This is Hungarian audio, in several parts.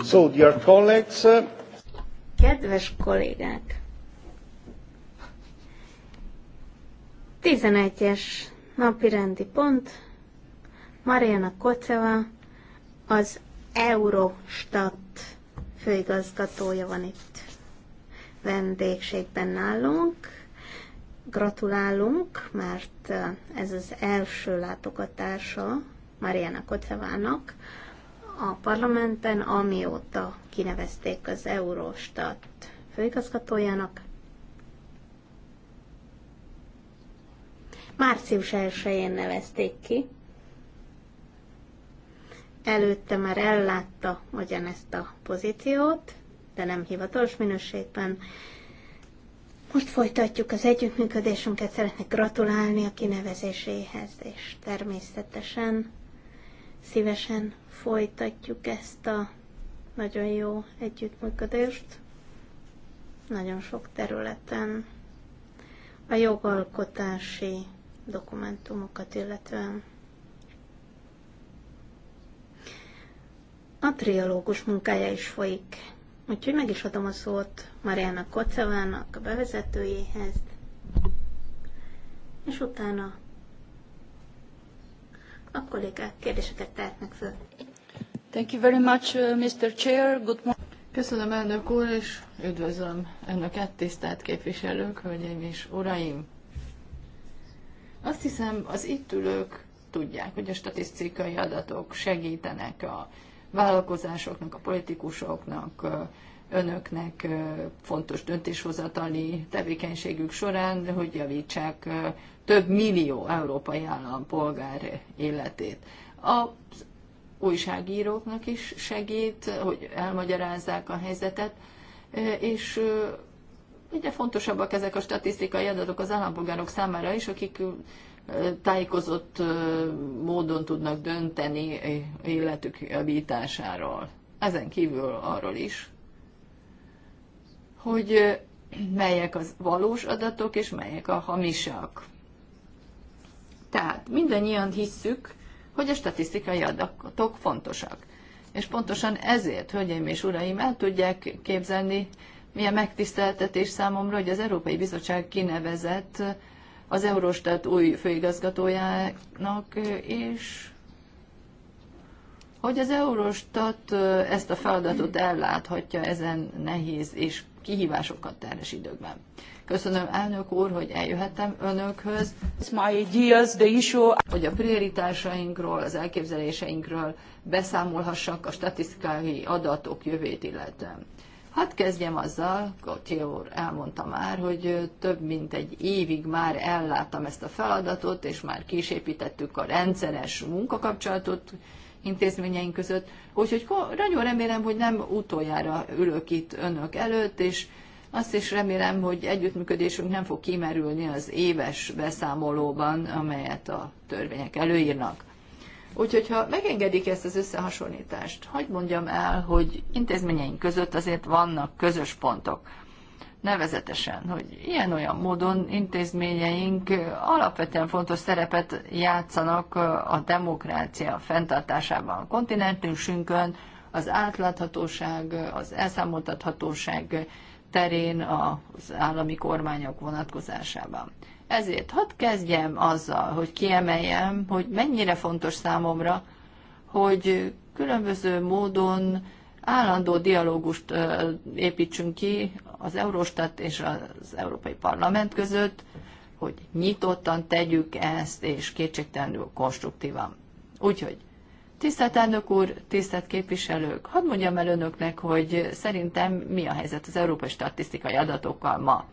So, dear colleagues. Uh, Kedves kollégák! 11-es napi rendi pont. Mariana Koceva, az Eurostat főigazgatója van itt vendégségben nálunk gratulálunk, mert uh, ez az első látogatása Mariana Kocevának a parlamenten, amióta kinevezték az Eurostat főigazgatójának. Március 1-én nevezték ki. Előtte már ellátta ugyanezt a pozíciót, de nem hivatalos minőségben. Most folytatjuk az együttműködésünket, szeretnék gratulálni a kinevezéséhez, és természetesen szívesen folytatjuk ezt a nagyon jó együttműködést nagyon sok területen a jogalkotási dokumentumokat illetően. A triológus munkája is folyik, úgyhogy meg is adom a szót Mariana Kocevának, a bevezetőjéhez, és utána a kollégák kérdéseket tehetnek föl. Thank you very much, uh, Mr. Chair. Good morning. Köszönöm, elnök úr, és üdvözlöm önöket, tisztelt képviselők, hölgyeim és uraim. Azt hiszem, az itt ülők tudják, hogy a statisztikai adatok segítenek a vállalkozásoknak, a politikusoknak, önöknek fontos döntéshozatali tevékenységük során, hogy javítsák több millió európai állampolgár életét. Az újságíróknak is segít, hogy elmagyarázzák a helyzetet, és ugye fontosabbak ezek a statisztikai adatok az állampolgárok számára is, akik tájékozott módon tudnak dönteni életük javításáról. Ezen kívül arról is, hogy melyek az valós adatok, és melyek a hamisak. Tehát mindannyian hisszük, hogy a statisztikai adatok fontosak. És pontosan ezért, hölgyeim és uraim, el tudják képzelni, milyen megtiszteltetés számomra, hogy az Európai Bizottság kinevezett az Eurostat új főigazgatójának, és hogy az Eurostat ezt a feladatot elláthatja ezen nehéz és kihívásokat terhes időkben. Köszönöm elnök úr, hogy eljöhettem önökhöz. My ideas, the issue. Hogy a prioritásainkról, az elképzeléseinkről beszámolhassak a statisztikai adatok jövét illetően. Hát kezdjem azzal, Gauthier úr elmondta már, hogy több mint egy évig már elláttam ezt a feladatot, és már kisépítettük a rendszeres munkakapcsolatot intézményeink között. Úgyhogy nagyon remélem, hogy nem utoljára ülök itt önök előtt, és azt is remélem, hogy együttműködésünk nem fog kimerülni az éves beszámolóban, amelyet a törvények előírnak. Úgyhogy, ha megengedik ezt az összehasonlítást, hagyd mondjam el, hogy intézményeink között azért vannak közös pontok. Nevezetesen, hogy ilyen-olyan módon intézményeink alapvetően fontos szerepet játszanak a demokrácia fenntartásában a kontinensünkön, az átláthatóság, az elszámoltathatóság terén az állami kormányok vonatkozásában. Ezért hadd kezdjem azzal, hogy kiemeljem, hogy mennyire fontos számomra, hogy különböző módon állandó dialógust építsünk ki az Eurostat és az Európai Parlament között, hogy nyitottan tegyük ezt, és kétségtelenül konstruktívan. Úgyhogy Tisztelt elnök úr, tisztelt képviselők, hadd mondjam el önöknek, hogy szerintem mi a helyzet az európai statisztikai adatokkal ma.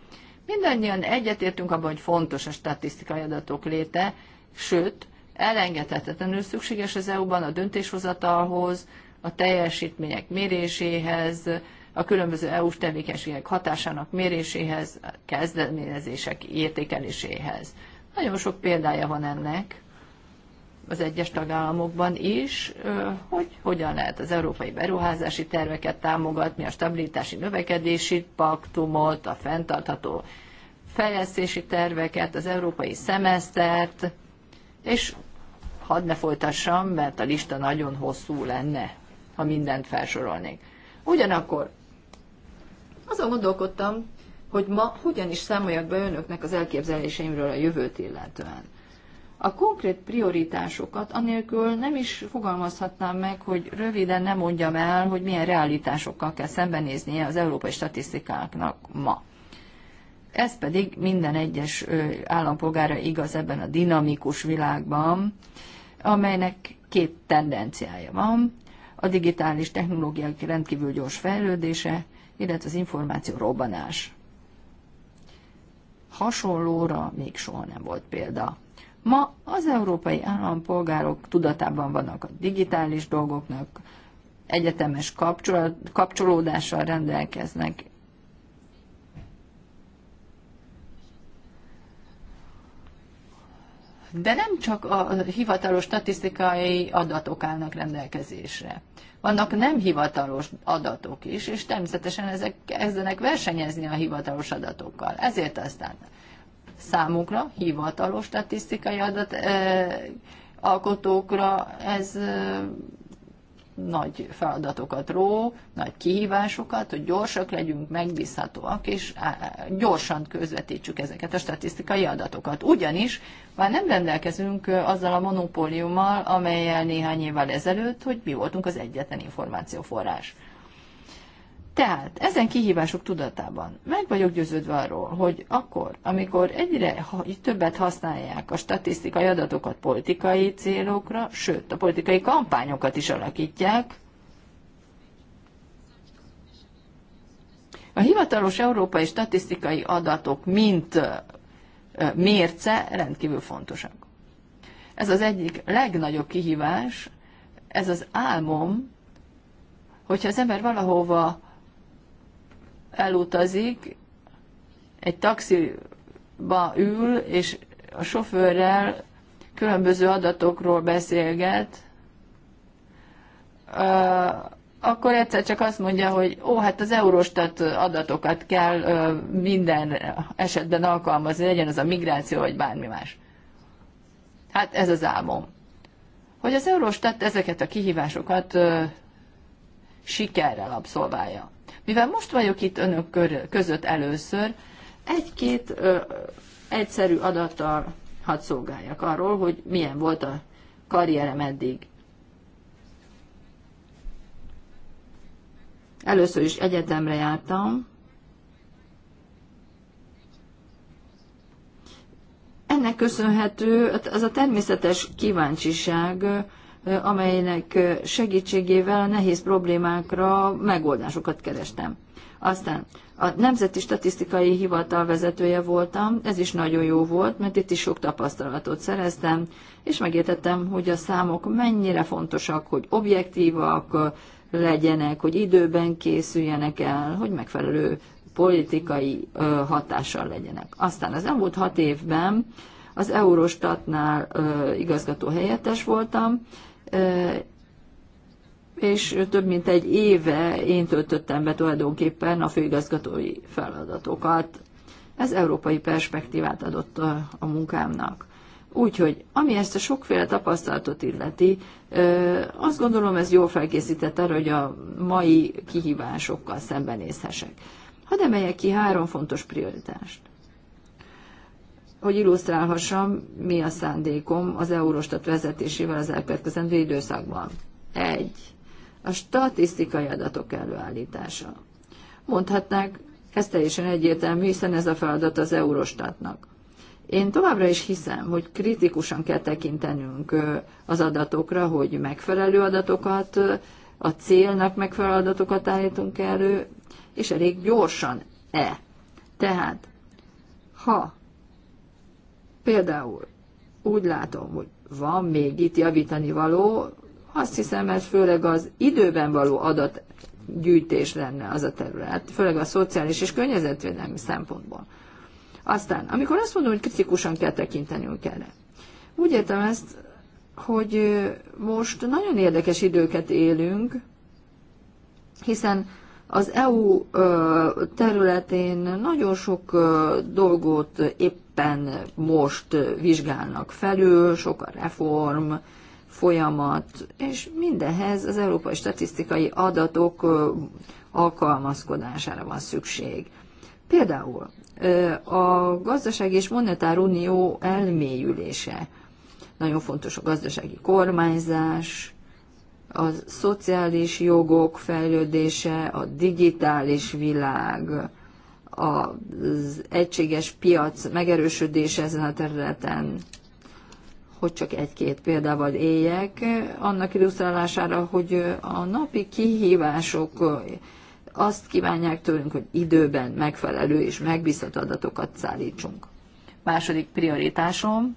Mindannyian egyetértünk abban, hogy fontos a statisztikai adatok léte, sőt, elengedhetetlenül szükséges az EU-ban a döntéshozatalhoz, a teljesítmények méréséhez, a különböző EU-s tevékenységek hatásának méréséhez, kezdeményezések értékeléséhez. Nagyon sok példája van ennek, az egyes tagállamokban is, hogy hogyan lehet az európai beruházási terveket támogatni, a stabilitási növekedési paktumot, a fenntartható fejlesztési terveket, az európai szemesztert, és hadd ne folytassam, mert a lista nagyon hosszú lenne, ha mindent felsorolnék. Ugyanakkor azon gondolkodtam, hogy ma hogyan is számoljak be önöknek az elképzeléseimről a jövőt illetően. A konkrét prioritásokat anélkül nem is fogalmazhatnám meg, hogy röviden nem mondjam el, hogy milyen realitásokkal kell szembenéznie az európai statisztikáknak ma. Ez pedig minden egyes állampolgára igaz ebben a dinamikus világban, amelynek két tendenciája van. A digitális technológiák rendkívül gyors fejlődése, illetve az információ robbanás. Hasonlóra még soha nem volt példa. Ma az európai állampolgárok tudatában vannak a digitális dolgoknak, egyetemes kapcsolódással rendelkeznek. De nem csak a hivatalos statisztikai adatok állnak rendelkezésre. Vannak nem hivatalos adatok is, és természetesen ezek kezdenek versenyezni a hivatalos adatokkal. Ezért aztán számukra, hivatalos statisztikai adat alkotókra ez nagy feladatokat ró, nagy kihívásokat, hogy gyorsak legyünk, megbízhatóak, és gyorsan közvetítsük ezeket a statisztikai adatokat. Ugyanis már nem rendelkezünk azzal a monopóliummal, amelyel néhány évvel ezelőtt, hogy mi voltunk az egyetlen információforrás. Tehát ezen kihívások tudatában meg vagyok győződve arról, hogy akkor, amikor egyre többet használják a statisztikai adatokat politikai célokra, sőt, a politikai kampányokat is alakítják, a hivatalos európai statisztikai adatok, mint mérce rendkívül fontosak. Ez az egyik legnagyobb kihívás, ez az álmom, hogyha az ember valahova elutazik, egy taxiba ül, és a sofőrrel különböző adatokról beszélget, akkor egyszer csak azt mondja, hogy ó, hát az Eurostat adatokat kell minden esetben alkalmazni, legyen az a migráció, vagy bármi más. Hát ez az álmom. Hogy az Eurostat ezeket a kihívásokat sikerrel abszolválja. Mivel most vagyok itt önök között először, egy-két egyszerű adattal hadd szolgáljak arról, hogy milyen volt a karrierem eddig. Először is egyetemre jártam. Ennek köszönhető hát az a természetes kíváncsiság, amelynek segítségével a nehéz problémákra megoldásokat kerestem. Aztán a Nemzeti Statisztikai Hivatal vezetője voltam, ez is nagyon jó volt, mert itt is sok tapasztalatot szereztem, és megértettem, hogy a számok mennyire fontosak, hogy objektívak legyenek, hogy időben készüljenek el, hogy megfelelő politikai hatással legyenek. Aztán az elmúlt hat évben az Eurostatnál igazgató helyettes voltam, és több mint egy éve én töltöttem be tulajdonképpen a főigazgatói feladatokat. Ez európai perspektívát adott a, a munkámnak. Úgyhogy, ami ezt a sokféle tapasztalatot illeti, azt gondolom ez jól felkészített arra, hogy a mai kihívásokkal szembenézhessek. Hadd emeljek ki három fontos prioritást hogy illusztrálhassam, mi a szándékom az Eurostat vezetésével az elkövetkezendő időszakban. 1. A statisztikai adatok előállítása. Mondhatnák, ez teljesen egyértelmű, hiszen ez a feladat az Eurostatnak. Én továbbra is hiszem, hogy kritikusan kell tekintenünk az adatokra, hogy megfelelő adatokat, a célnak megfelelő adatokat állítunk elő, és elég gyorsan e. Tehát, ha Például úgy látom, hogy van még itt javítani való, azt hiszem, ez főleg az időben való adatgyűjtés lenne az a terület, főleg a szociális és környezetvédelmi szempontból. Aztán, amikor azt mondom, hogy kritikusan kell tekintenünk erre, úgy értem ezt, hogy most nagyon érdekes időket élünk, hiszen az EU területén nagyon sok dolgot épp éppen most vizsgálnak felül, sok a reform, folyamat, és mindehhez az európai statisztikai adatok alkalmazkodására van szükség. Például a gazdaság és monetár unió elmélyülése. Nagyon fontos a gazdasági kormányzás, a szociális jogok fejlődése, a digitális világ, az egységes piac megerősödése ezen a területen, hogy csak egy-két példával éljek, annak illusztrálására, hogy a napi kihívások azt kívánják tőlünk, hogy időben megfelelő és megbízható adatokat szállítsunk. Második prioritásom,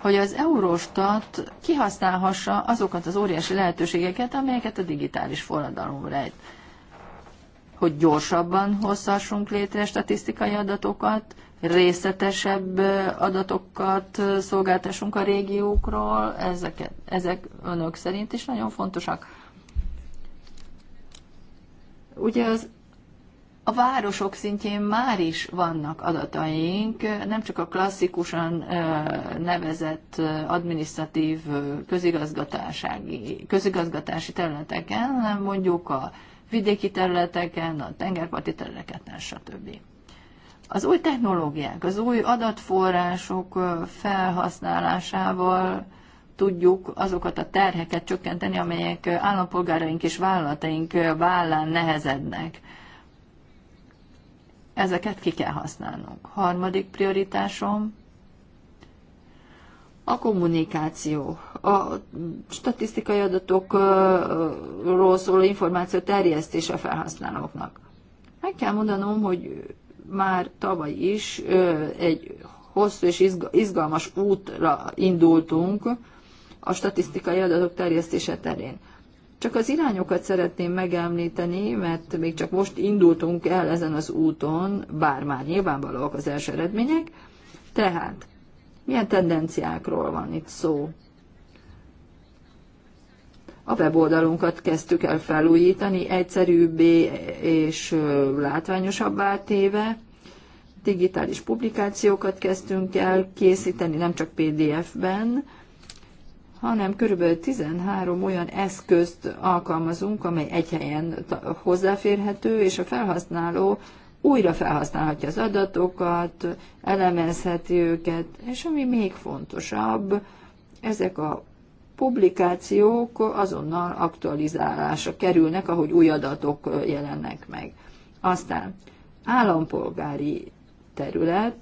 hogy az Eurostat kihasználhassa azokat az óriási lehetőségeket, amelyeket a digitális forradalom rejt hogy gyorsabban hozhassunk létre statisztikai adatokat, részletesebb adatokat szolgáltassunk a régiókról, ezeket, ezek önök szerint is nagyon fontosak. Ugye az, a városok szintjén már is vannak adataink, nem csak a klasszikusan nevezett adminisztratív közigazgatási területeken, hanem mondjuk a vidéki területeken, a tengerparti területeken, stb. Az új technológiák, az új adatforrások felhasználásával tudjuk azokat a terheket csökkenteni, amelyek állampolgáraink és vállalataink vállán nehezednek. Ezeket ki kell használnunk. Harmadik prioritásom a kommunikáció a statisztikai adatokról szóló információ terjesztése felhasználóknak. Meg kell mondanom, hogy már tavaly is egy hosszú és izgalmas útra indultunk a statisztikai adatok terjesztése terén. Csak az irányokat szeretném megemlíteni, mert még csak most indultunk el ezen az úton, bár már nyilvánvalóak az első eredmények. Tehát, milyen tendenciákról van itt szó? A weboldalunkat kezdtük el felújítani, egyszerűbbé és látványosabbá téve. Digitális publikációkat kezdtünk el készíteni, nem csak PDF-ben, hanem kb. 13 olyan eszközt alkalmazunk, amely egy helyen hozzáférhető, és a felhasználó újra felhasználhatja az adatokat, elemezheti őket, és ami még fontosabb, ezek a publikációk azonnal aktualizálásra kerülnek, ahogy új adatok jelennek meg. Aztán állampolgári terület,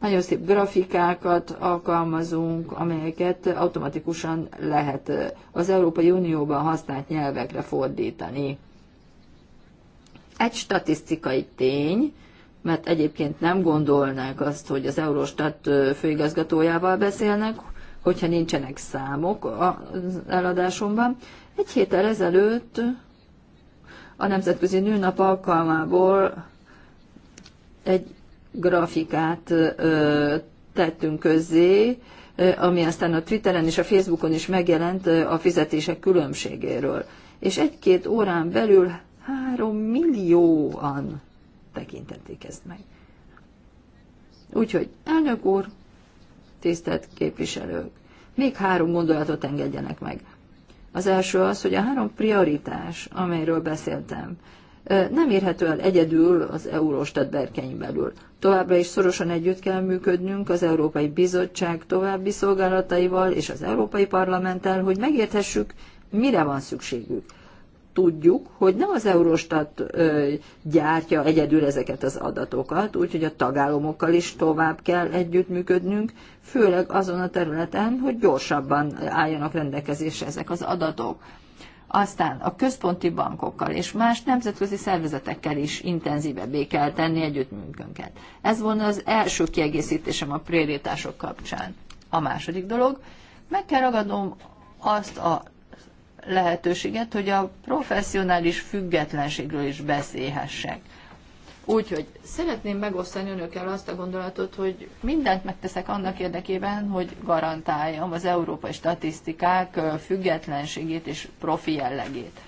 nagyon szép grafikákat alkalmazunk, amelyeket automatikusan lehet az Európai Unióban használt nyelvekre fordítani. Egy statisztikai tény, mert egyébként nem gondolnák azt, hogy az Eurostat főigazgatójával beszélnek, hogyha nincsenek számok az eladásomban. Egy héttel ezelőtt a Nemzetközi Nőnap alkalmából egy grafikát tettünk közzé, ami aztán a Twitteren és a Facebookon is megjelent a fizetések különbségéről. És egy-két órán belül három millióan tekintették ezt meg. Úgyhogy, elnök úr, tisztelt képviselők, még három gondolatot engedjenek meg. Az első az, hogy a három prioritás, amelyről beszéltem, nem érhető el egyedül az Euróstat berkeny belül. Továbbra is szorosan együtt kell működnünk az Európai Bizottság további szolgálataival és az Európai Parlamenttel, hogy megérthessük, mire van szükségük tudjuk, hogy nem az Eurostat gyártja egyedül ezeket az adatokat, úgyhogy a tagállamokkal is tovább kell együttműködnünk, főleg azon a területen, hogy gyorsabban álljanak rendelkezésre ezek az adatok. Aztán a központi bankokkal és más nemzetközi szervezetekkel is intenzívebbé kell tenni együttműködőnket. Ez volna az első kiegészítésem a prioritások kapcsán. A második dolog, meg kell ragadnom azt a lehetőséget, hogy a professzionális függetlenségről is beszélhessek. Úgyhogy szeretném megosztani önökkel azt a gondolatot, hogy mindent megteszek annak érdekében, hogy garantáljam az európai statisztikák függetlenségét és profi jellegét.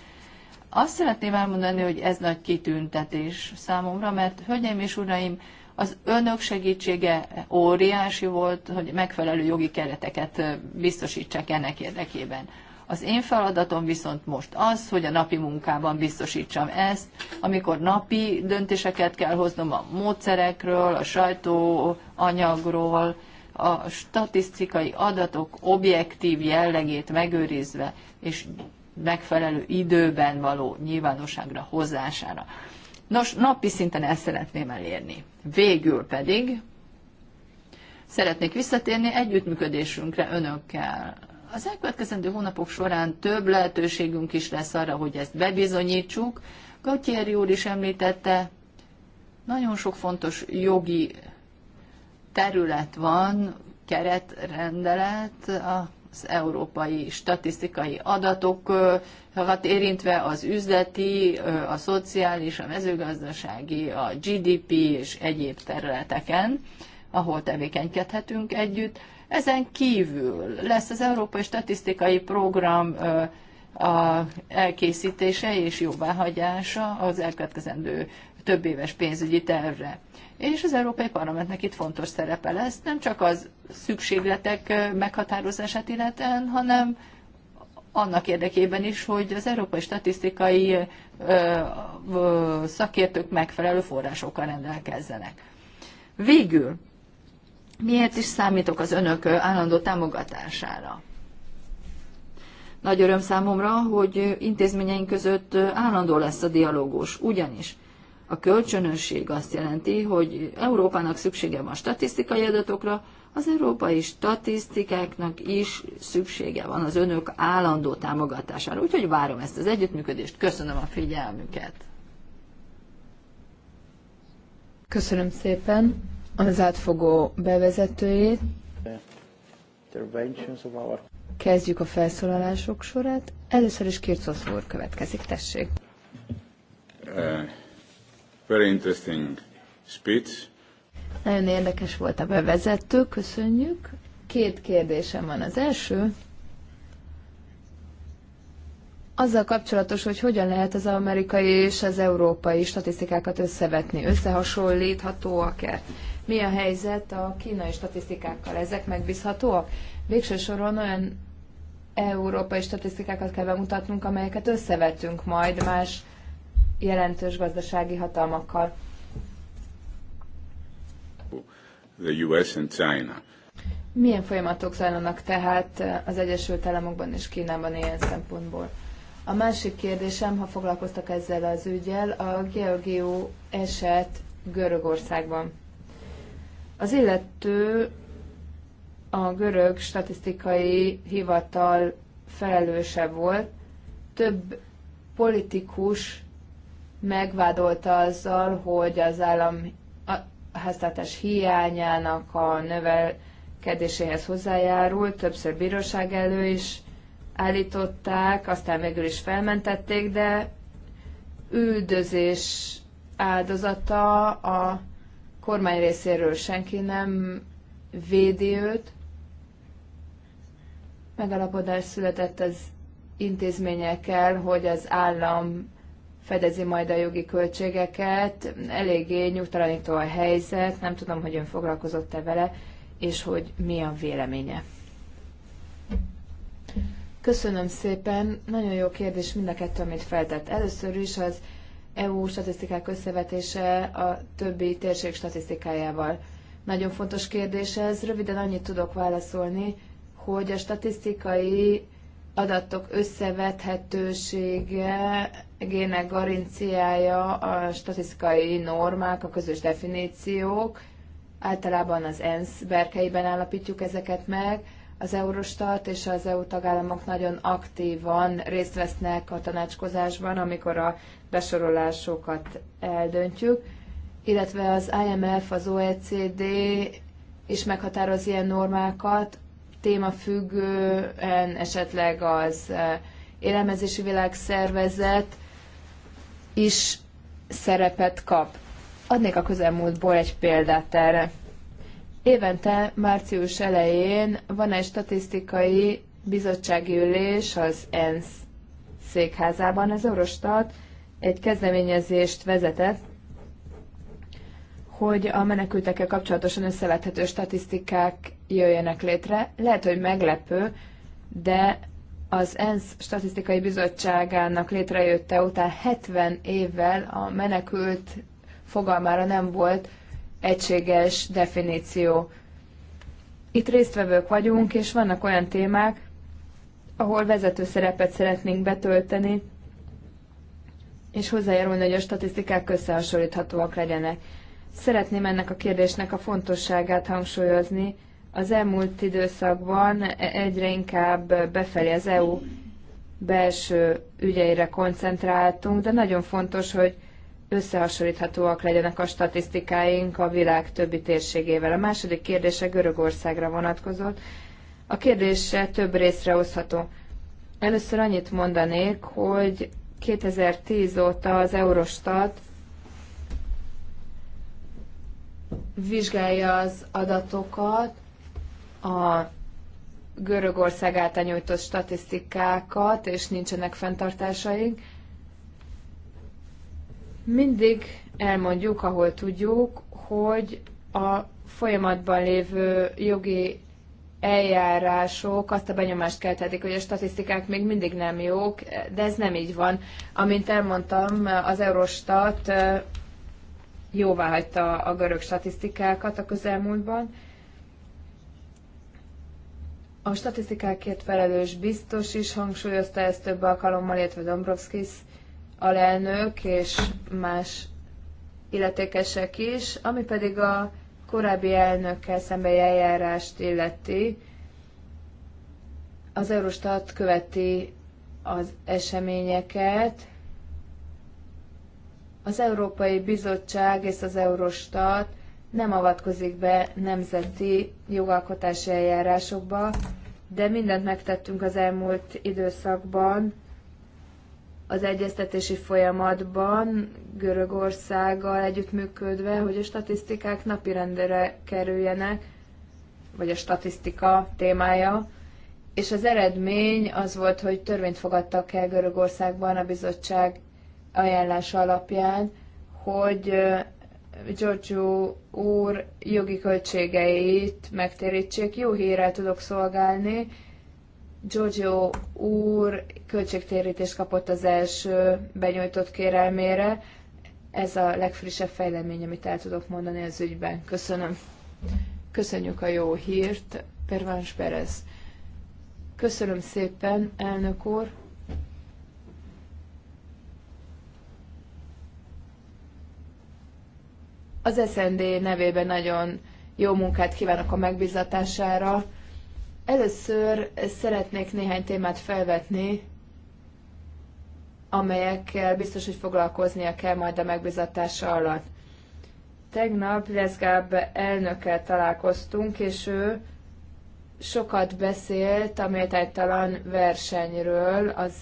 Azt szeretném elmondani, hogy ez nagy kitüntetés számomra, mert hölgyeim és uraim, az önök segítsége óriási volt, hogy megfelelő jogi kereteket biztosítsak ennek érdekében. Az én feladatom viszont most az, hogy a napi munkában biztosítsam ezt, amikor napi döntéseket kell hoznom a módszerekről, a sajtóanyagról, a statisztikai adatok objektív jellegét megőrizve, és megfelelő időben való nyilvánosságra hozására. Nos, napi szinten ezt szeretném elérni. Végül pedig szeretnék visszatérni együttműködésünkre önökkel, az elkövetkezendő hónapok során több lehetőségünk is lesz arra, hogy ezt bebizonyítsuk. Gatieri úr is említette, nagyon sok fontos jogi terület van, keretrendelet, az európai statisztikai adatokat érintve az üzleti, a szociális, a mezőgazdasági, a GDP és egyéb területeken, ahol tevékenykedhetünk együtt. Ezen kívül lesz az Európai Statisztikai Program a elkészítése és jóváhagyása az elkövetkezendő több éves pénzügyi tervre. És az Európai Parlamentnek itt fontos szerepe lesz, nem csak az szükségletek meghatározását illetően, hanem annak érdekében is, hogy az európai statisztikai ö, ö, szakértők megfelelő forrásokkal rendelkezzenek. Végül miért is számítok az önök állandó támogatására. Nagy öröm számomra, hogy intézményeink között állandó lesz a dialógus, ugyanis a kölcsönösség azt jelenti, hogy Európának szüksége van statisztikai adatokra, az európai statisztikáknak is szüksége van az önök állandó támogatására. Úgyhogy várom ezt az együttműködést. Köszönöm a figyelmüket. Köszönöm szépen az átfogó bevezetőjét. Kezdjük a felszólalások sorát. Először is Kircosz úr következik, tessék. Uh, very interesting speech. Nagyon érdekes volt a bevezető, köszönjük. Két kérdésem van. Az első, azzal kapcsolatos, hogy hogyan lehet az amerikai és az európai statisztikákat összevetni, összehasonlíthatóak-e. Mi a helyzet a kínai statisztikákkal? Ezek megbízhatóak? Végső soron olyan európai statisztikákat kell bemutatnunk, amelyeket összevetünk majd más jelentős gazdasági hatalmakkal. The US and China. Milyen folyamatok zajlanak tehát az Egyesült Államokban és Kínában ilyen szempontból? A másik kérdésem, ha foglalkoztak ezzel az ügyel, a Georgiou eset Görögországban. Az illető a görög statisztikai hivatal felelőse volt, több politikus megvádolta azzal, hogy az állam háztartás hiányának a növelkedéséhez hozzájárul, többször bíróság elő is állították, aztán végül is felmentették, de üldözés áldozata a kormány részéről senki nem védi őt. Megalapodás született az intézményekkel, hogy az állam fedezi majd a jogi költségeket. Eléggé nyugtalanító a helyzet, nem tudom, hogy ön foglalkozott-e vele, és hogy mi a véleménye. Köszönöm szépen, nagyon jó kérdés mind a kettő, amit feltett. Először is az EU statisztikák összevetése a többi térség statisztikájával. Nagyon fontos kérdés ez, röviden annyit tudok válaszolni, hogy a statisztikai adatok összevethetősége, gének garanciája a statisztikai normák, a közös definíciók, általában az ENSZ berkeiben állapítjuk ezeket meg, az Eurostat és az EU tagállamok nagyon aktívan részt vesznek a tanácskozásban, amikor a besorolásokat eldöntjük, illetve az IMF, az OECD is meghatároz ilyen normákat, témafüggően esetleg az e, élelmezési világszervezet is szerepet kap. Adnék a közelmúltból egy példát erre. Évente március elején van egy statisztikai bizottsági ülés az ENSZ székházában. Az Orostat egy kezdeményezést vezetett, hogy a menekültekkel kapcsolatosan összevethető statisztikák jöjjenek létre. Lehet, hogy meglepő, de az ENSZ statisztikai bizottságának létrejötte után 70 évvel a menekült fogalmára nem volt egységes definíció. Itt résztvevők vagyunk, és vannak olyan témák, ahol vezető szerepet szeretnénk betölteni, és hozzájárulni, hogy a statisztikák összehasonlíthatóak legyenek. Szeretném ennek a kérdésnek a fontosságát hangsúlyozni. Az elmúlt időszakban egyre inkább befelé az EU belső ügyeire koncentráltunk, de nagyon fontos, hogy összehasonlíthatóak legyenek a statisztikáink a világ többi térségével. A második kérdése Görögországra vonatkozott. A kérdése több részre osztható. Először annyit mondanék, hogy 2010 óta az Eurostat vizsgálja az adatokat, a Görögország által nyújtott statisztikákat, és nincsenek fenntartásaink. Mindig elmondjuk, ahol tudjuk, hogy a folyamatban lévő jogi eljárások azt a benyomást keltetik, hogy a statisztikák még mindig nem jók, de ez nem így van. Amint elmondtam, az Eurostat jóvá hagyta a görög statisztikákat a közelmúltban. A statisztikákért felelős biztos is hangsúlyozta ezt több alkalommal, illetve Dombrovskis alelnök és más illetékesek is, ami pedig a korábbi elnökkel szembeni eljárást illeti. Az Eurostat követi az eseményeket. Az Európai Bizottság és az Eurostat nem avatkozik be nemzeti jogalkotási eljárásokba, de mindent megtettünk az elmúlt időszakban az egyeztetési folyamatban Görögországgal együttműködve, hogy a statisztikák napirendre kerüljenek, vagy a statisztika témája, és az eredmény az volt, hogy törvényt fogadtak el Görögországban a bizottság ajánlása alapján, hogy Giorgio úr jogi költségeit megtérítsék. Jó hírrel tudok szolgálni, Giorgio úr költségtérítést kapott az első benyújtott kérelmére. Ez a legfrissebb fejlemény, amit el tudok mondani az ügyben. Köszönöm. Köszönjük a jó hírt, Pervans Perez. Köszönöm szépen, elnök úr. Az SND nevében nagyon jó munkát kívánok a megbizatására. Először szeretnék néhány témát felvetni, amelyekkel biztos, hogy foglalkoznia kell majd a megbizatása alatt. Tegnap Leszgáb elnökkel találkoztunk, és ő sokat beszélt a méltánytalan versenyről, az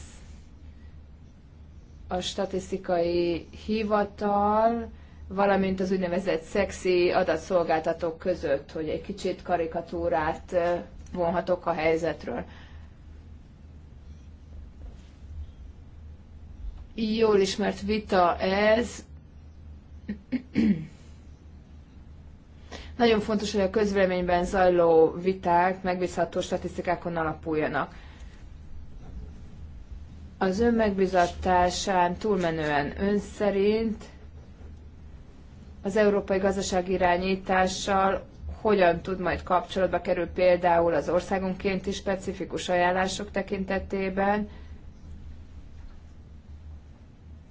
a statisztikai hivatal, valamint az úgynevezett szexi adatszolgáltatók között, hogy egy kicsit karikatúrát vonhatok a helyzetről. Jól ismert vita ez. Nagyon fontos, hogy a közvéleményben zajló viták megbízható statisztikákon alapuljanak. Az ön megbizatásán túlmenően ön szerint az európai gazdaság irányítással hogyan tud majd kapcsolatba kerül például az is specifikus ajánlások tekintetében,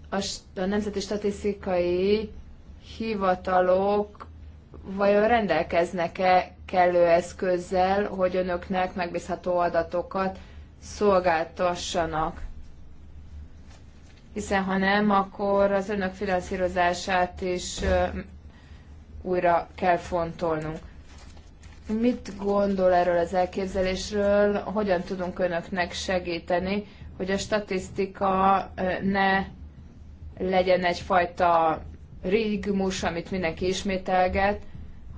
a, a nemzeti statisztikai hivatalok vajon rendelkeznek-e kellő eszközzel, hogy önöknek megbízható adatokat szolgáltassanak? Hiszen ha nem, akkor az önök finanszírozását is újra kell fontolnunk. Mit gondol erről az elképzelésről, hogyan tudunk önöknek segíteni, hogy a statisztika ne legyen egyfajta rigmus, amit mindenki ismételget,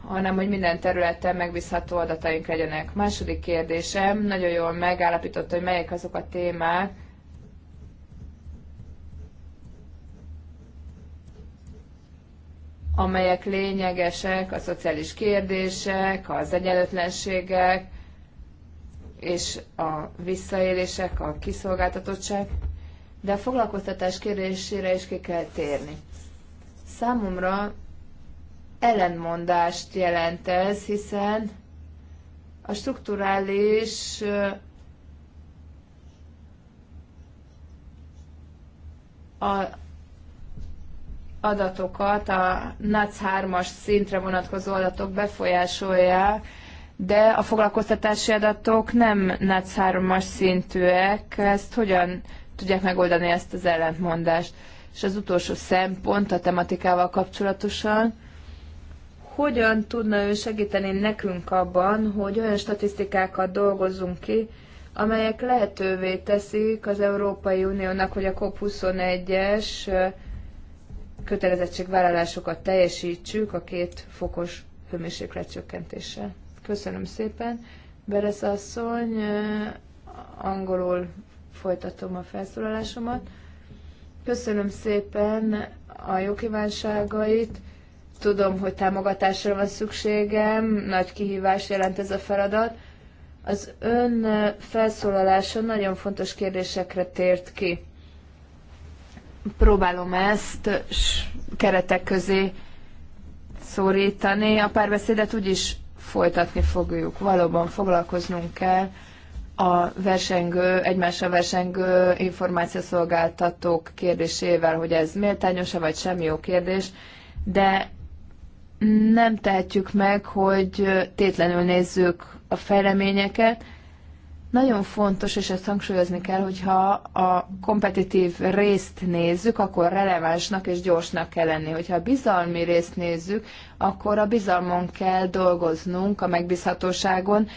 hanem hogy minden területen megbízható adataink legyenek. Második kérdésem, nagyon jól megállapította, hogy melyek azok a témák, amelyek lényegesek, a szociális kérdések, az egyenlőtlenségek és a visszaélések, a kiszolgáltatottság, de a foglalkoztatás kérdésére is ki kell térni. Számomra ellentmondást jelent ez, hiszen a strukturális a adatokat, a NAC 3-as szintre vonatkozó adatok befolyásolja, de a foglalkoztatási adatok nem NAC 3-as szintűek. Ezt hogyan tudják megoldani ezt az ellentmondást? És az utolsó szempont a tematikával kapcsolatosan, hogyan tudna ő segíteni nekünk abban, hogy olyan statisztikákat dolgozzunk ki, amelyek lehetővé teszik az Európai Uniónak, hogy a COP21-es kötelezettségvállalásokat teljesítsük a két fokos hőmérséklet csökkentéssel. Köszönöm szépen. Beresz asszony, eh, angolul folytatom a felszólalásomat. Köszönöm szépen a jó kívánságait. Tudom, hogy támogatásra van szükségem, nagy kihívás jelent ez a feladat. Az ön eh, felszólalása nagyon fontos kérdésekre tért ki próbálom ezt keretek közé szorítani. A párbeszédet úgyis folytatni fogjuk. Valóban foglalkoznunk kell a versengő, egymásra versengő információszolgáltatók kérdésével, hogy ez méltányos-e vagy semmi jó kérdés, de nem tehetjük meg, hogy tétlenül nézzük a fejleményeket, nagyon fontos, és ezt hangsúlyozni kell, hogyha a kompetitív részt nézzük, akkor relevánsnak és gyorsnak kell lenni. Hogyha a bizalmi részt nézzük, akkor a bizalmon kell dolgoznunk, a megbízhatóságon.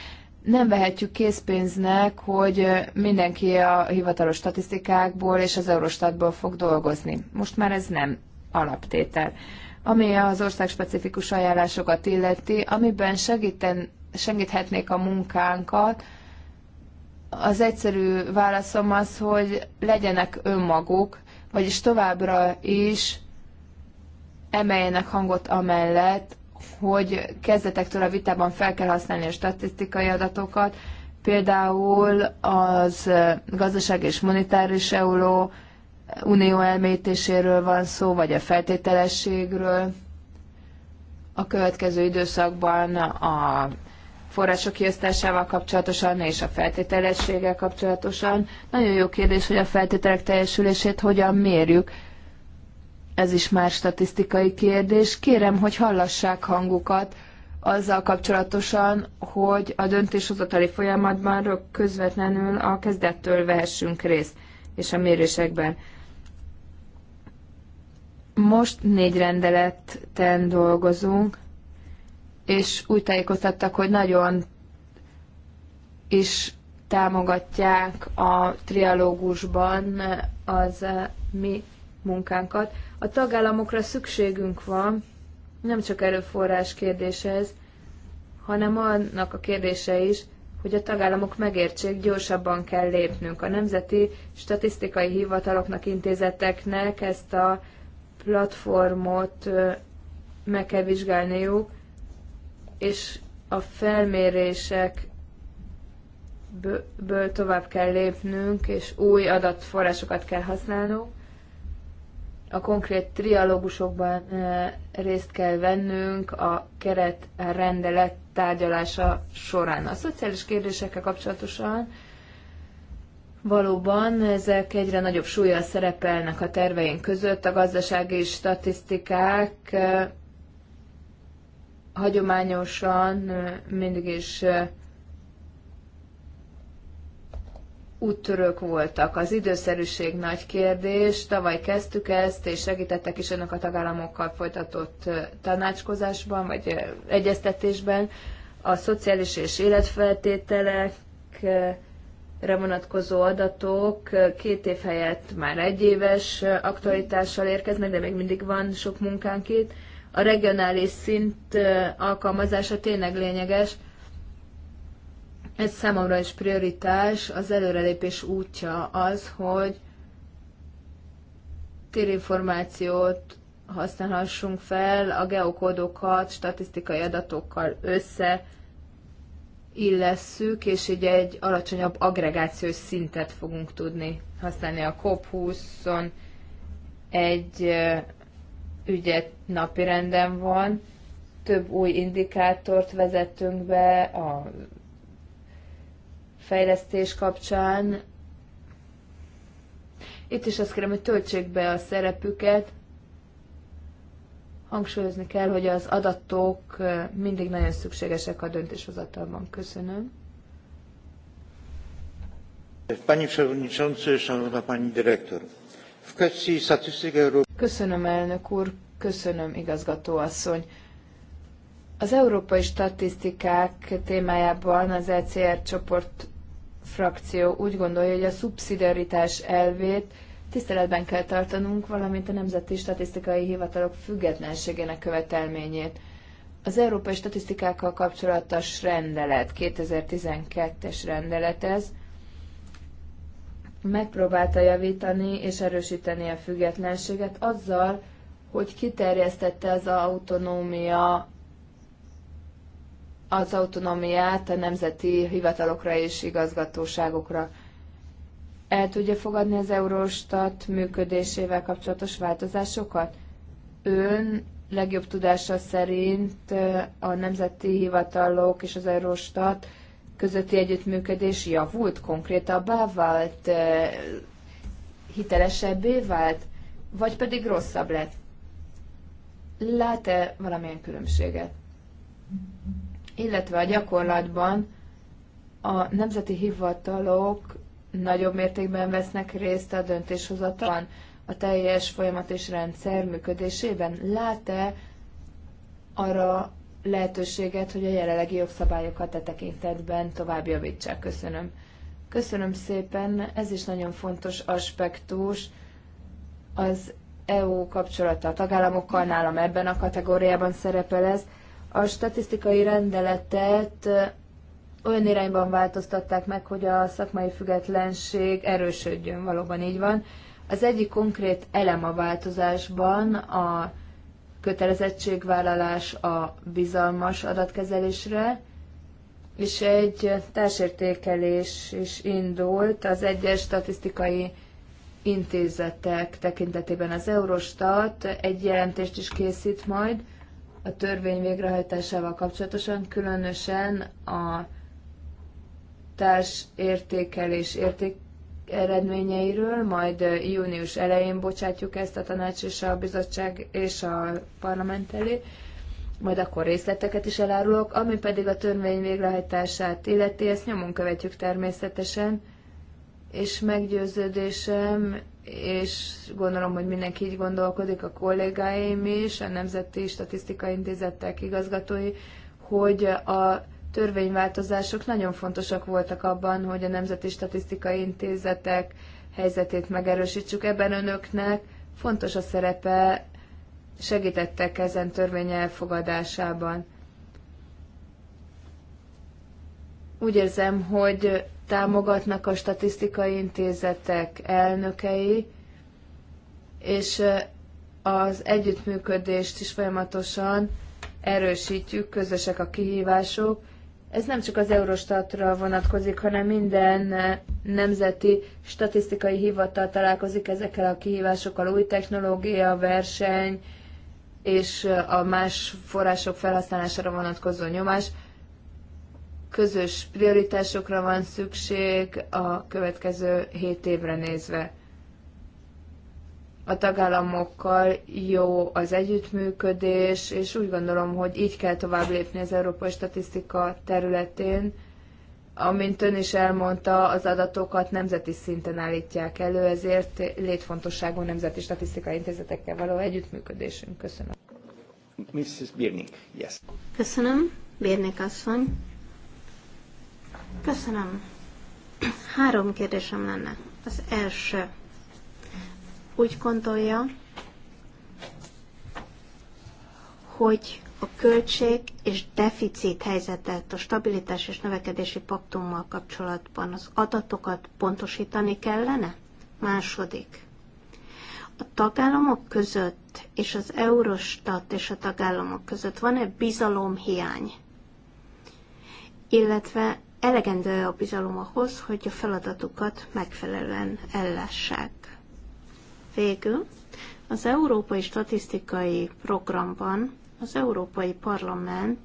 Nem vehetjük készpénznek, hogy mindenki a hivatalos statisztikákból és az Eurostatból fog dolgozni. Most már ez nem alaptétel. Ami az országspecifikus ajánlásokat illeti, amiben segíten, segíthetnék a munkánkat, az egyszerű válaszom az, hogy legyenek önmaguk, vagyis továbbra is emeljenek hangot amellett, hogy kezdetektől a vitában fel kell használni a statisztikai adatokat, például az gazdaság és monetáris euló unió elmétéséről van szó, vagy a feltételességről. A következő időszakban a források kiosztásával kapcsolatosan és a feltételességgel kapcsolatosan. Nagyon jó kérdés, hogy a feltételek teljesülését hogyan mérjük. Ez is már statisztikai kérdés. Kérem, hogy hallassák hangukat azzal kapcsolatosan, hogy a döntéshozatali folyamatban közvetlenül a kezdettől vehessünk részt, és a mérésekben. Most négy rendeleten dolgozunk, és úgy tájékoztattak, hogy nagyon is támogatják a trialógusban az eh, mi munkánkat. A tagállamokra szükségünk van, nem csak erőforrás ez, hanem annak a kérdése is, hogy a tagállamok megértsék, gyorsabban kell lépnünk. A nemzeti statisztikai hivataloknak, intézeteknek ezt a platformot eh, meg kell vizsgálniuk, és a felmérések ből tovább kell lépnünk, és új adatforrásokat kell használnunk. A konkrét trialógusokban e, részt kell vennünk a keret rendelet tárgyalása során. A szociális kérdésekkel kapcsolatosan Valóban ezek egyre nagyobb súlyjal szerepelnek a terveink között, a gazdasági statisztikák e, hagyományosan mindig is úttörők voltak. Az időszerűség nagy kérdés. Tavaly kezdtük ezt, és segítettek is önök a tagállamokkal folytatott tanácskozásban, vagy egyeztetésben. A szociális és életfeltételekre vonatkozó adatok két év helyett már egy éves aktualitással érkeznek, de még mindig van sok munkánk itt a regionális szint alkalmazása tényleg lényeges. Ez számomra is prioritás. Az előrelépés útja az, hogy térinformációt használhassunk fel, a geokódokat statisztikai adatokkal össze illesszük, és így egy alacsonyabb agregációs szintet fogunk tudni használni a COP20-on. Egy ügyet napirenden van, több új indikátort vezettünk be a fejlesztés kapcsán. Itt is azt kérem, hogy töltsék be a szerepüket. Hangsúlyozni kell, hogy az adatok mindig nagyon szükségesek a döntéshozatalban. Köszönöm. Panie Przewodniczący, Szanowna Pani Dyrektor! Köszönöm, elnök úr, köszönöm, igazgató asszony. Az európai statisztikák témájában az ECR csoport frakció úgy gondolja, hogy a szubszidiaritás elvét tiszteletben kell tartanunk, valamint a Nemzeti Statisztikai Hivatalok függetlenségének követelményét. Az európai statisztikákkal kapcsolatos rendelet, 2012-es rendelet ez, megpróbálta javítani és erősíteni a függetlenséget azzal, hogy kiterjesztette az autonómia az autonómiát a nemzeti hivatalokra és igazgatóságokra. El tudja fogadni az Eurostat működésével kapcsolatos változásokat? Ön legjobb tudása szerint a nemzeti hivatalok és az Eurostat közötti együttműködés javult, konkrétabbá vált, hitelesebbé vált, vagy pedig rosszabb lett? Lát-e valamilyen különbséget? Illetve a gyakorlatban a nemzeti hivatalok nagyobb mértékben vesznek részt a döntéshozatalban, a teljes folyamat és rendszer működésében. Lát-e arra lehetőséget, hogy a jelenlegi jogszabályokat a e tekintetben tovább javítsák. Köszönöm. Köszönöm szépen, ez is nagyon fontos aspektus. Az EU kapcsolata a tagállamokkal nálam ebben a kategóriában szerepel ez. A statisztikai rendeletet olyan irányban változtatták meg, hogy a szakmai függetlenség erősödjön, valóban így van. Az egyik konkrét elem a változásban a kötelezettségvállalás a bizalmas adatkezelésre, és egy társértékelés is indult az egyes statisztikai intézetek tekintetében. Az Eurostat egy jelentést is készít majd a törvény végrehajtásával kapcsolatosan, különösen a társértékelés érték eredményeiről, majd június elején bocsátjuk ezt a tanács és a bizottság és a parlament elé, majd akkor részleteket is elárulok, ami pedig a törvény végrehajtását illeti, ezt nyomon követjük természetesen, és meggyőződésem, és gondolom, hogy mindenki így gondolkodik, a kollégáim is, a Nemzeti Statisztikai Intézettek igazgatói, hogy a törvényváltozások nagyon fontosak voltak abban, hogy a Nemzeti Statisztikai Intézetek helyzetét megerősítsük. Ebben önöknek fontos a szerepe, segítettek ezen törvény elfogadásában. Úgy érzem, hogy támogatnak a statisztikai intézetek elnökei, és az együttműködést is folyamatosan erősítjük, közösek a kihívások, ez nem csak az Eurostatra vonatkozik, hanem minden eh, nemzeti statisztikai hivatal találkozik ezekkel a kihívásokkal, új technológia, verseny és eh, a más források felhasználására vonatkozó nyomás. Közös prioritásokra van szükség a következő 7 évre nézve a tagállamokkal jó az együttműködés, és úgy gondolom, hogy így kell tovább lépni az európai statisztika területén. Amint ön is elmondta, az adatokat nemzeti szinten állítják elő, ezért létfontosságú nemzeti statisztikai intézetekkel való együttműködésünk. Köszönöm. Mrs. Birnik, yes. Köszönöm, Birnik asszony. Köszönöm. Három kérdésem lenne. Az első úgy gondolja, hogy a költség és deficit helyzetet a stabilitás és növekedési paktummal kapcsolatban az adatokat pontosítani kellene? Második. A tagállamok között és az Eurostat és a tagállamok között van-e bizalomhiány? Illetve elegendő a bizalom ahhoz, hogy a feladatukat megfelelően ellássák? Végül az Európai Statisztikai Programban az Európai Parlament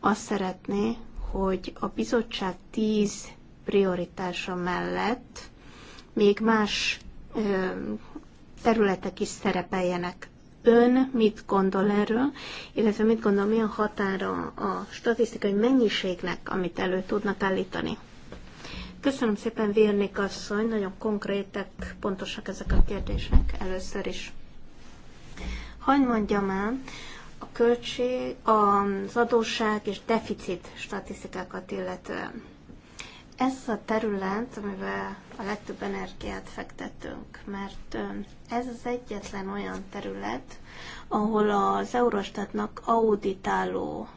azt szeretné, hogy a bizottság tíz prioritása mellett még más ö, területek is szerepeljenek. Ön mit gondol erről, illetve mit gondol, milyen határa a statisztikai mennyiségnek, amit elő tudnak állítani? Köszönöm szépen, Vérnik asszony, nagyon konkrétek, pontosak ezek a kérdések először is. Hogy mondjam el, a költség, az adósság és deficit statisztikákat illetően. Ez a terület, amivel a legtöbb energiát fektetünk, mert ez az egyetlen olyan terület, ahol az Eurostatnak auditáló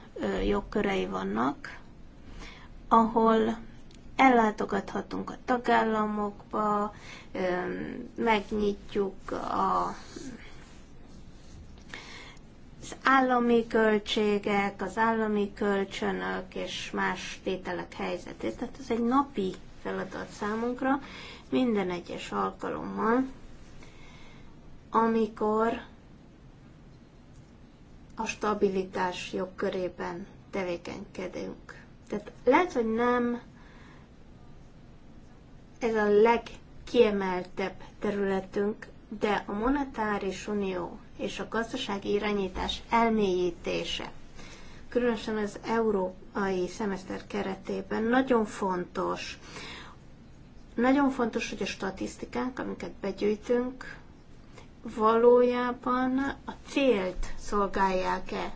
jogkörei vannak, ahol ellátogathatunk a tagállamokba, megnyitjuk a az állami költségek, az állami kölcsönök és más tételek helyzetét. Tehát ez egy napi feladat számunkra minden egyes alkalommal, amikor a stabilitás jogkörében tevékenykedünk. Tehát lehet, hogy nem ez a legkiemeltebb területünk, de a monetáris unió és a gazdasági irányítás elmélyítése, különösen az európai szemeszter keretében nagyon fontos. Nagyon fontos, hogy a statisztikák, amiket begyűjtünk, valójában a célt szolgálják-e.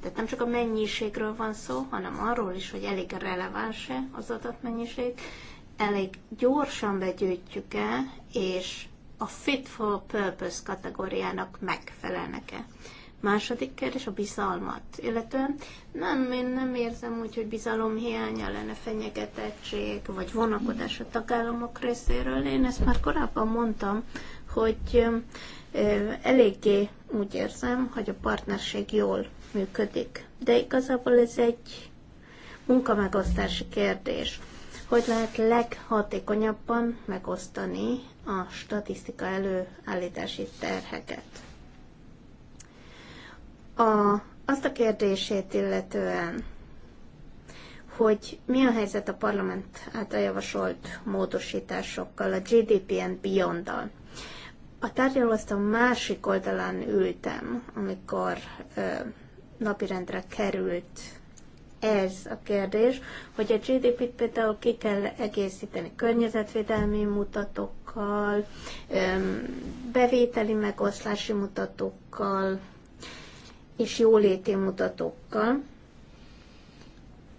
Tehát nem csak a mennyiségről van szó, hanem arról is, hogy elég releváns-e az adatmennyiség, elég gyorsan begyűjtjük el és a fit for purpose kategóriának megfelelnek-e. Második kérdés a bizalmat, illetően nem, én nem érzem úgy, hogy bizalom hiánya lenne fenyegetettség, vagy vonakodás a tagállamok részéről. Én ezt már korábban mondtam, hogy eléggé úgy érzem, hogy a partnerség jól működik. De igazából ez egy munkamegosztási kérdés hogy lehet leghatékonyabban megosztani a statisztika előállítási terheket. A, azt a kérdését illetően, hogy mi a helyzet a parlament által javasolt módosításokkal, a GDP and beyond -dal. A tárgyalóasztal másik oldalán ültem, amikor ö, napirendre került ez a kérdés, hogy a GDP-t például ki kell egészíteni környezetvédelmi mutatókkal, bevételi megoszlási mutatókkal és jóléti mutatókkal.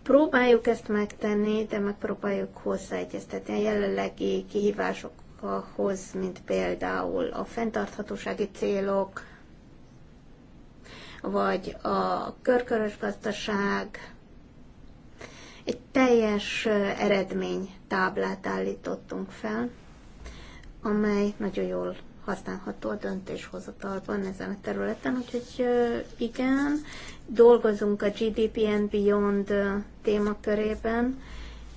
Próbáljuk ezt megtenni, de megpróbáljuk hozzáegyeztetni a jelenlegi kihívásokhoz, mint például a fenntarthatósági célok, vagy a körkörös gazdaság, egy teljes eredmény táblát állítottunk fel, amely nagyon jól használható a döntéshozatalban ezen a területen, úgyhogy igen, dolgozunk a GDP and Beyond témakörében,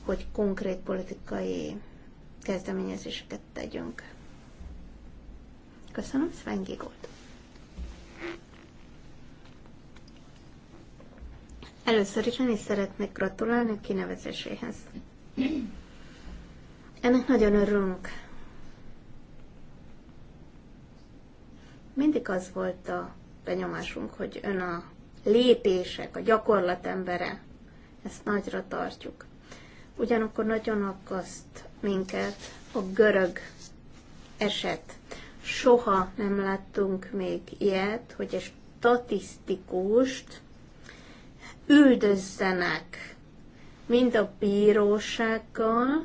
hogy konkrét politikai kezdeményezéseket tegyünk. Köszönöm, Sven Gigolt. Először is én is szeretnék gratulálni a kinevezéséhez. Ennek nagyon örülünk. Mindig az volt a benyomásunk, hogy ön a lépések, a gyakorlat embere. Ezt nagyra tartjuk. Ugyanakkor nagyon akaszt minket a görög eset. Soha nem láttunk még ilyet, hogy egy statisztikust üldözzenek mind a bírósággal,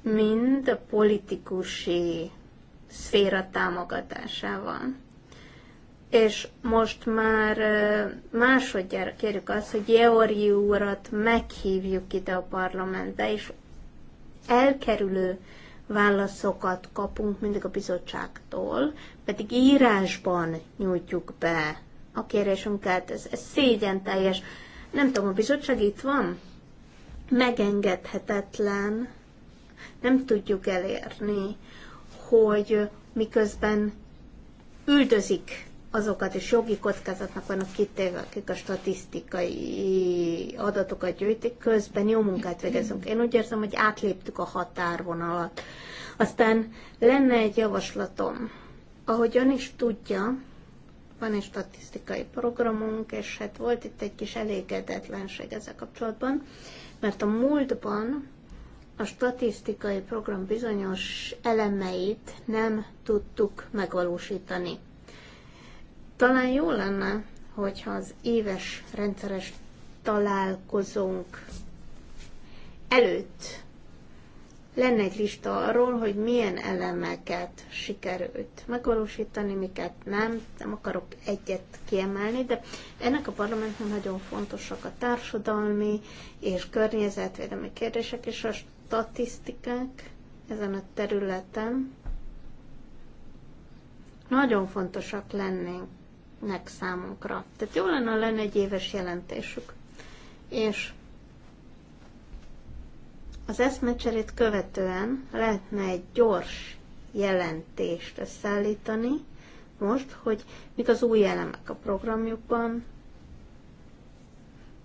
mind a politikusi szféra támogatásával. És most már másodjára kérjük azt, hogy Georgi úrat meghívjuk ide a parlamentbe, és elkerülő válaszokat kapunk mindig a bizottságtól, pedig írásban nyújtjuk be a kérésünket. Ez, ez szégyen teljes. Nem tudom, a bizottság itt van? Megengedhetetlen. Nem tudjuk elérni, hogy miközben üldözik azokat, és jogi kockázatnak vannak kitéve, akik a statisztikai adatokat gyűjtik, közben jó munkát végezünk. Én úgy érzem, hogy átléptük a határvonalat. Aztán lenne egy javaslatom. Ahogy ön is tudja, van egy statisztikai programunk, és hát volt itt egy kis elégedetlenség ezzel kapcsolatban, mert a múltban a statisztikai program bizonyos elemeit nem tudtuk megvalósítani. Talán jó lenne, hogyha az éves rendszeres találkozónk előtt lenne egy lista arról, hogy milyen elemeket sikerült megvalósítani, miket nem, nem akarok egyet kiemelni, de ennek a parlamentnek nagyon fontosak a társadalmi és környezetvédelmi kérdések és a statisztikák ezen a területen. Nagyon fontosak lennének számunkra. Tehát jó lenne, lenne egy éves jelentésük. És az eszmecserét követően lehetne egy gyors jelentést összeállítani most, hogy mik az új elemek a programjukban,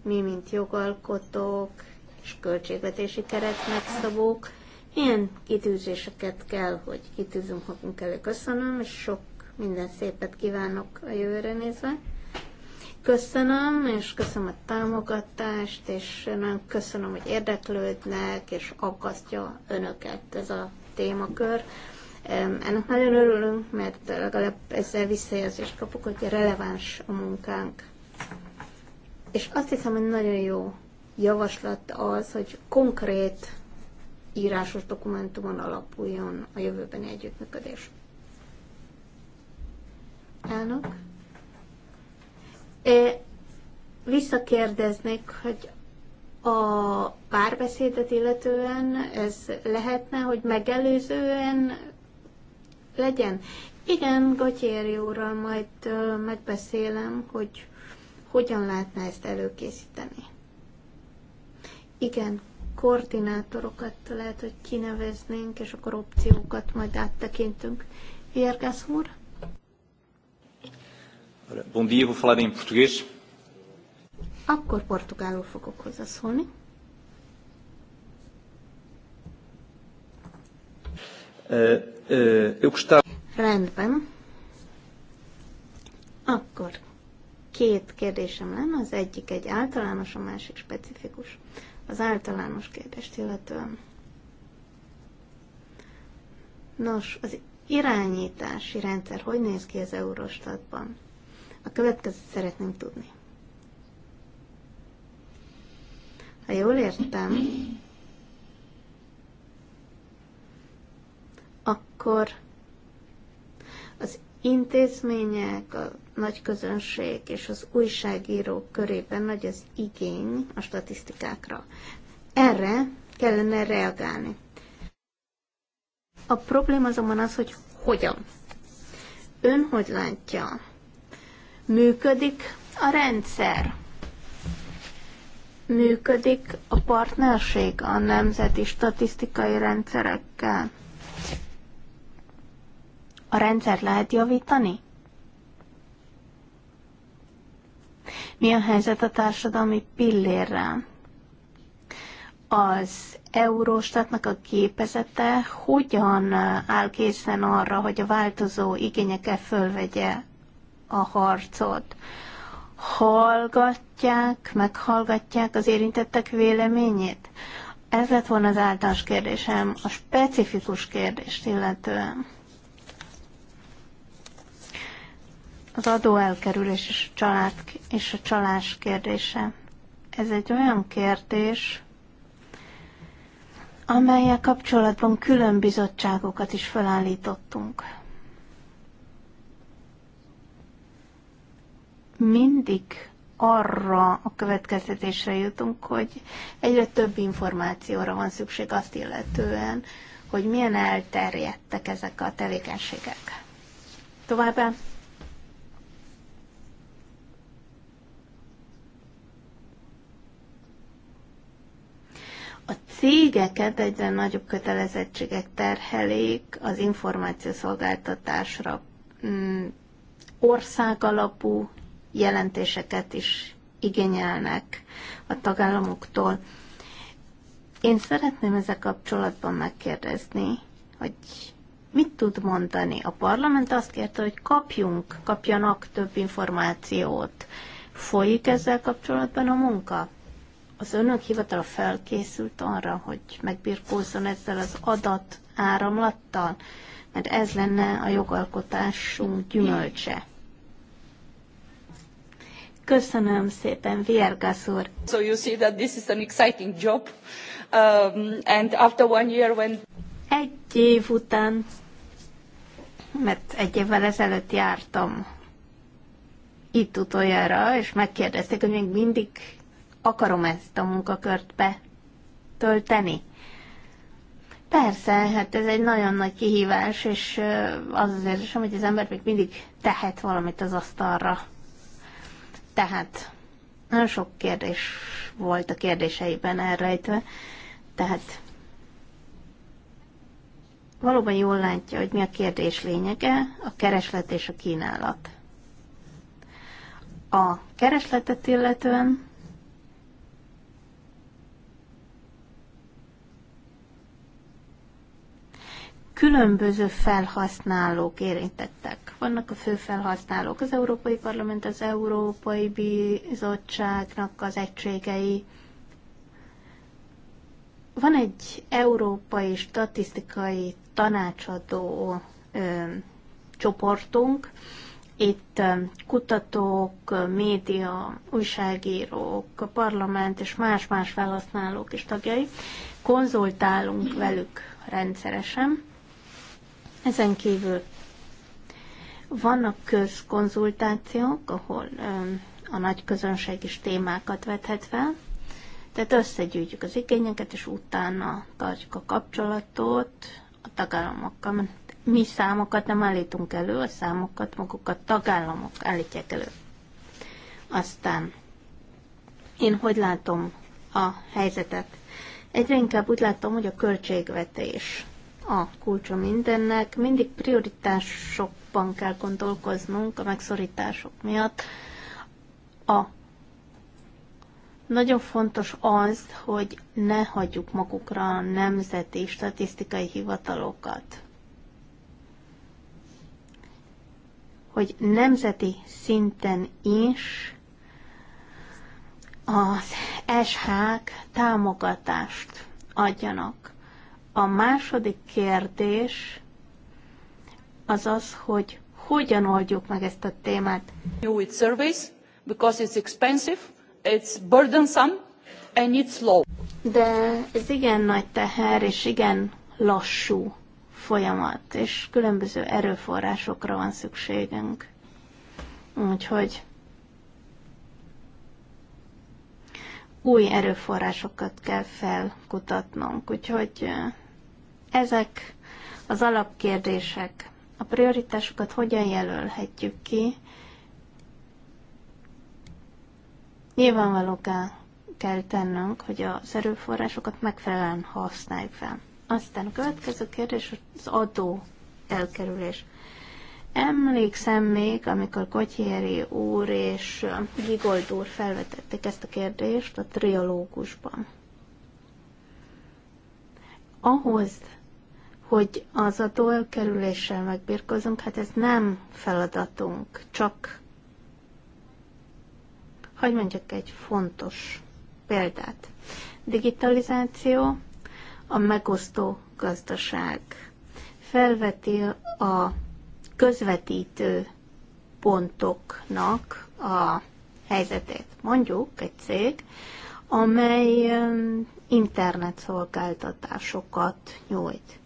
mi, mint jogalkotók és költségvetési keret megszabók, milyen kitűzéseket kell, hogy kitűzünk magunk elő. Köszönöm, és sok minden szépet kívánok a jövőre nézve. Köszönöm, és köszönöm a támogatást, és nagyon köszönöm, hogy érdeklődnek, és aggasztja önöket ez a témakör. Ennek nagyon örülünk, mert legalább ezzel visszajelzést kapok, hogy releváns a munkánk. És azt hiszem, hogy nagyon jó javaslat az, hogy konkrét írásos dokumentumon alapuljon a jövőbeni együttműködés. Elnök? Visszakérdeznék, hogy a párbeszédet illetően ez lehetne, hogy megelőzően legyen? Igen, Gatyéri úrral majd megbeszélem, hogy hogyan lehetne ezt előkészíteni. Igen, koordinátorokat lehet, hogy kineveznénk, és akkor opciókat majd áttekintünk. Viergász úr? bom dia, vou falar em português. Akkor portugálul fogok hozzászólni. Uh, uh, eu gostava... Rendben. Akkor két kérdésem lenne, az egyik egy általános, a másik specifikus. Az általános kérdést illetően. Nos, az irányítási rendszer hogy néz ki az Eurostatban? A következőt szeretném tudni. Ha jól értem, akkor az intézmények, a nagy közönség és az újságírók körében nagy az igény a statisztikákra. Erre kellene reagálni. A probléma azonban az, hogy hogyan. Ön hogy látja? működik a rendszer, működik a partnerség a nemzeti statisztikai rendszerekkel. A rendszer lehet javítani? Mi a helyzet a társadalmi pillérrel? Az Euróstatnak a képezete hogyan áll készen arra, hogy a változó igényeket fölvegye a harcot. Hallgatják, meghallgatják az érintettek véleményét? Ez lett volna az általános kérdésem, a specifikus kérdést illetően. Az adóelkerülés és a, család, és a csalás kérdése. Ez egy olyan kérdés, amelyel kapcsolatban külön bizottságokat is felállítottunk. mindig arra a következtetésre jutunk, hogy egyre több információra van szükség azt illetően, hogy milyen elterjedtek ezek a tevékenységek. Továbbá a cégeket egyre nagyobb kötelezettségek terhelik az információszolgáltatásra. Mm, országalapú jelentéseket is igényelnek a tagállamoktól. Én szeretném ezzel kapcsolatban megkérdezni, hogy mit tud mondani? A parlament azt kérte, hogy kapjunk, kapjanak több információt. Folyik ezzel kapcsolatban a munka? Az önök hivatal felkészült arra, hogy megbirkózzon ezzel az adat áramlattal? Mert ez lenne a jogalkotásunk gyümölcse. Köszönöm szépen, Viergas úr. So you see that this is an exciting job, um, and after one year when... Egy év után, mert egy évvel ezelőtt jártam itt utoljára, és megkérdezték, hogy még mindig akarom ezt a munkakört betölteni. Persze, hát ez egy nagyon nagy kihívás, és az az érzésem, hogy az ember még mindig tehet valamit az asztalra. Tehát nagyon sok kérdés volt a kérdéseiben elrejtve, tehát valóban jól látja, hogy mi a kérdés lényege, a kereslet és a kínálat. A keresletet illetően különböző felhasználók érintettek. Vannak a fő felhasználók, az Európai Parlament, az Európai Bizottságnak az egységei. Van egy európai statisztikai tanácsadó ö, csoportunk, itt kutatók, média, újságírók, parlament és más-más felhasználók is tagjai. Konzultálunk velük rendszeresen, ezen kívül vannak közkonzultációk, ahol a nagy közönség is témákat vethet fel, tehát összegyűjtjük az igényeket, és utána tartjuk a kapcsolatot a tagállamokkal. mi számokat nem állítunk elő, a számokat maguk a tagállamok állítják elő. Aztán én hogy látom a helyzetet? Egyre inkább úgy látom, hogy a költségvetés a kulcsa mindennek. Mindig prioritásokban kell gondolkoznunk a megszorítások miatt. A nagyon fontos az, hogy ne hagyjuk magukra a nemzeti statisztikai hivatalokat. Hogy nemzeti szinten is az SH-k támogatást adjanak. A második kérdés az az, hogy hogyan oldjuk meg ezt a témát. With surveys, because it's expensive, it's burdensome, and it's slow. De ez igen nagy teher, és igen lassú folyamat, és különböző erőforrásokra van szükségünk. Úgyhogy új erőforrásokat kell felkutatnunk. Úgyhogy ezek az alapkérdések. A prioritásokat hogyan jelölhetjük ki? Nyilvánvalóká kell tennünk, hogy az erőforrásokat megfelelően használjuk fel. Aztán a következő kérdés az adó elkerülés. Emlékszem még, amikor Kotyéri úr és Gigold úr felvetették ezt a kérdést a triológusban. Ahhoz, hogy az adó elkerüléssel megbirkozunk, hát ez nem feladatunk, csak hogy mondjak egy fontos példát. Digitalizáció, a megosztó gazdaság felveti a közvetítő pontoknak a helyzetét. Mondjuk egy cég, amely internetszolgáltatásokat nyújt.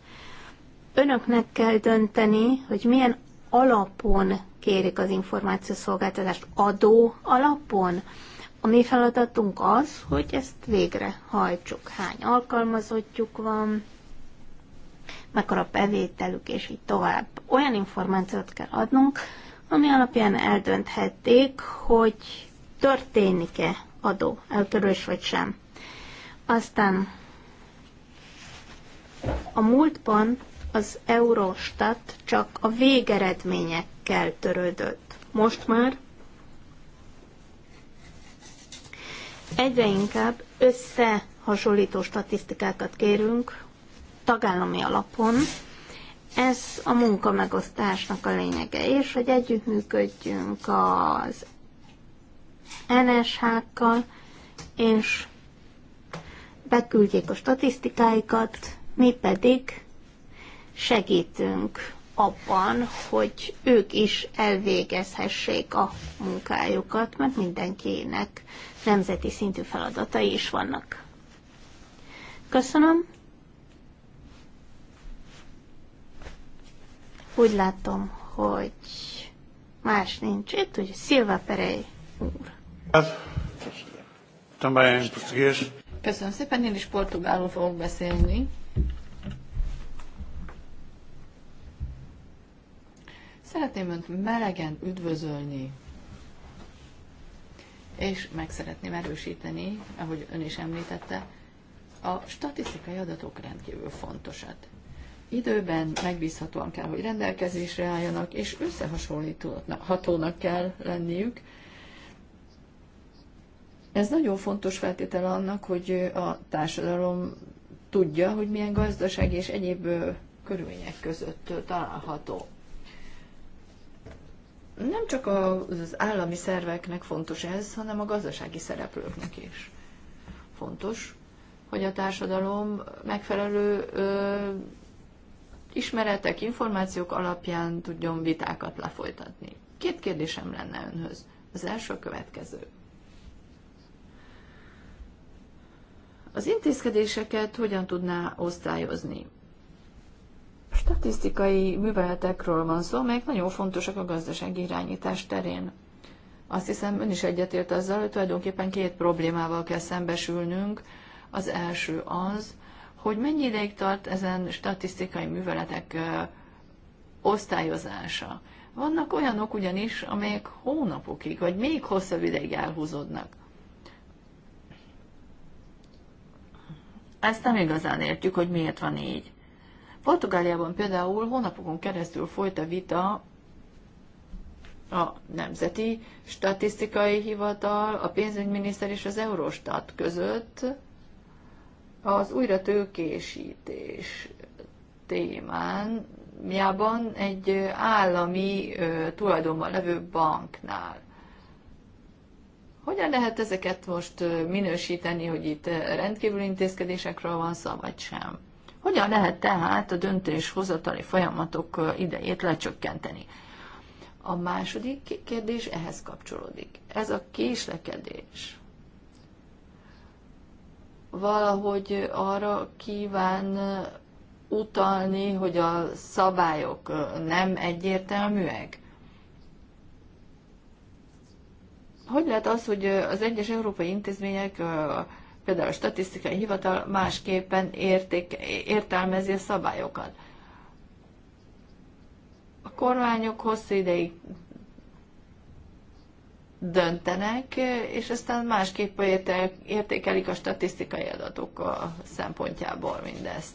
Önöknek kell dönteni, hogy milyen alapon kérik az információszolgáltatást, adó alapon. A mi feladatunk az, hogy ezt végrehajtsuk. Hány alkalmazottjuk van, mekkora bevételük, és így tovább. Olyan információt kell adnunk, ami alapján eldönthették, hogy történik-e adó eltörős vagy sem. Aztán a múltban az Eurostat csak a végeredményekkel törődött. Most már egyre inkább összehasonlító statisztikákat kérünk tagállami alapon. Ez a munka megosztásnak a lényege, és hogy együttműködjünk az NSH-kkal, és beküldjék a statisztikáikat, mi pedig segítünk abban, hogy ők is elvégezhessék a munkájukat, mert mindenkinek nemzeti szintű feladatai is vannak. Köszönöm. Úgy látom, hogy más nincs itt, ugye Szilva Perej úr. Köszönöm szépen, én is portugálul fogok beszélni. Szeretném Önt melegen üdvözölni, és meg szeretném erősíteni, ahogy Ön is említette, a statisztikai adatok rendkívül fontosak időben megbízhatóan kell, hogy rendelkezésre álljanak, és összehasonlíthatónak kell lenniük. Ez nagyon fontos feltétele annak, hogy a társadalom tudja, hogy milyen gazdaság és egyéb körülmények között található. Nem csak az állami szerveknek fontos ez, hanem a gazdasági szereplőknek is fontos, hogy a társadalom megfelelő ismeretek, információk alapján tudjon vitákat lefolytatni. Két kérdésem lenne önhöz. Az első a következő. Az intézkedéseket hogyan tudná osztályozni? Statisztikai műveletekről van szó, amelyek nagyon fontosak a gazdasági irányítás terén. Azt hiszem, ön is egyetért azzal, hogy tulajdonképpen két problémával kell szembesülnünk. Az első az, hogy mennyi ideig tart ezen statisztikai műveletek osztályozása. Vannak olyanok ugyanis, amelyek hónapokig, vagy még hosszabb ideig elhúzódnak. Ezt nem igazán értjük, hogy miért van így. Portugáliában például hónapokon keresztül folyt a vita a Nemzeti Statisztikai Hivatal, a pénzügyminiszter és az Eurostat között az tőkésítés témán miában egy állami tulajdonban levő banknál. Hogyan lehet ezeket most minősíteni, hogy itt rendkívül intézkedésekről van szó, vagy sem? Hogyan lehet tehát a döntéshozatali folyamatok idejét lecsökkenteni? A második kérdés ehhez kapcsolódik. Ez a késlekedés valahogy arra kíván uh, utalni, hogy a szabályok uh, nem egyértelműek? Hogy lehet az, hogy uh, az egyes európai intézmények, például a statisztikai hivatal másképpen érték, értelmezi a szabályokat? A kormányok hosszú ideig döntenek, és aztán másképp értékelik a statisztikai adatok a szempontjából mindezt.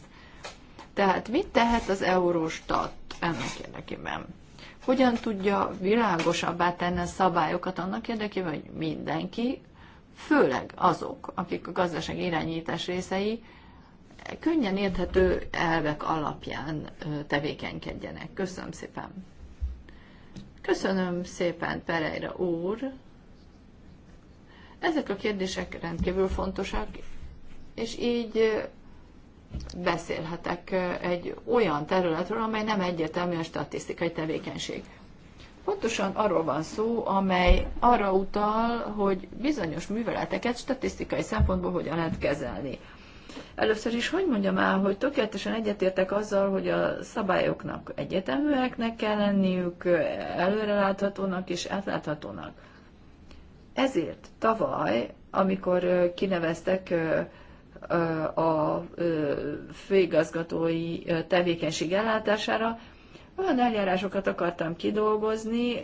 Tehát mit tehet az Eurostat ennek érdekében? Hogyan tudja világosabbá tenni a szabályokat annak érdekében, hogy mindenki, főleg azok, akik a gazdaság irányítás részei, könnyen érthető elvek alapján tevékenykedjenek. Köszönöm szépen! Köszönöm szépen, Pereira úr. Ezek a kérdések rendkívül fontosak, és így beszélhetek egy olyan területről, amely nem egyértelmű a statisztikai tevékenység. Pontosan arról van szó, amely arra utal, hogy bizonyos műveleteket statisztikai szempontból hogyan lehet kezelni. Először is, hogy mondjam el, hogy tökéletesen egyetértek azzal, hogy a szabályoknak egyeteműeknek kell lenniük, előreláthatónak és átláthatónak. Ezért tavaly, amikor kineveztek a főigazgatói tevékenység ellátására, olyan eljárásokat akartam kidolgozni,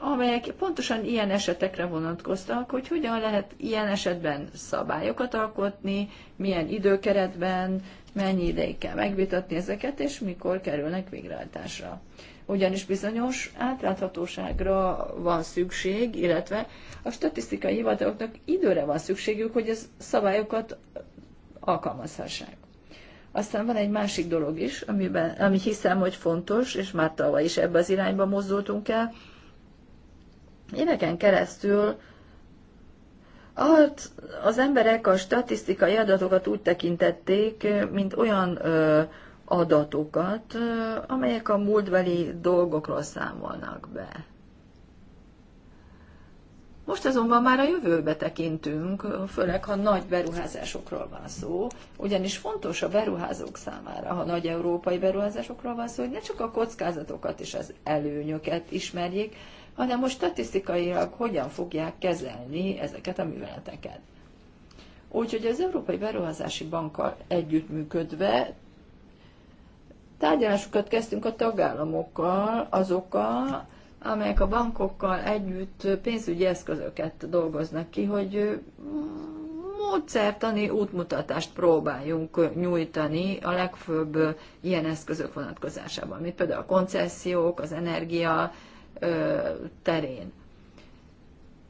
amelyek pontosan ilyen esetekre vonatkoztak, hogy hogyan lehet ilyen esetben szabályokat alkotni, milyen időkeretben, mennyi ideig kell megvitatni ezeket, és mikor kerülnek végrehajtásra. Ugyanis bizonyos átláthatóságra van szükség, illetve a statisztikai hivataloknak időre van szükségük, hogy ez szabályokat alkalmazhassák. Aztán van egy másik dolog is, amiben, ami hiszem, hogy fontos, és már tavaly is ebbe az irányba mozdultunk el, éveken keresztül az emberek a statisztikai adatokat úgy tekintették, mint olyan adatokat, amelyek a múltbeli dolgokról számolnak be. Most azonban már a jövőbe tekintünk, főleg ha nagy beruházásokról van szó, ugyanis fontos a beruházók számára, ha nagy európai beruházásokról van szó, hogy ne csak a kockázatokat és az előnyöket ismerjék, hanem most statisztikailag hogyan fogják kezelni ezeket a műveleteket. Úgyhogy az Európai Beruházási Bankkal együttműködve tárgyalásokat kezdtünk a tagállamokkal, azokkal, amelyek a bankokkal együtt pénzügyi eszközöket dolgoznak ki, hogy mm, módszertani útmutatást próbáljunk nyújtani a legfőbb ilyen eszközök vonatkozásában, mint például a koncesziók, az energia, terén.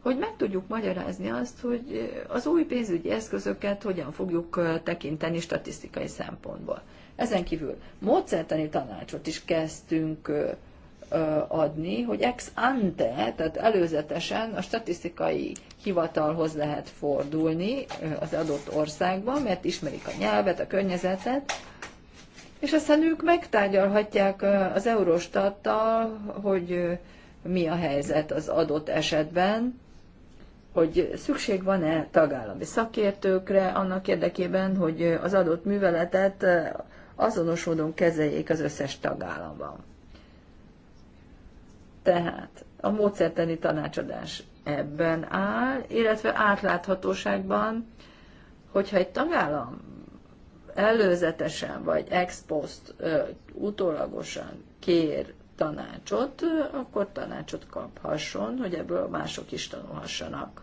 Hogy meg tudjuk magyarázni azt, hogy az új pénzügyi eszközöket hogyan fogjuk tekinteni statisztikai szempontból. Ezen kívül módszertani tanácsot is kezdtünk adni, hogy ex ante, tehát előzetesen a statisztikai hivatalhoz lehet fordulni az adott országban, mert ismerik a nyelvet, a környezetet, és aztán ők megtárgyalhatják az Eurostattal, hogy mi a helyzet az adott esetben, hogy szükség van-e tagállami szakértőkre annak érdekében, hogy az adott műveletet azonos módon kezeljék az összes tagállamban. Tehát a módszertani tanácsadás ebben áll, illetve átláthatóságban, hogyha egy tagállam előzetesen vagy ex post, utólagosan kér tanácsot, akkor tanácsot kaphasson, hogy ebből mások is tanulhassanak.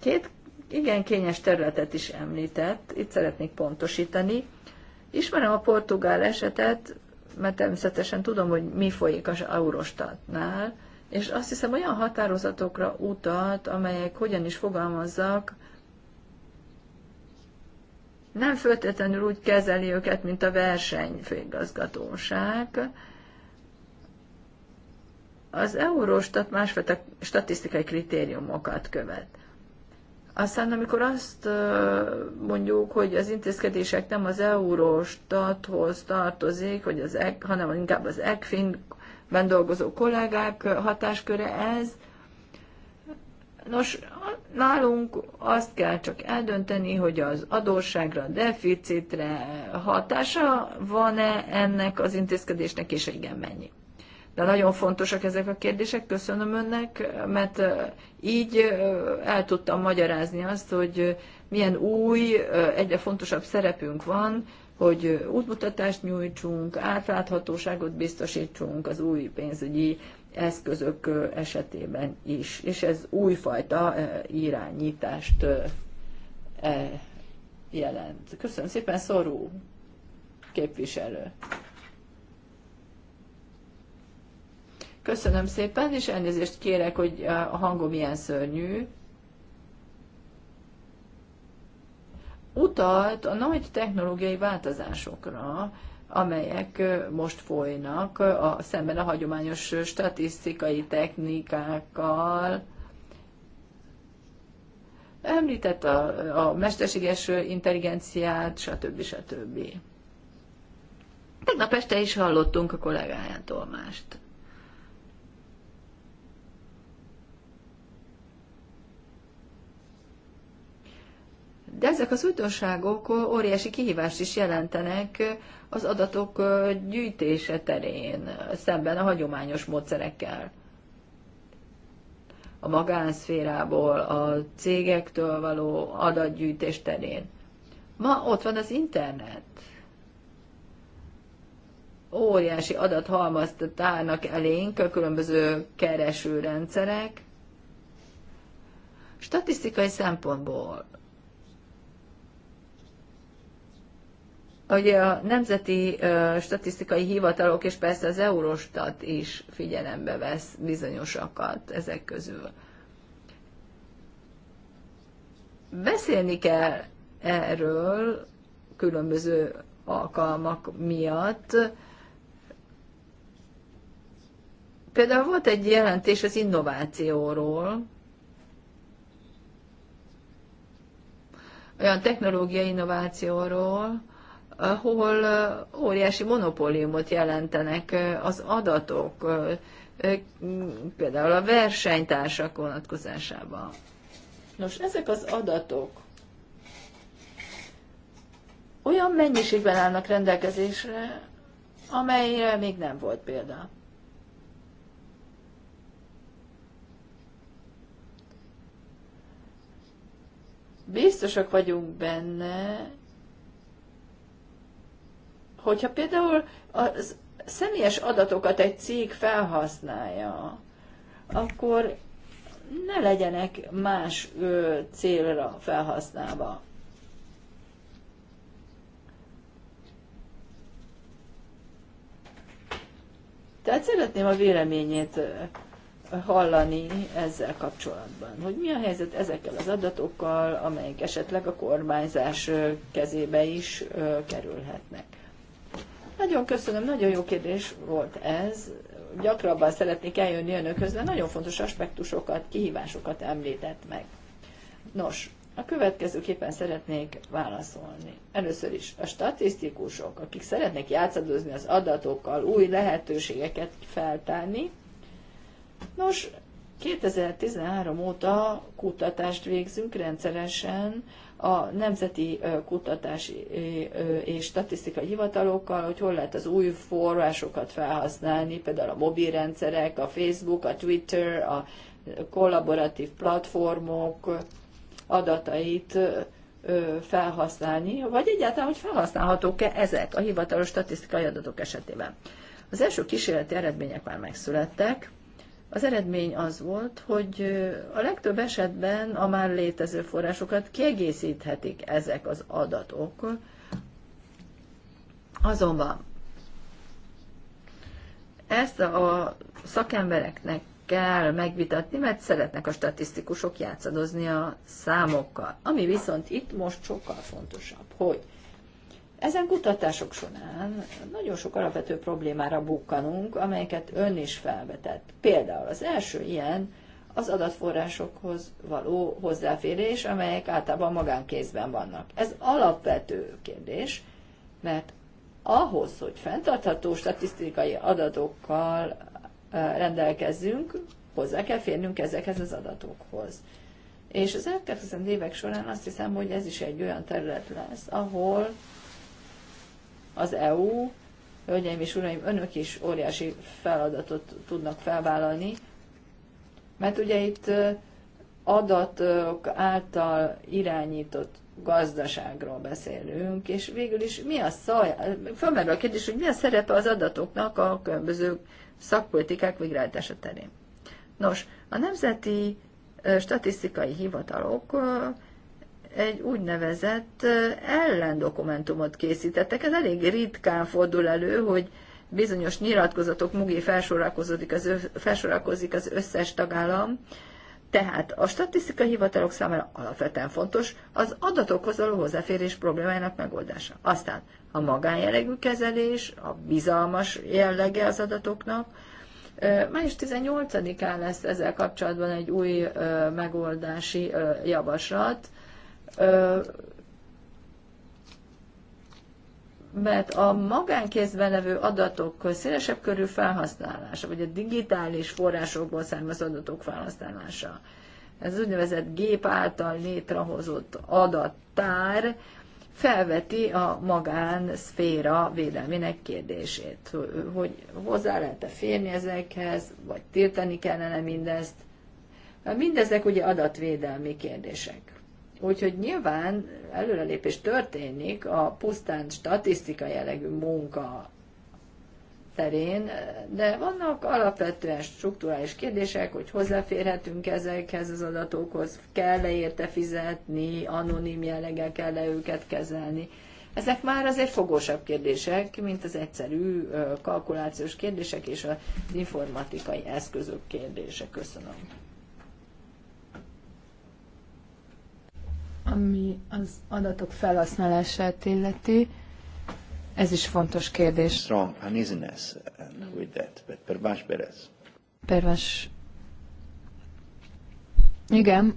Két igen kényes területet is említett, itt szeretnék pontosítani. Ismerem a portugál esetet, mert természetesen tudom, hogy mi folyik az Eurostatnál, és azt hiszem olyan határozatokra utalt, amelyek hogyan is fogalmazzak, nem föltétlenül úgy kezeli őket, mint a versenyfőigazgatóság. Az Eurostat másfajta statisztikai kritériumokat követ. Aztán, amikor azt mondjuk, hogy az intézkedések nem az Eurostathoz tartozik, hogy az, e hanem inkább az ECFIN-ben dolgozó kollégák hatásköre ez, Nos, nálunk azt kell csak eldönteni, hogy az adósságra, deficitre hatása van-e ennek az intézkedésnek, és igen, mennyi. De nagyon fontosak ezek a kérdések, köszönöm önnek, mert így el tudtam magyarázni azt, hogy milyen új, egyre fontosabb szerepünk van, hogy útmutatást nyújtsunk, átláthatóságot biztosítsunk az új pénzügyi eszközök esetében is, és ez újfajta irányítást e, jelent. Köszönöm szépen, Szorú képviselő. Köszönöm szépen, és elnézést kérek, hogy a hangom ilyen szörnyű. Utalt a nagy technológiai változásokra, amelyek most folynak a, szemben a hagyományos statisztikai technikákkal. Említett a, a mesterséges intelligenciát, stb. stb. Tegnap este is hallottunk a kollégájától mást. De ezek az újdonságok óriási kihívást is jelentenek az adatok gyűjtése terén szemben a hagyományos módszerekkel. A magánszférából, a cégektől való adatgyűjtés terén. Ma ott van az internet. Óriási adathalmazt tárnak elénk a különböző keresőrendszerek. Statisztikai szempontból Ugye a nemzeti statisztikai hivatalok és persze az Eurostat is figyelembe vesz bizonyosakat ezek közül. Beszélni kell erről különböző alkalmak miatt. Például volt egy jelentés az innovációról, olyan technológiai innovációról, ahol óriási monopóliumot jelentenek az adatok, például a versenytársak vonatkozásában. Nos, ezek az adatok olyan mennyiségben állnak rendelkezésre, amelyre még nem volt példa. Biztosak vagyunk benne, Hogyha például a személyes adatokat egy cég felhasználja, akkor ne legyenek más ö, célra felhasználva. Tehát szeretném a véleményét hallani ezzel kapcsolatban, hogy mi a helyzet ezekkel az adatokkal, amelyek esetleg a kormányzás kezébe is kerülhetnek. Nagyon köszönöm, nagyon jó kérdés volt ez. Gyakrabban szeretnék eljönni önökhöz, mert nagyon fontos aspektusokat, kihívásokat említett meg. Nos, a következőképpen szeretnék válaszolni. Először is a statisztikusok, akik szeretnek játszadozni az adatokkal, új lehetőségeket feltárni. Nos, 2013 óta kutatást végzünk rendszeresen a nemzeti kutatási és statisztikai hivatalokkal, hogy hol lehet az új forrásokat felhasználni, például a mobilrendszerek, a Facebook, a Twitter, a kollaboratív platformok adatait felhasználni, vagy egyáltalán, hogy felhasználhatók-e ezek a hivatalos statisztikai adatok esetében. Az első kísérleti eredmények már megszülettek, az eredmény az volt, hogy a legtöbb esetben a már létező forrásokat kiegészíthetik ezek az adatok. Azonban ezt a szakembereknek kell megvitatni, mert szeretnek a statisztikusok játszadozni a számokkal. Ami viszont itt most sokkal fontosabb, hogy ezen kutatások során nagyon sok alapvető problémára bukkanunk, amelyeket ön is felvetett. Például az első ilyen az adatforrásokhoz való hozzáférés, amelyek általában magánkézben vannak. Ez alapvető kérdés, mert ahhoz, hogy fenntartható statisztikai adatokkal rendelkezzünk, hozzá kell férnünk ezekhez az adatokhoz. És az elkövetkező évek során azt hiszem, hogy ez is egy olyan terület lesz, ahol az EU, hölgyeim és uraim, önök is óriási feladatot tudnak felvállalni, mert ugye itt adatok által irányított gazdaságról beszélünk, és végül is mi a szaj, fölmerül a kérdés, hogy mi a szerepe az adatoknak a különböző szakpolitikák végrehajtása terén. Nos, a nemzeti statisztikai hivatalok egy úgynevezett ellendokumentumot készítettek. Ez elég ritkán fordul elő, hogy bizonyos nyilatkozatok mögé felsorakozik az, felsorakozik az összes tagállam. Tehát a statisztikai hivatalok számára alapvetően fontos az adatokhoz való hozzáférés problémájának megoldása. Aztán a magánjellegű kezelés, a bizalmas jellege az adatoknak. Május 18-án lesz ezzel kapcsolatban egy új megoldási javaslat, mert a magánkézben levő adatok szélesebb körű felhasználása, vagy a digitális forrásokból származó adatok felhasználása, ez úgynevezett gép által létrehozott adattár felveti a magán szféra védelmének kérdését, hogy hozzá lehet-e férni ezekhez, vagy tiltani kellene mindezt. Mindezek ugye adatvédelmi kérdések. Úgyhogy nyilván előrelépés történik a pusztán statisztika jellegű munka terén, de vannak alapvetően struktúrális kérdések, hogy hozzáférhetünk ezekhez az adatokhoz, kell-e érte fizetni, anonim jelleggel kell-e őket kezelni. Ezek már azért fogósabb kérdések, mint az egyszerű kalkulációs kérdések és az informatikai eszközök kérdése. Köszönöm. Ami az adatok felhasználását illeti, ez is fontos kérdés. Strong uneasiness uh, with that, but Pervás Perez. Pervás. Igen.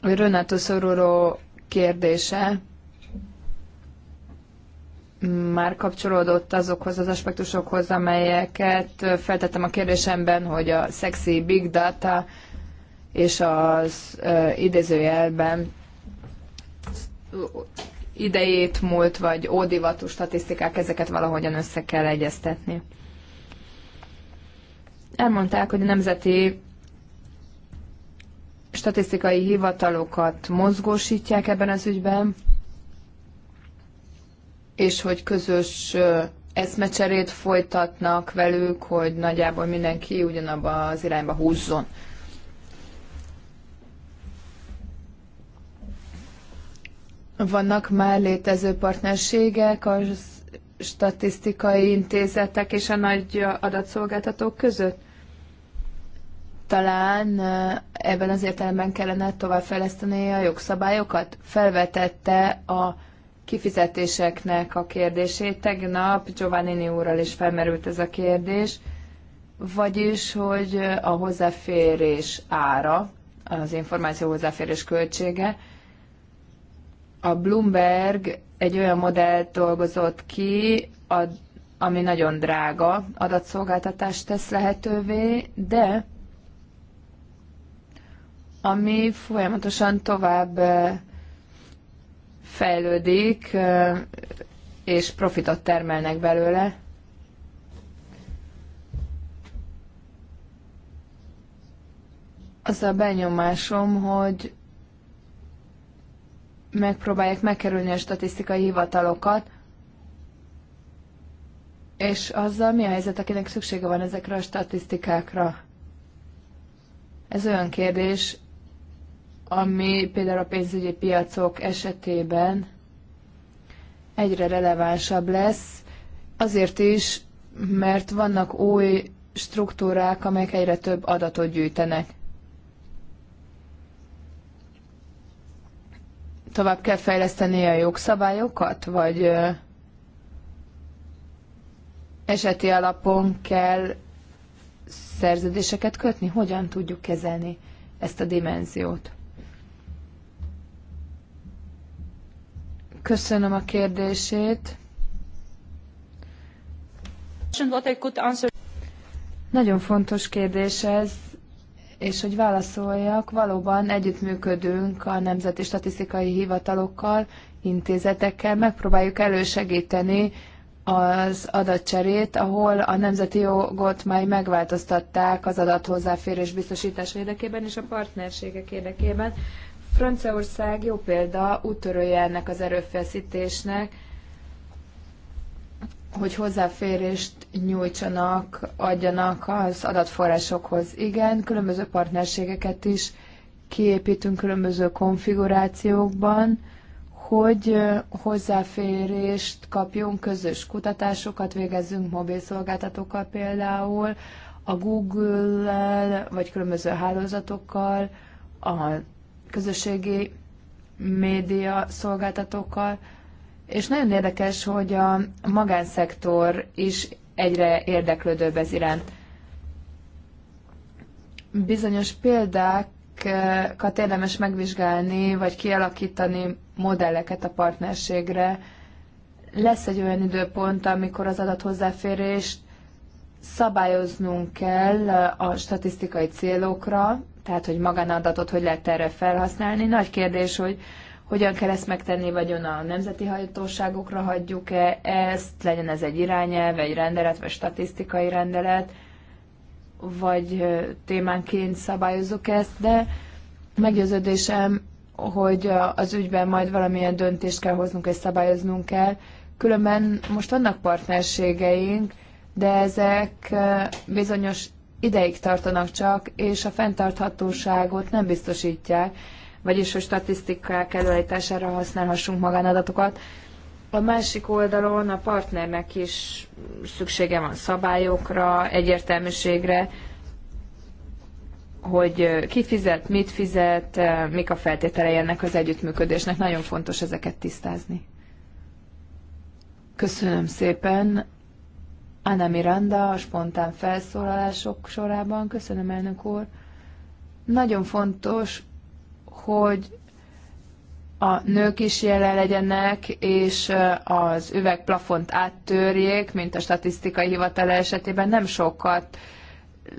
Renato Szororó kérdése már kapcsolódott azokhoz az aspektusokhoz, amelyeket uh, feltettem a kérdésemben, hogy a sexy big data és az idézőjelben idejét múlt, vagy ódivatú statisztikák, ezeket valahogyan össze kell egyeztetni. Elmondták, hogy a nemzeti statisztikai hivatalokat mozgósítják ebben az ügyben, és hogy közös eszmecserét folytatnak velük, hogy nagyjából mindenki ugyanabba az irányba húzzon. Vannak már létező partnerségek a statisztikai intézetek és a nagy adatszolgáltatók között? Talán eh, ebben az értelemben kellene továbbfejleszteni a jogszabályokat? Felvetette a kifizetéseknek a kérdését. Tegnap Giovannini úrral is felmerült ez a kérdés, vagyis, hogy a hozzáférés ára, az információ hozzáférés költsége, a Bloomberg egy olyan modellt dolgozott ki, a, ami nagyon drága adatszolgáltatást tesz lehetővé, de ami folyamatosan tovább fejlődik, és profitot termelnek belőle. Az a benyomásom, hogy megpróbálják megkerülni a statisztikai hivatalokat, és azzal mi a helyzet, akinek szüksége van ezekre a statisztikákra? Ez olyan kérdés, ami például a pénzügyi piacok esetében egyre relevánsabb lesz, azért is, mert vannak új struktúrák, amelyek egyre több adatot gyűjtenek. tovább kell fejleszteni a jogszabályokat, vagy eseti alapon kell szerződéseket kötni? Hogyan tudjuk kezelni ezt a dimenziót? Köszönöm a kérdését. Nagyon fontos kérdés ez és hogy válaszoljak, valóban együttműködünk a Nemzeti Statisztikai Hivatalokkal, intézetekkel, megpróbáljuk elősegíteni az adatcserét, ahol a nemzeti jogot már megváltoztatták az adathozzáférés biztosítás érdekében és a partnerségek érdekében. Franciaország jó példa, úttörője ennek az erőfeszítésnek, hogy hozzáférést nyújtsanak, adjanak az adatforrásokhoz. Igen, különböző partnerségeket is kiépítünk különböző konfigurációkban, hogy hozzáférést kapjunk, közös kutatásokat végezzünk mobil például, a Google-lel, vagy különböző hálózatokkal, a közösségi média szolgáltatókkal, és nagyon érdekes, hogy a magánszektor is egyre érdeklődőbb ez iránt. Bizonyos példákat érdemes megvizsgálni, vagy kialakítani modelleket a partnerségre. Lesz egy olyan időpont, amikor az adathozzáférést szabályoznunk kell a statisztikai célokra, tehát hogy magánadatot hogy lehet erre felhasználni. Nagy kérdés, hogy hogyan kell ezt megtenni, vagyon a nemzeti hajtóságokra hagyjuk-e ezt, legyen ez egy irányelv, egy rendelet, vagy statisztikai rendelet, vagy témánként szabályozzuk ezt, de meggyőződésem, hogy az ügyben majd valamilyen döntést kell hoznunk és szabályoznunk kell. Különben most vannak partnerségeink, de ezek bizonyos ideig tartanak csak, és a fenntarthatóságot nem biztosítják vagyis hogy statisztikák előállítására használhassunk magánadatokat. A másik oldalon a partnernek is szüksége van szabályokra, egyértelműségre, hogy ki fizet, mit fizet, mik a feltételei ennek az együttműködésnek. Nagyon fontos ezeket tisztázni. Köszönöm szépen. Anna Miranda a spontán felszólalások sorában. Köszönöm, elnök úr. Nagyon fontos hogy a nők is jelen legyenek, és az üvegplafont áttörjék, mint a statisztikai hivatal esetében nem sokat,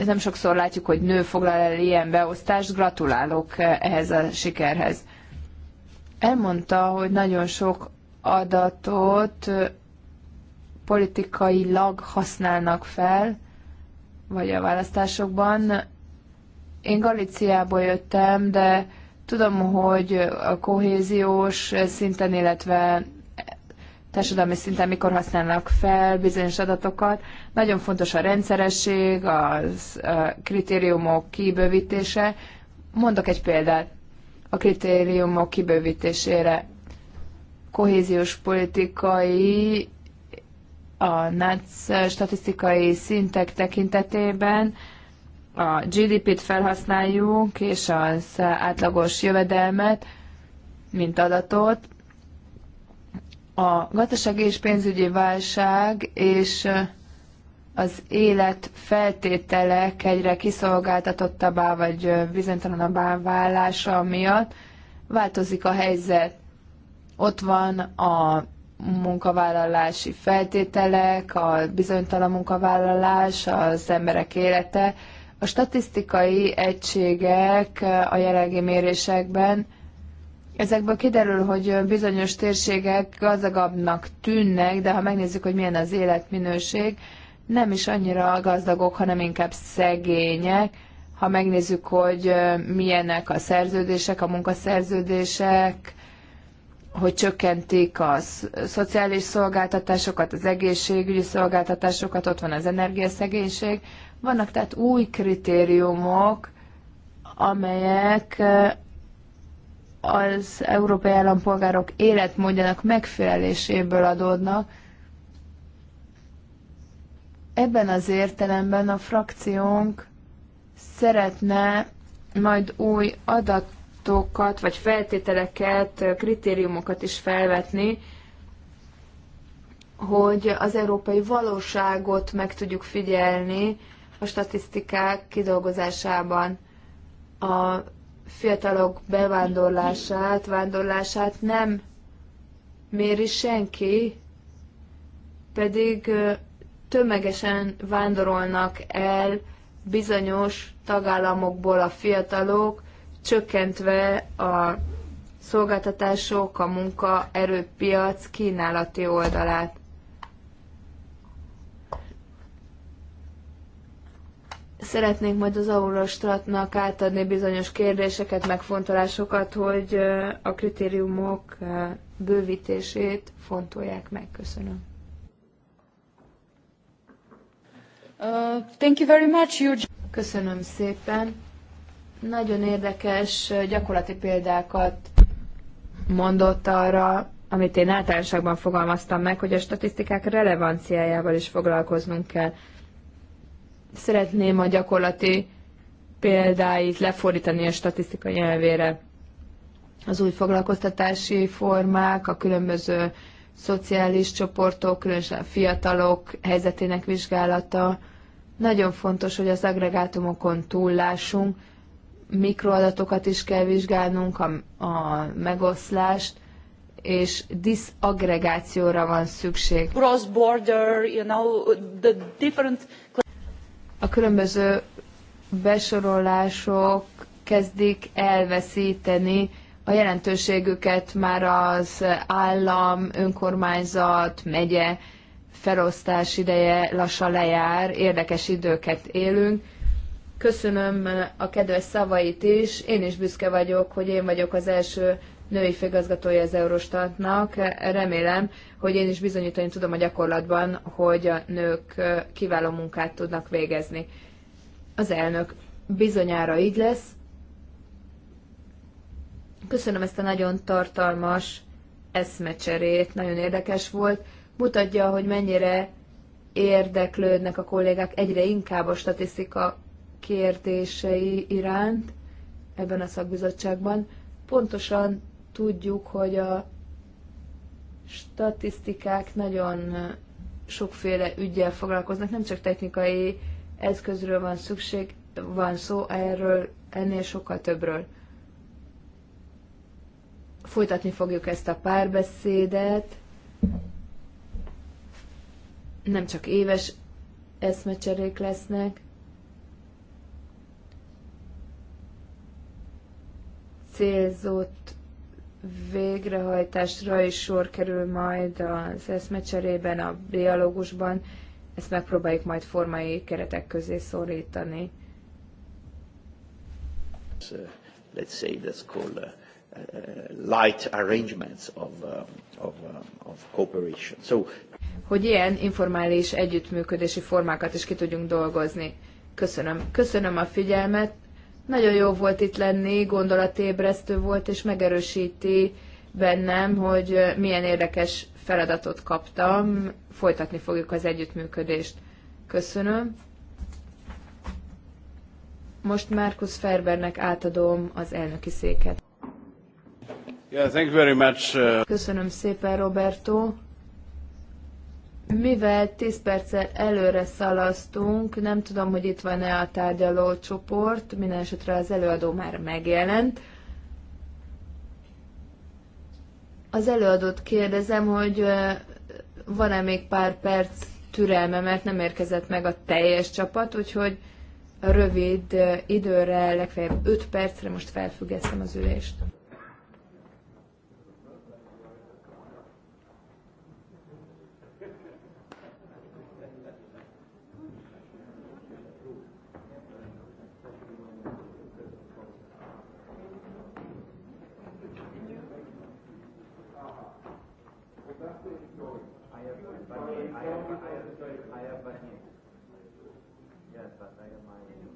nem sokszor látjuk, hogy nő foglal el ilyen beosztást. Gratulálok ehhez a sikerhez. Elmondta, hogy nagyon sok adatot politikailag használnak fel, vagy a választásokban. Én Galiciából jöttem, de Tudom, hogy a kohéziós szinten, illetve társadalmi szinten mikor használnak fel bizonyos adatokat. Nagyon fontos a rendszeresség, az, a kritériumok kibővítése. Mondok egy példát a kritériumok kibővítésére. Kohéziós politikai, a NAC statisztikai szintek tekintetében a GDP-t felhasználjuk, és az átlagos jövedelmet, mint adatot. A gazdasági és pénzügyi válság és az élet feltételek egyre kiszolgáltatottabbá vagy bizonytalanabbá válása miatt változik a helyzet. Ott van a munkavállalási feltételek, a bizonytalan munkavállalás, az emberek élete, a statisztikai egységek a jelenlegi mérésekben Ezekből kiderül, hogy bizonyos térségek gazdagabbnak tűnnek, de ha megnézzük, hogy milyen az életminőség, nem is annyira gazdagok, hanem inkább szegények. Ha megnézzük, hogy milyenek a szerződések, a munkaszerződések, hogy csökkentik a szociális szolgáltatásokat, az egészségügyi szolgáltatásokat, ott van az energiaszegénység, vannak tehát új kritériumok, amelyek az európai állampolgárok életmódjának megfeleléséből adódnak. Ebben az értelemben a frakciónk szeretne majd új adatokat, vagy feltételeket, kritériumokat is felvetni, hogy az európai valóságot meg tudjuk figyelni, a statisztikák kidolgozásában a fiatalok bevándorlását, vándorlását nem méri senki, pedig tömegesen vándorolnak el bizonyos tagállamokból a fiatalok, csökkentve a szolgáltatások, a munkaerőpiac kínálati oldalát. Szeretnénk majd az Aurostratnak átadni bizonyos kérdéseket, megfontolásokat, hogy a kritériumok bővítését fontolják meg. Köszönöm. Uh, thank you very much, Eugene. Köszönöm szépen. Nagyon érdekes gyakorlati példákat mondott arra, amit én általánosságban fogalmaztam meg, hogy a statisztikák relevanciájával is foglalkoznunk kell. Szeretném a gyakorlati példáit lefordítani a statisztika nyelvére. Az új foglalkoztatási formák, a különböző szociális csoportok, különösen a fiatalok helyzetének vizsgálata. Nagyon fontos, hogy az agregátumokon túllássunk, mikroadatokat is kell vizsgálnunk, a, a megoszlást, és diszagregációra van szükség. Cross-border, you know, the different a különböző besorolások kezdik elveszíteni a jelentőségüket már az állam, önkormányzat, megye felosztás ideje lassan lejár, érdekes időket élünk. Köszönöm a kedves szavait is, én is büszke vagyok, hogy én vagyok az első női főgazgatója az Eurostatnak. Remélem, hogy én is bizonyítani tudom a gyakorlatban, hogy a nők kiváló munkát tudnak végezni. Az elnök bizonyára így lesz. Köszönöm ezt a nagyon tartalmas eszmecserét, nagyon érdekes volt. Mutatja, hogy mennyire érdeklődnek a kollégák egyre inkább a statisztika kérdései iránt ebben a szakbizottságban. Pontosan Tudjuk, hogy a statisztikák nagyon sokféle ügyel foglalkoznak, nem csak technikai eszközről van szükség, van szó erről, ennél sokkal többről. Folytatni fogjuk ezt a párbeszédet, nem csak éves eszmecserék lesznek, célzott végrehajtásra is sor kerül majd az eszmecserében, a dialógusban, ezt megpróbáljuk majd formai keretek közé szorítani. So, let's say that's called a, uh, a uh, light arrangements of, uh, of, of cooperation. So, hogy ilyen informális együttműködési formákat is ki tudjunk dolgozni. Köszönöm. Köszönöm a figyelmet. Nagyon jó volt itt lenni, gondolatébresztő volt, és megerősíti bennem, hogy milyen érdekes feladatot kaptam. Folytatni fogjuk az együttműködést. Köszönöm. Most Markus Ferbernek átadom az elnöki széket. Yeah, thank you very much. Uh, Köszönöm szépen, Roberto. Mivel 10 perccel előre szalasztunk, nem tudom, hogy itt van-e a tárgyaló csoport, minden esetre az előadó már megjelent. Az előadót kérdezem, hogy van-e még pár perc türelme, mert nem érkezett meg a teljes csapat, úgyhogy rövid időre, legfeljebb 5 percre most felfüggesztem az ülést. dynamite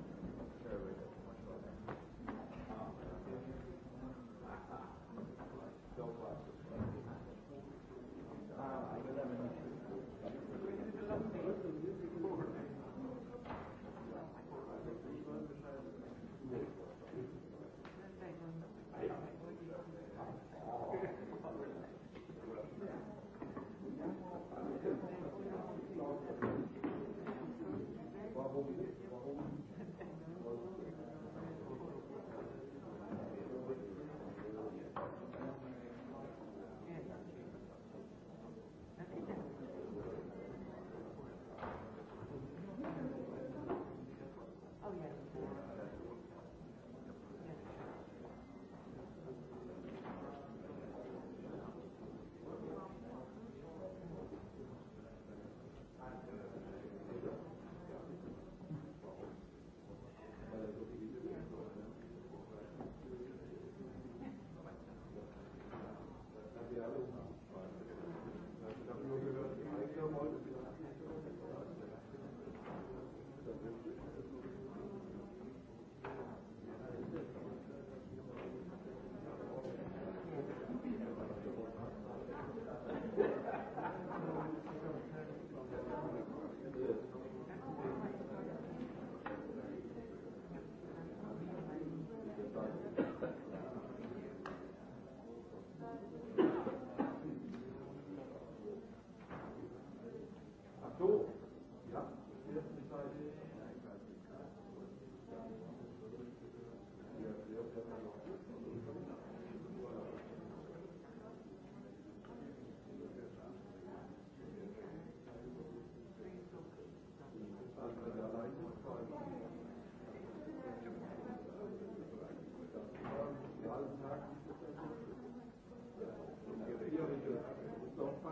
Yeah,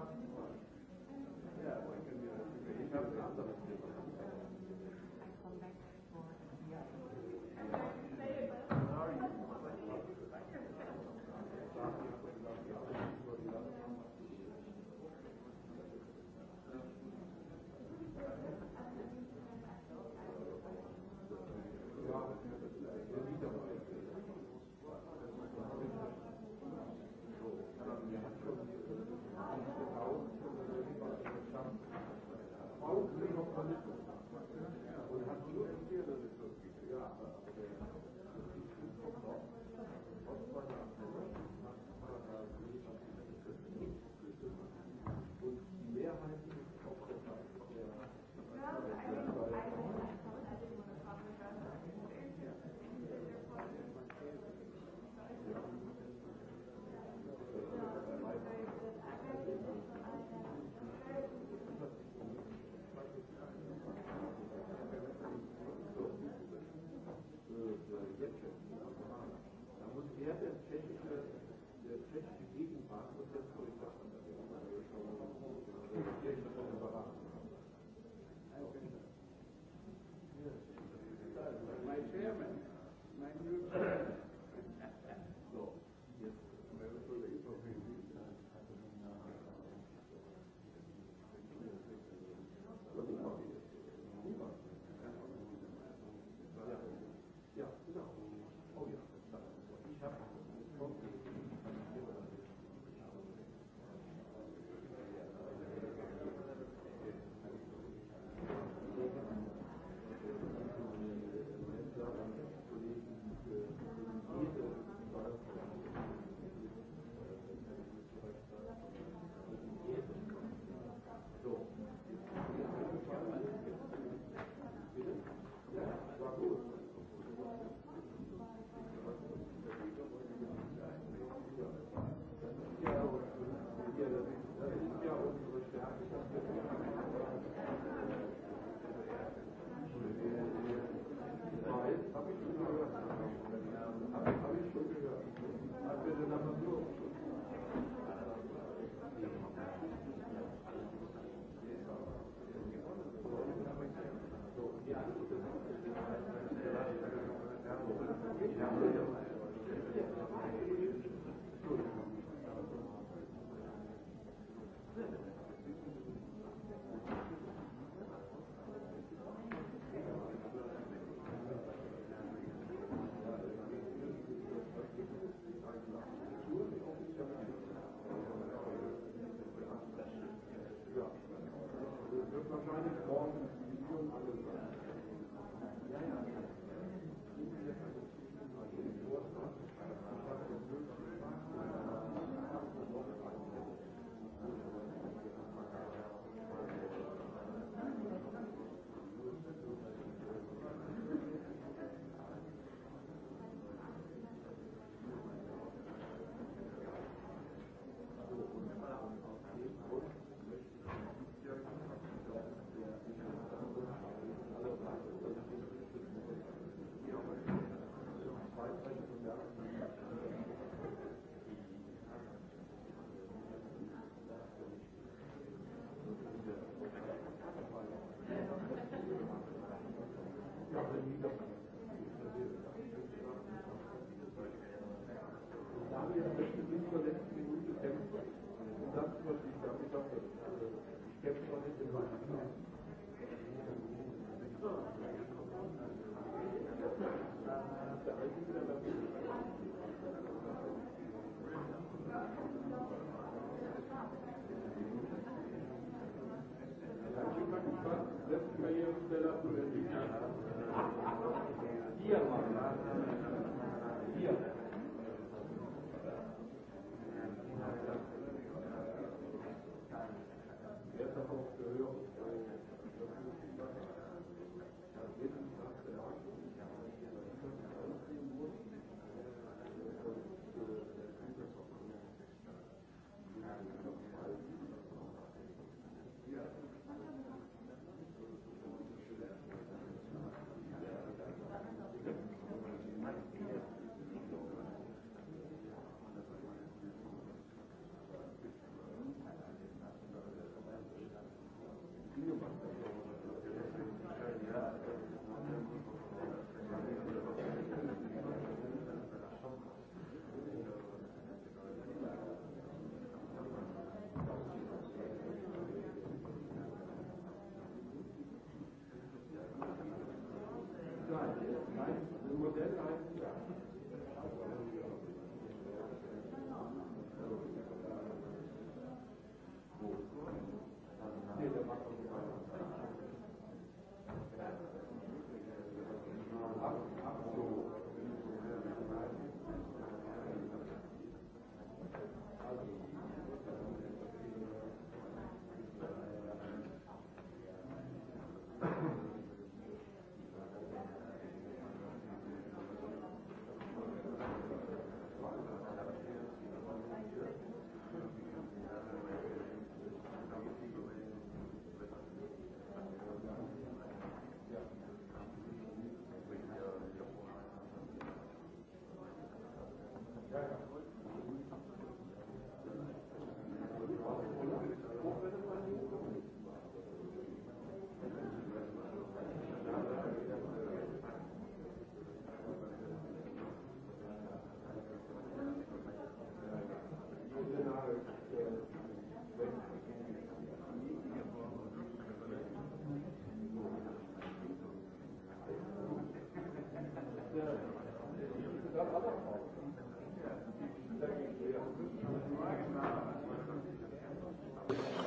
well, it can be a,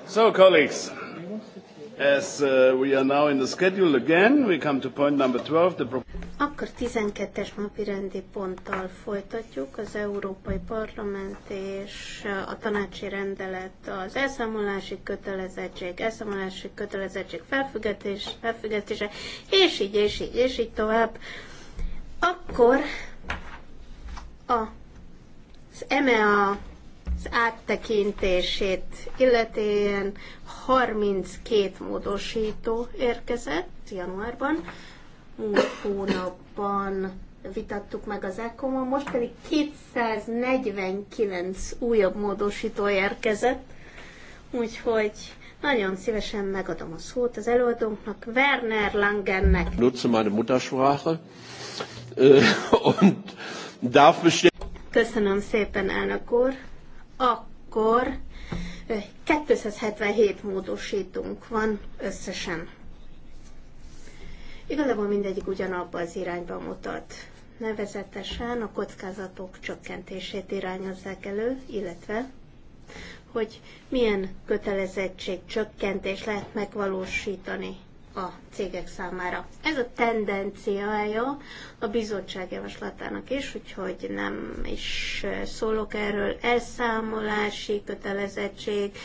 So, colleagues, as uh, we are now in the schedule again, we come to point number 12. The Akkor 12-es napi rendi ponttal folytatjuk az Európai Parlament és uh, a tanácsi rendelet az elszámolási kötelezettség, elszámolási kötelezettség felfüggetés, felfüggetése, és így, és így, és így tovább. Akkor a, az EMEA az áttekintését illetően 32 módosító érkezett januárban. Múlt hónapban vitattuk meg az ECOM-on, most pedig 249 újabb módosító érkezett, úgyhogy nagyon szívesen megadom a szót az előadónknak, Werner Langennek. Nutze meine Muttersprache äh, und darf Köszönöm szépen, elnök úr akkor 277 módosítunk van összesen. Igazából mindegyik ugyanabba az irányba mutat. Nevezetesen a kockázatok csökkentését irányozzák elő, illetve hogy milyen kötelezettség csökkentés lehet megvalósítani a cégek számára. Ez a tendenciája a bizottság javaslatának is, úgyhogy nem is szólok erről. Elszámolási kötelezettség,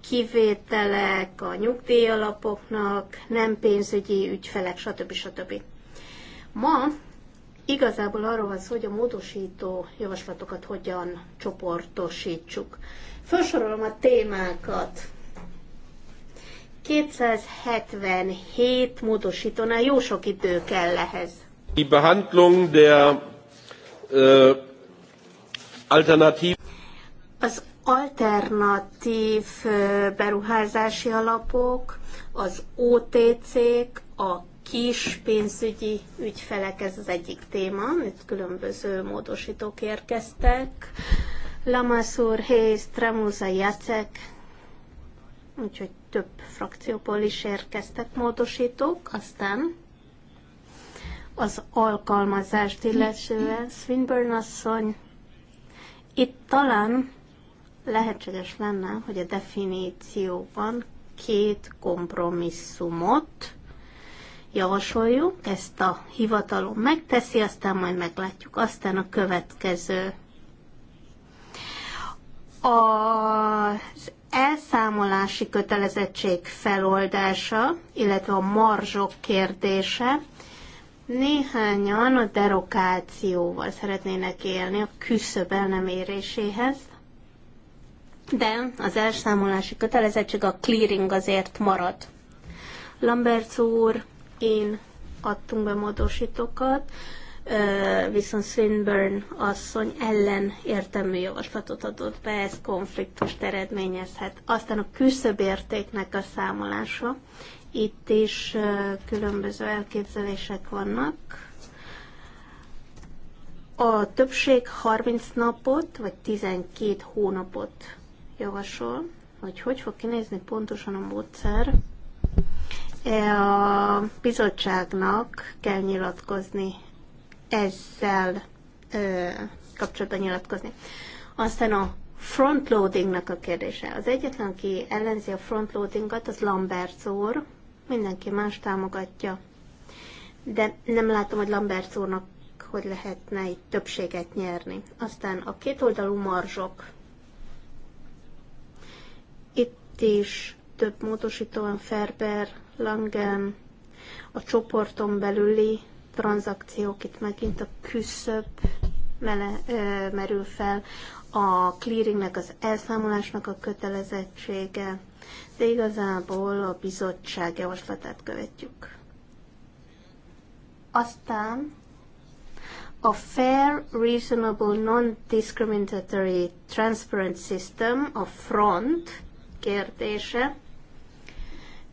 kivételek a nyugdíjalapoknak, nem pénzügyi ügyfelek, stb. stb. Ma igazából arról van szó, hogy a módosító javaslatokat hogyan csoportosítsuk. Felsorolom a témákat 277 módosítónál jó sok idő kell ehhez. Die Behandlung der äh, alternativ... Az alternatív äh, beruházási alapok, az OTC-k, a kis pénzügyi ügyfelek, ez az egyik téma, itt különböző módosítók érkeztek. Lamassur, Hayes, Tremuza, Jacek, úgyhogy több frakcióból is érkeztek módosítók, aztán az alkalmazást illetően Swinburne asszony, itt talán lehetséges lenne, hogy a definícióban két kompromisszumot javasoljuk, ezt a hivatalom megteszi, aztán majd meglátjuk. Aztán a következő az elszámolási kötelezettség feloldása, illetve a marzsok kérdése, néhányan a derokációval szeretnének élni a küszöb el nem éréséhez, de az elszámolási kötelezettség a clearing azért marad. Lambert úr, én adtunk be módosítókat, viszont Swinburne asszony ellen értelmű javaslatot adott be, ez konfliktust eredményezhet. Aztán a küszöbértéknek a számolása, itt is különböző elképzelések vannak. A többség 30 napot, vagy 12 hónapot javasol, hogy hogy fog kinézni pontosan a módszer. E, a bizottságnak kell nyilatkozni ezzel ö, kapcsolatban nyilatkozni. Aztán a frontloadingnak a kérdése. Az egyetlen, aki ellenzi a frontloadingot, az Lambert úr, mindenki más támogatja. De nem látom, hogy Lambert úrnak hogy lehetne itt többséget nyerni. Aztán a kétoldalú marzsok. Itt is több módosítóan Ferber, Langen, a csoporton belüli tranzakciók, itt megint a küszöbb mele, ö, merül fel, a clearingnek, az elszámolásnak a kötelezettsége, de igazából a bizottság javaslatát követjük. Aztán a Fair, Reasonable, Non-Discriminatory Transparent System, a FRONT kérdése.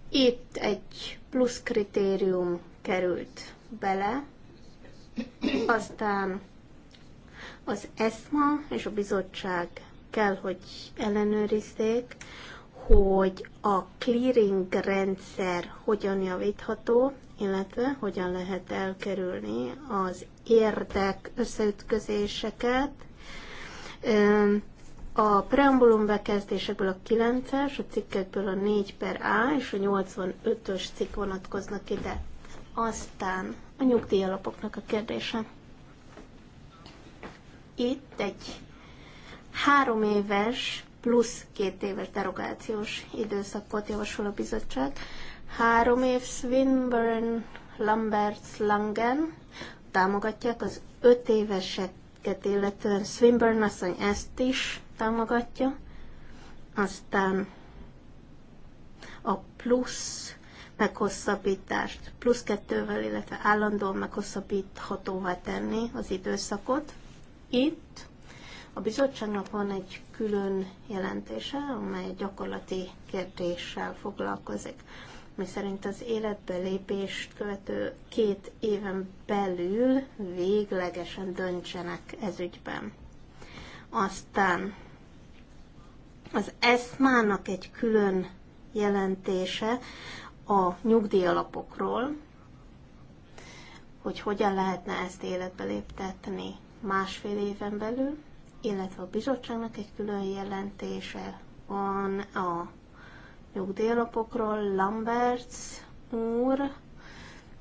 Itt egy plusz kritérium került bele. Aztán az ESMA és a bizottság kell, hogy ellenőrizzék, hogy a clearing rendszer hogyan javítható, illetve hogyan lehet elkerülni az érdek összeütközéseket. A preambulum bekezdésekből a 9-es, a cikkekből a 4 per A és a 85-ös cikk vonatkoznak ide. Aztán a nyugdíjalapoknak a kérdése. Itt egy három éves plusz két éves derogációs időszakot javasol a bizottság. Három év Swinburne, Lambert Langen támogatják az öt éveseket, illetően Swinburne asszony ezt is támogatja. Aztán a plusz meghosszabbítást plusz kettővel, illetve állandóan meghosszabbíthatóvá tenni az időszakot. Itt a bizottságnak van egy külön jelentése, amely gyakorlati kérdéssel foglalkozik, mi szerint az életbe lépést követő két éven belül véglegesen döntsenek ez ügyben. Aztán az ESMA-nak egy külön jelentése a nyugdíjalapokról, hogy hogyan lehetne ezt életbe léptetni másfél éven belül, illetve a bizottságnak egy külön jelentése van a nyugdíjalapokról, Lamberts úr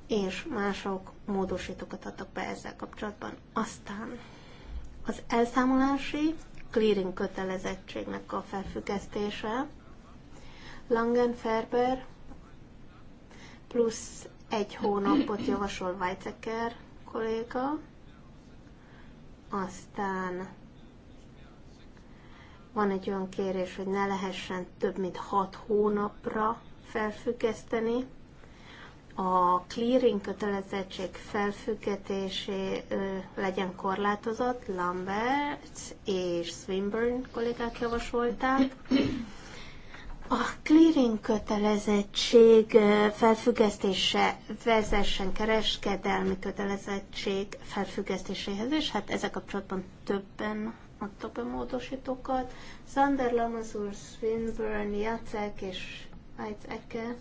és mások módosítókat adtak be ezzel kapcsolatban. Aztán az elszámolási clearing kötelezettségnek a felfüggesztése, Langenferber plusz egy hónapot javasol Weizsäcker kolléga, aztán van egy olyan kérés, hogy ne lehessen több mint hat hónapra felfüggeszteni. A clearing kötelezettség felfüggetésé legyen korlátozott, Lambert és Swinburne kollégák javasolták a clearing kötelezettség felfüggesztése vezessen kereskedelmi kötelezettség felfüggesztéséhez, és hát ezek kapcsolatban többen adtak be módosítókat. Sander Lamazur, Swinburne, Jacek és Eke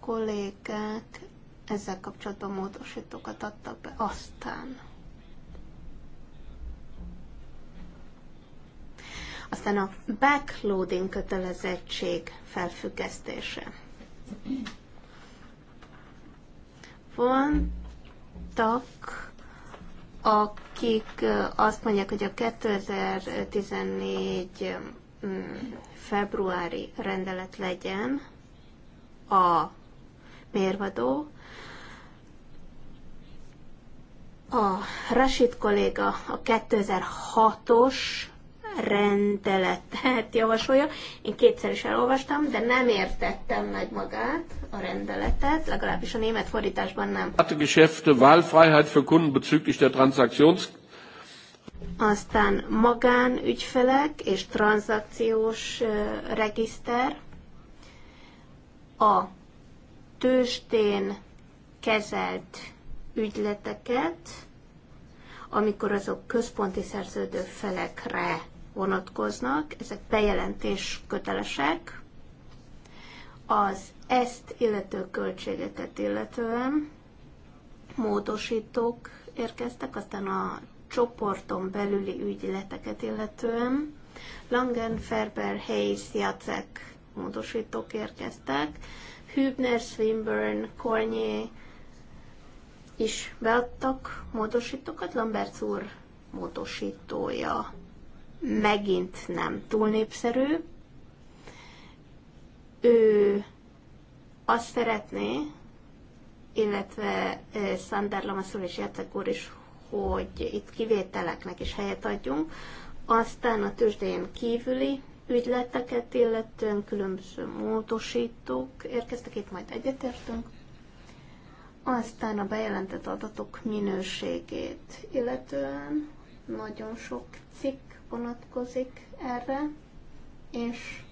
kollégák ezzel kapcsolatban módosítókat adtak be. Aztán Aztán a backloading kötelezettség felfüggesztése. Voltak, akik azt mondják, hogy a 2014 mm, februári rendelet legyen a mérvadó, a Rashid kolléga a 2006-os rendeletet javasolja. Én kétszer is elolvastam, de nem értettem meg magát, a rendeletet, legalábbis a német fordításban nem. Geschäfte Wahlfreiheit für Kunden bezüglich der Transaktions aztán magánügyfelek és tranzakciós regiszter, a tőstén kezelt ügyleteket, amikor azok központi szerződő felekre vonatkoznak, ezek bejelentés kötelesek, az ezt illető költségeket illetően módosítók érkeztek, aztán a csoporton belüli ügyleteket illetően Langen, Ferber, Hayes, Jacek módosítók érkeztek, Hübner, Swinburne, Cornier is beadtak módosítókat, Lambert úr módosítója megint nem túl népszerű. Ő azt szeretné, illetve Szander Lamaszul és Jacek úr is, hogy itt kivételeknek is helyet adjunk. Aztán a tőzsdén kívüli ügyleteket illetően különböző módosítók érkeztek, itt majd egyetértünk. Aztán a bejelentett adatok minőségét illetően nagyon sok cikk vonatkozik erre, és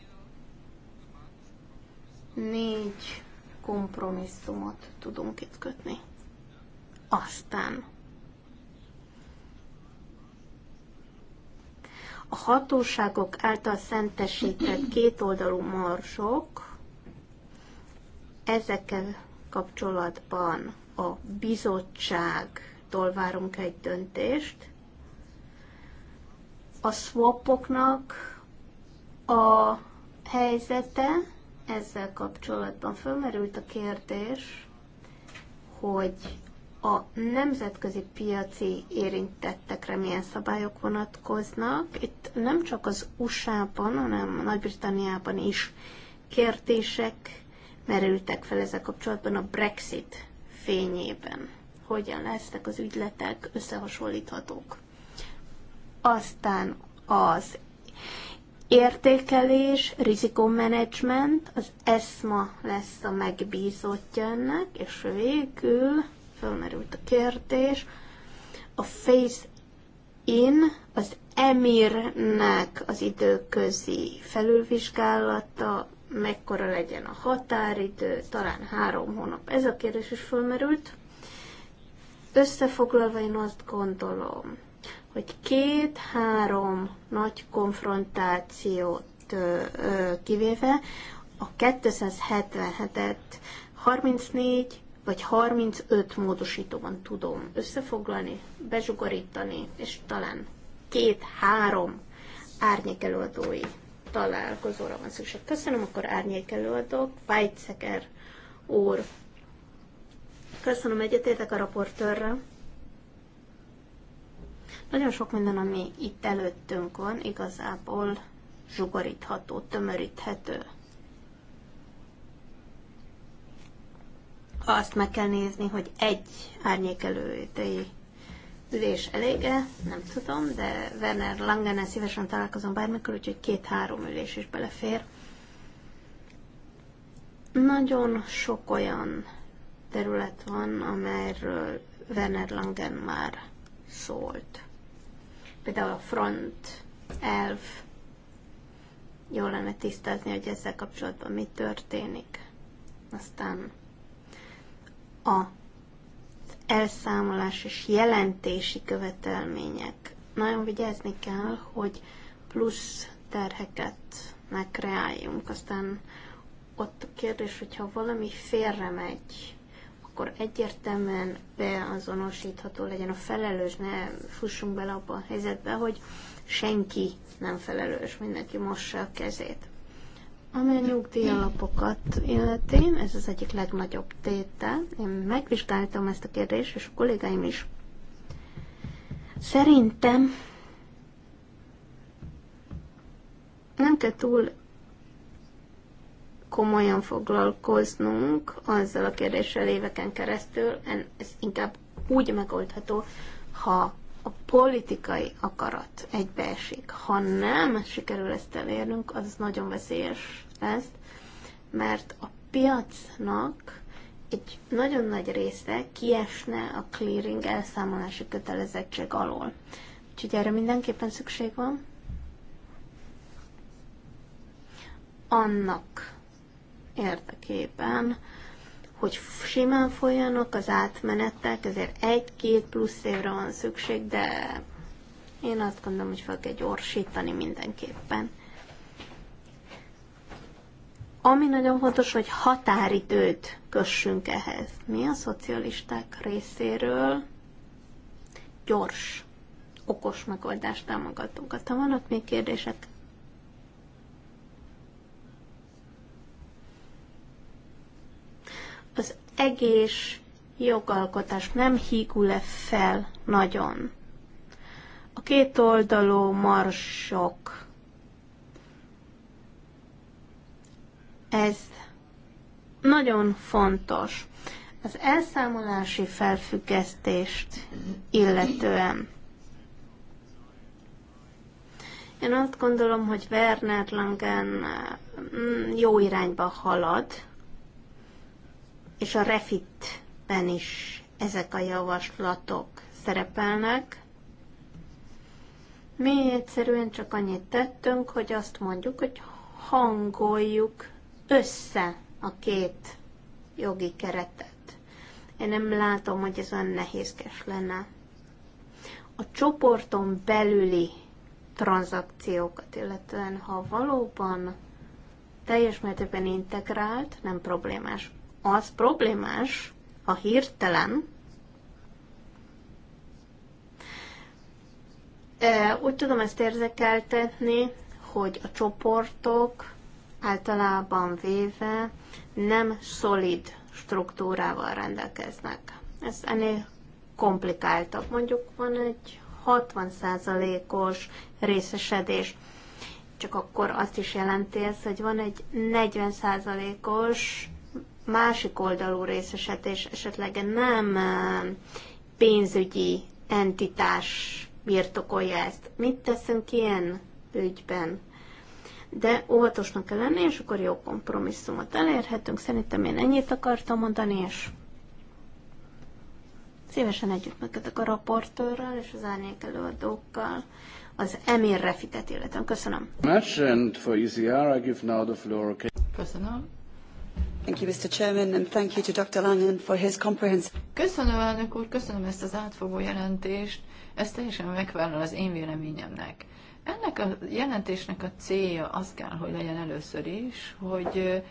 négy kompromisszumot tudunk itt kötni. Aztán a hatóságok által szentesített kétoldalú marsok ezekkel kapcsolatban a bizottságtól várunk egy döntést, a swapoknak a helyzete, ezzel kapcsolatban fölmerült a kérdés, hogy a nemzetközi piaci érintettekre milyen szabályok vonatkoznak. Itt nem csak az USA-ban, hanem Nagy-Britanniában is kérdések merültek fel ezzel kapcsolatban a Brexit fényében. Hogyan lesznek az ügyletek összehasonlíthatók? Aztán az értékelés, rizikomenedzsment, az ESMA lesz a megbízottja ennek, és végül felmerült a kérdés, a phase in az emirnek az időközi felülvizsgálata, mekkora legyen a határidő, talán három hónap. Ez a kérdés is felmerült. Összefoglalva én azt gondolom, hogy két-három nagy konfrontációt kivéve a 277-et 34 vagy 35 módosítóban tudom összefoglalni, bezsugorítani, és talán két-három árnyékelőadói találkozóra van szükség. Köszönöm, akkor árnyékelőadók, Weizsäcker úr. Köszönöm, egyetértek a raportőrrel. Nagyon sok minden, ami itt előttünk van, igazából zsugorítható, tömöríthető. Azt meg kell nézni, hogy egy árnyékelőtei ülés elége, nem tudom, de Werner Langennel szívesen találkozom bármikor, úgyhogy két-három ülés is belefér. Nagyon sok olyan terület van, amelyről Werner Langen már szólt. Például a front elf, Jó lenne tisztázni, hogy ezzel kapcsolatban mi történik. Aztán a elszámolás és jelentési követelmények. Nagyon vigyázni kell, hogy plusz terheket ne kreáljunk. Aztán ott a kérdés, hogyha valami félre megy, akkor egyértelműen beazonosítható legyen a felelős, ne fussunk bele abba a helyzetbe, hogy senki nem felelős, mindenki mossa a kezét. Ami a nyugdíjalapokat illetén, ez az egyik legnagyobb tétel. Én megvizsgáltam ezt a kérdést, és a kollégáim is. Szerintem nem kell túl komolyan foglalkoznunk azzal a kérdéssel éveken keresztül, ez inkább úgy megoldható, ha a politikai akarat egybeesik. Ha nem sikerül ezt elérnünk, az nagyon veszélyes lesz, mert a piacnak egy nagyon nagy része kiesne a clearing elszámolási kötelezettség alól. Úgyhogy erre mindenképpen szükség van. Annak érdekében, hogy simán folyanak az átmenetek, ezért egy-két plusz évre van szükség, de én azt gondolom, hogy fel kell gyorsítani mindenképpen. Ami nagyon fontos, hogy határidőt kössünk ehhez. Mi a szocialisták részéről gyors, okos megoldást támogatunk. Ha vannak még kérdések az egész jogalkotás nem hígul-e fel nagyon. A két oldalú marsok, ez nagyon fontos. Az elszámolási felfüggesztést illetően. Én azt gondolom, hogy Werner Langen mm, jó irányba halad, és a refitben is ezek a javaslatok szerepelnek. Mi egyszerűen csak annyit tettünk, hogy azt mondjuk, hogy hangoljuk össze a két jogi keretet. Én nem látom, hogy ez olyan nehézkes lenne. A csoporton belüli tranzakciókat, illetően ha valóban teljes mértékben integrált, nem problémás az problémás, ha hirtelen Úgy tudom ezt érzekeltetni, hogy a csoportok általában véve nem szolid struktúrával rendelkeznek. Ez ennél komplikáltabb. Mondjuk van egy 60%-os részesedés. Csak akkor azt is jelenti ez, hogy van egy 40%-os másik oldalú részesedés esetleg nem pénzügyi entitás birtokolja ezt. Mit teszünk ilyen ügyben? De óvatosnak kell lenni, és akkor jó kompromisszumot elérhetünk. Szerintem én ennyit akartam mondani, és szívesen együttműködök a raportőrrel és az árnyék előadókkal az Emir Refitet illetem. Köszönöm. Köszönöm. Thank you, Mr. Chairman, and thank you to Dr. Langen for his comprehensive... Köszönöm, elnök úr, köszönöm ezt az átfogó jelentést. Ez teljesen megfelel az én véleményemnek. Ennek a jelentésnek a célja az kell, hogy legyen először is, hogy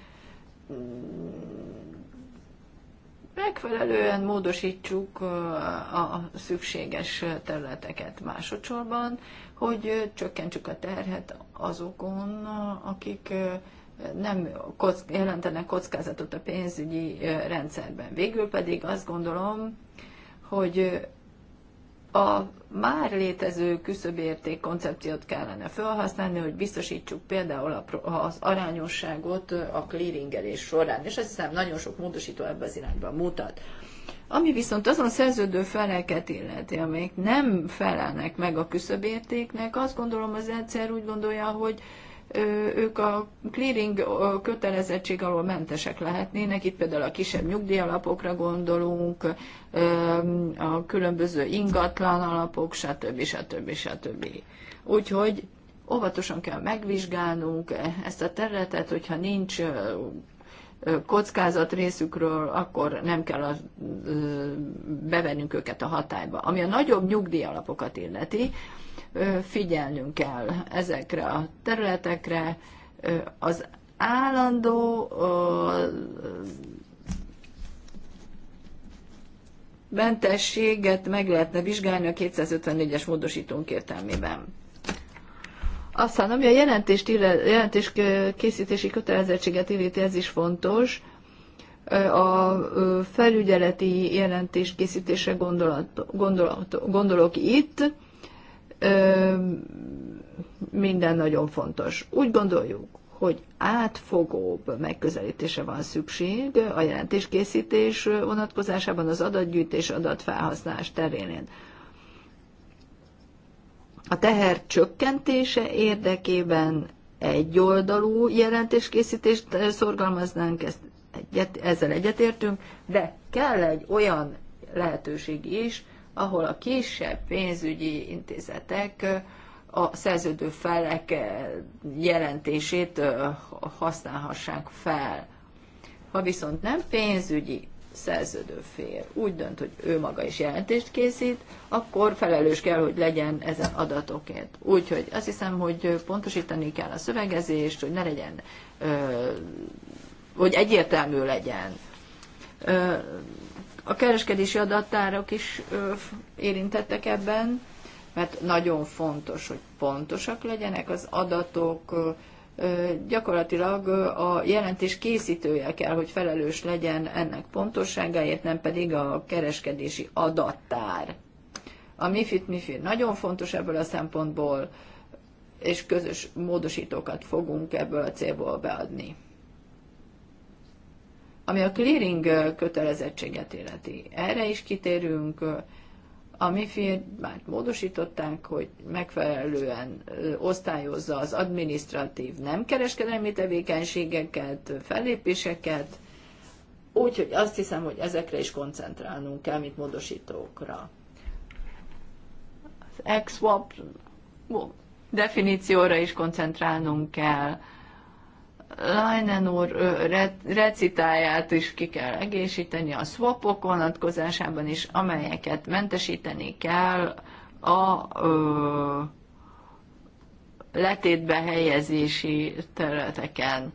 megfelelően módosítsuk a szükséges területeket másodszorban, hogy csökkentsük a terhet azokon, akik nem kock, jelentenek kockázatot a pénzügyi rendszerben. Végül pedig azt gondolom, hogy a már létező küszöbérték koncepciót kellene felhasználni, hogy biztosítsuk például az arányosságot a clearingelés során, és azt hiszem nagyon sok módosító ebbe az irányba mutat. Ami viszont azon szerződő feleket illeti, amelyek nem felelnek meg a küszöbértéknek, azt gondolom az egyszer úgy gondolja, hogy ők a clearing kötelezettség alól mentesek lehetnének. Itt például a kisebb nyugdíjalapokra gondolunk, a különböző ingatlan alapok, stb. stb. stb. Úgyhogy óvatosan kell megvizsgálnunk ezt a területet, hogyha nincs kockázat részükről, akkor nem kell a, bevennünk őket a hatályba. Ami a nagyobb nyugdíjalapokat illeti, figyelnünk kell ezekre a területekre. Az állandó mentességet meg lehetne vizsgálni a 254-es módosítónk értelmében. Aztán, ami a jelentést jelentés készítési kötelezettséget illeti, ez is fontos. A felügyeleti jelentés készítése gondolat, gondolat, gondolok itt minden nagyon fontos. Úgy gondoljuk, hogy átfogóbb megközelítése van szükség a jelentéskészítés vonatkozásában az adatgyűjtés, adatfelhasználás terénén. A teher csökkentése érdekében egyoldalú jelentéskészítést szorgalmaznánk, ezt egyet, ezzel egyetértünk, de kell egy olyan lehetőség is, ahol a kisebb pénzügyi intézetek a szerződő felek jelentését használhassák fel. Ha viszont nem pénzügyi szerződő fél úgy dönt, hogy ő maga is jelentést készít, akkor felelős kell, hogy legyen ezen adatokért. Úgyhogy azt hiszem, hogy pontosítani kell a szövegezést, hogy ne legyen, hogy egyértelmű legyen a kereskedési adattárok is érintettek ebben, mert nagyon fontos, hogy pontosak legyenek az adatok, gyakorlatilag a jelentés készítője kell, hogy felelős legyen ennek pontosságáért, nem pedig a kereskedési adattár. A MIFID MIFID nagyon fontos ebből a szempontból, és közös módosítókat fogunk ebből a célból beadni ami a clearing kötelezettséget illeti. Erre is kitérünk, a MIFIR már módosították, hogy megfelelően osztályozza az administratív nem kereskedelmi tevékenységeket, fellépéseket, úgyhogy azt hiszem, hogy ezekre is koncentrálnunk kell, mint módosítókra. Az ex definícióra is koncentrálnunk kell, Leinen úr recitáját is ki kell egészíteni a swapok vonatkozásában is, amelyeket mentesíteni kell a ö, letétbe helyezési területeken.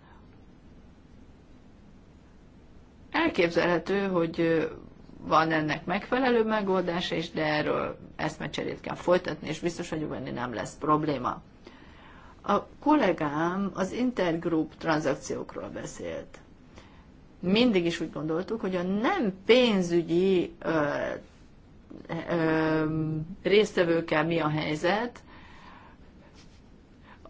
Elképzelhető, hogy van ennek megfelelő megoldása, és de erről eszmecserét kell folytatni, és biztos vagyok benne nem lesz probléma. A kollégám az intergroup tranzakciókról beszélt. Mindig is úgy gondoltuk, hogy a nem pénzügyi ö, ö, résztvevőkkel mi a helyzet,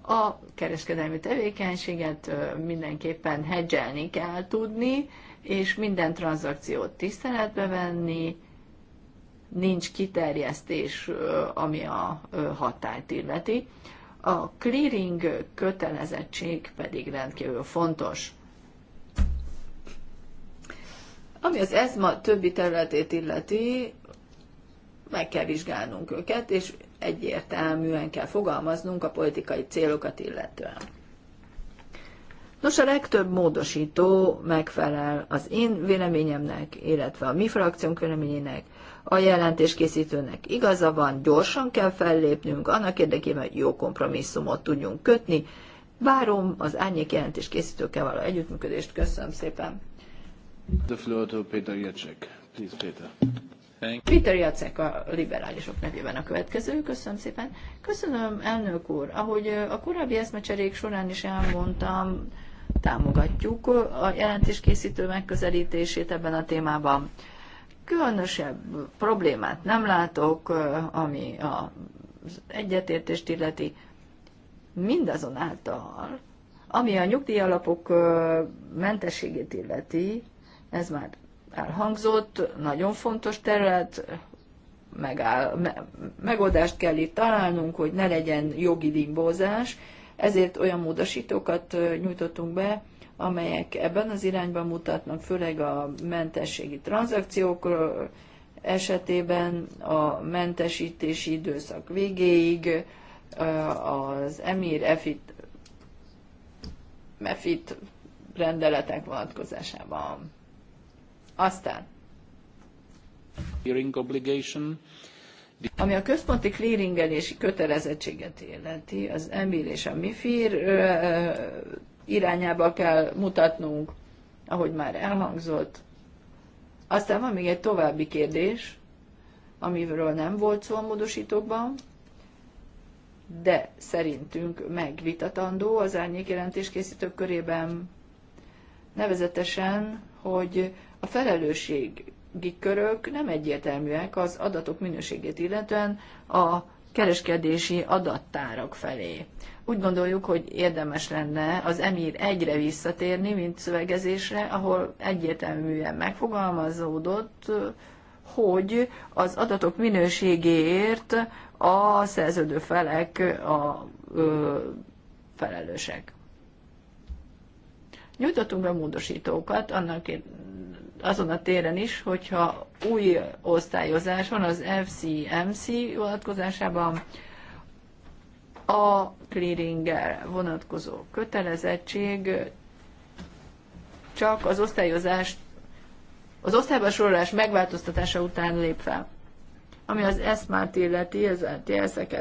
a kereskedelmi tevékenységet mindenképpen hedzselni kell tudni, és minden tranzakciót tiszteletbe venni, nincs kiterjesztés, ami a hatályt illeti. A clearing kötelezettség pedig rendkívül fontos. Ami az ESMA többi területét illeti, meg kell vizsgálnunk őket, és egyértelműen kell fogalmaznunk a politikai célokat illetően. Nos, a legtöbb módosító megfelel az én véleményemnek, illetve a mi frakciónk véleményének, a jelentéskészítőnek igaza van, gyorsan kell fellépnünk, annak érdekében, hogy jó kompromisszumot tudjunk kötni. Várom az árnyék jelentéskészítőkkel való együttműködést. Köszönöm szépen. The floor to Peter Jacek. Please, Peter. Peter Jacek a liberálisok nevében a következő. Köszönöm szépen. Köszönöm, elnök úr. Ahogy a korábbi eszmecserék során is elmondtam, támogatjuk a jelentéskészítő megközelítését ebben a témában. Különösebb problémát nem látok, ami az egyetértést illeti. Mindazonáltal, ami a nyugdíjalapok mentességét illeti, ez már elhangzott, nagyon fontos terület, megáll, me, megoldást kell itt találnunk, hogy ne legyen jogi limbózás, ezért olyan módosítókat nyújtottunk be, amelyek ebben az irányban mutatnak, főleg a mentességi tranzakciók esetében a mentesítési időszak végéig, az EMIR EFIT, MEFIT rendeletek vonatkozásában. Aztán Hearing obligation. Ami a központi clearingelési kötelezettséget illeti, az EMIR és a MIFIR irányába kell mutatnunk, ahogy már elhangzott. Aztán van még egy további kérdés, amiről nem volt szó a módosítókban, de szerintünk megvitatandó az árnyék készítők körében, nevezetesen, hogy a felelősségi körök nem egyértelműek az adatok minőségét illetően a kereskedési adattárak felé. Úgy gondoljuk, hogy érdemes lenne az emír egyre visszatérni, mint szövegezésre, ahol egyértelműen megfogalmazódott, hogy az adatok minőségéért a szerződő felek a ö, felelősek. Nyújtottunk be módosítókat annak azon a téren is, hogyha új osztályozás van az FCMC vonatkozásában, a clearinggel vonatkozó kötelezettség csak az osztályozás, az osztályba sorolás megváltoztatása után lép fel. Ami az ESMÁT illeti, az ets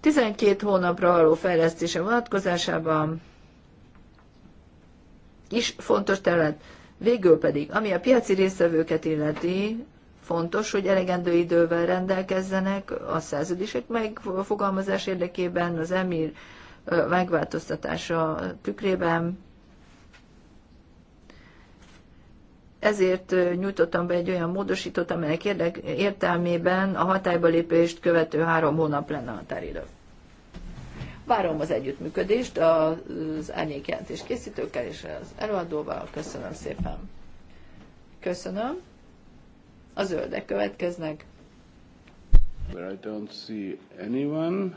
12 hónapra való fejlesztése vonatkozásában is fontos terület. Végül pedig, ami a piaci résztvevőket illeti, fontos, hogy elegendő idővel rendelkezzenek a szerződések megfogalmazás érdekében, az emír megváltoztatása tükrében. Ezért nyújtottam be egy olyan módosítót, amelyek értelmében a hatályba lépést követő három hónap lenne a határidő. Várom az együttműködést az árnyékjelentés készítőkkel és az előadóval. Köszönöm szépen. Köszönöm. A zöldek következnek. Where I don't see anyone,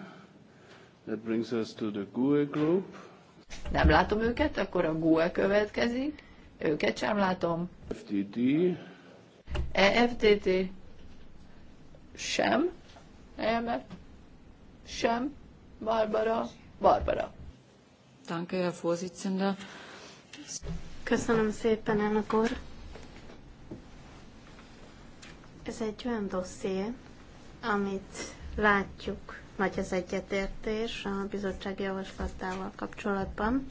that brings us to the GUE group. Nem látom őket, akkor a GUE következik. Őket sem látom. FTD. EFTT. Sem. EMF. Sem. Barbara, Barbara. Danke, Herr Vorsitzender. Köszönöm szépen, elnök úr. Ez egy olyan dosszié, amit látjuk, nagy az egyetértés a bizottság javaslatával kapcsolatban.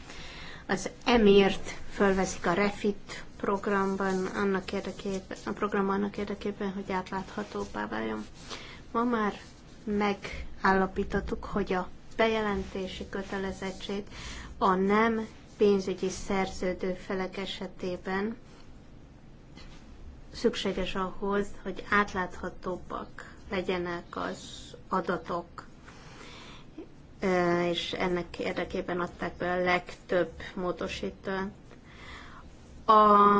Az emért fölveszik a refit programban annak érdekében, a program annak érdekében, hogy átláthatóbbá váljon. Ma már megállapítottuk, hogy a bejelentési kötelezettség a nem pénzügyi szerződő felek esetében szükséges ahhoz, hogy átláthatóbbak legyenek az adatok, és ennek érdekében adták be a legtöbb módosítót. A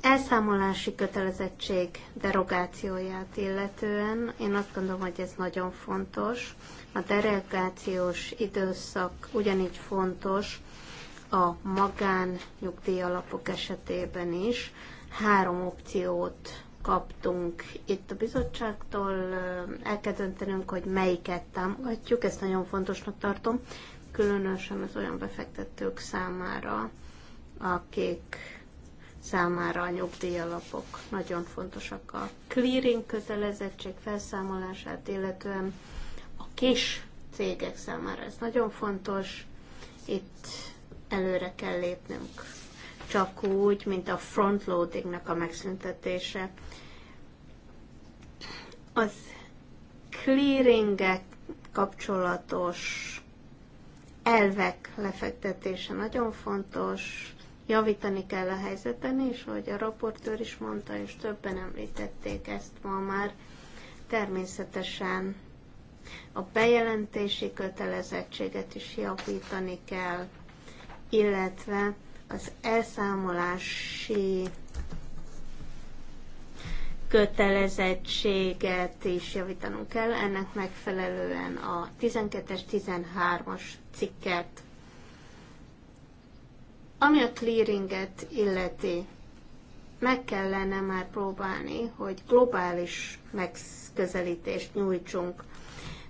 elszámolási kötelezettség derogációját illetően én azt gondolom, hogy ez nagyon fontos. A deregációs időszak ugyanígy fontos a magán nyugdíjalapok esetében is. Három opciót kaptunk itt a bizottságtól, el kell döntenünk, hogy melyiket támogatjuk, ezt nagyon fontosnak tartom, különösen az olyan befektetők számára, akik számára a nyugdíjalapok nagyon fontosak a clearing kötelezettség felszámolását, illetően kis cégek számára ez nagyon fontos. Itt előre kell lépnünk. Csak úgy, mint a frontloadingnak a megszüntetése. Az clearingek kapcsolatos elvek lefektetése nagyon fontos, javítani kell a helyzeten, és ahogy a raportőr is mondta, és többen említették ezt ma már, természetesen a bejelentési kötelezettséget is javítani kell, illetve az elszámolási kötelezettséget is javítanunk kell, ennek megfelelően a 12-es, 13-as cikket. Ami a clearinget illeti, meg kellene már próbálni, hogy globális megközelítést nyújtsunk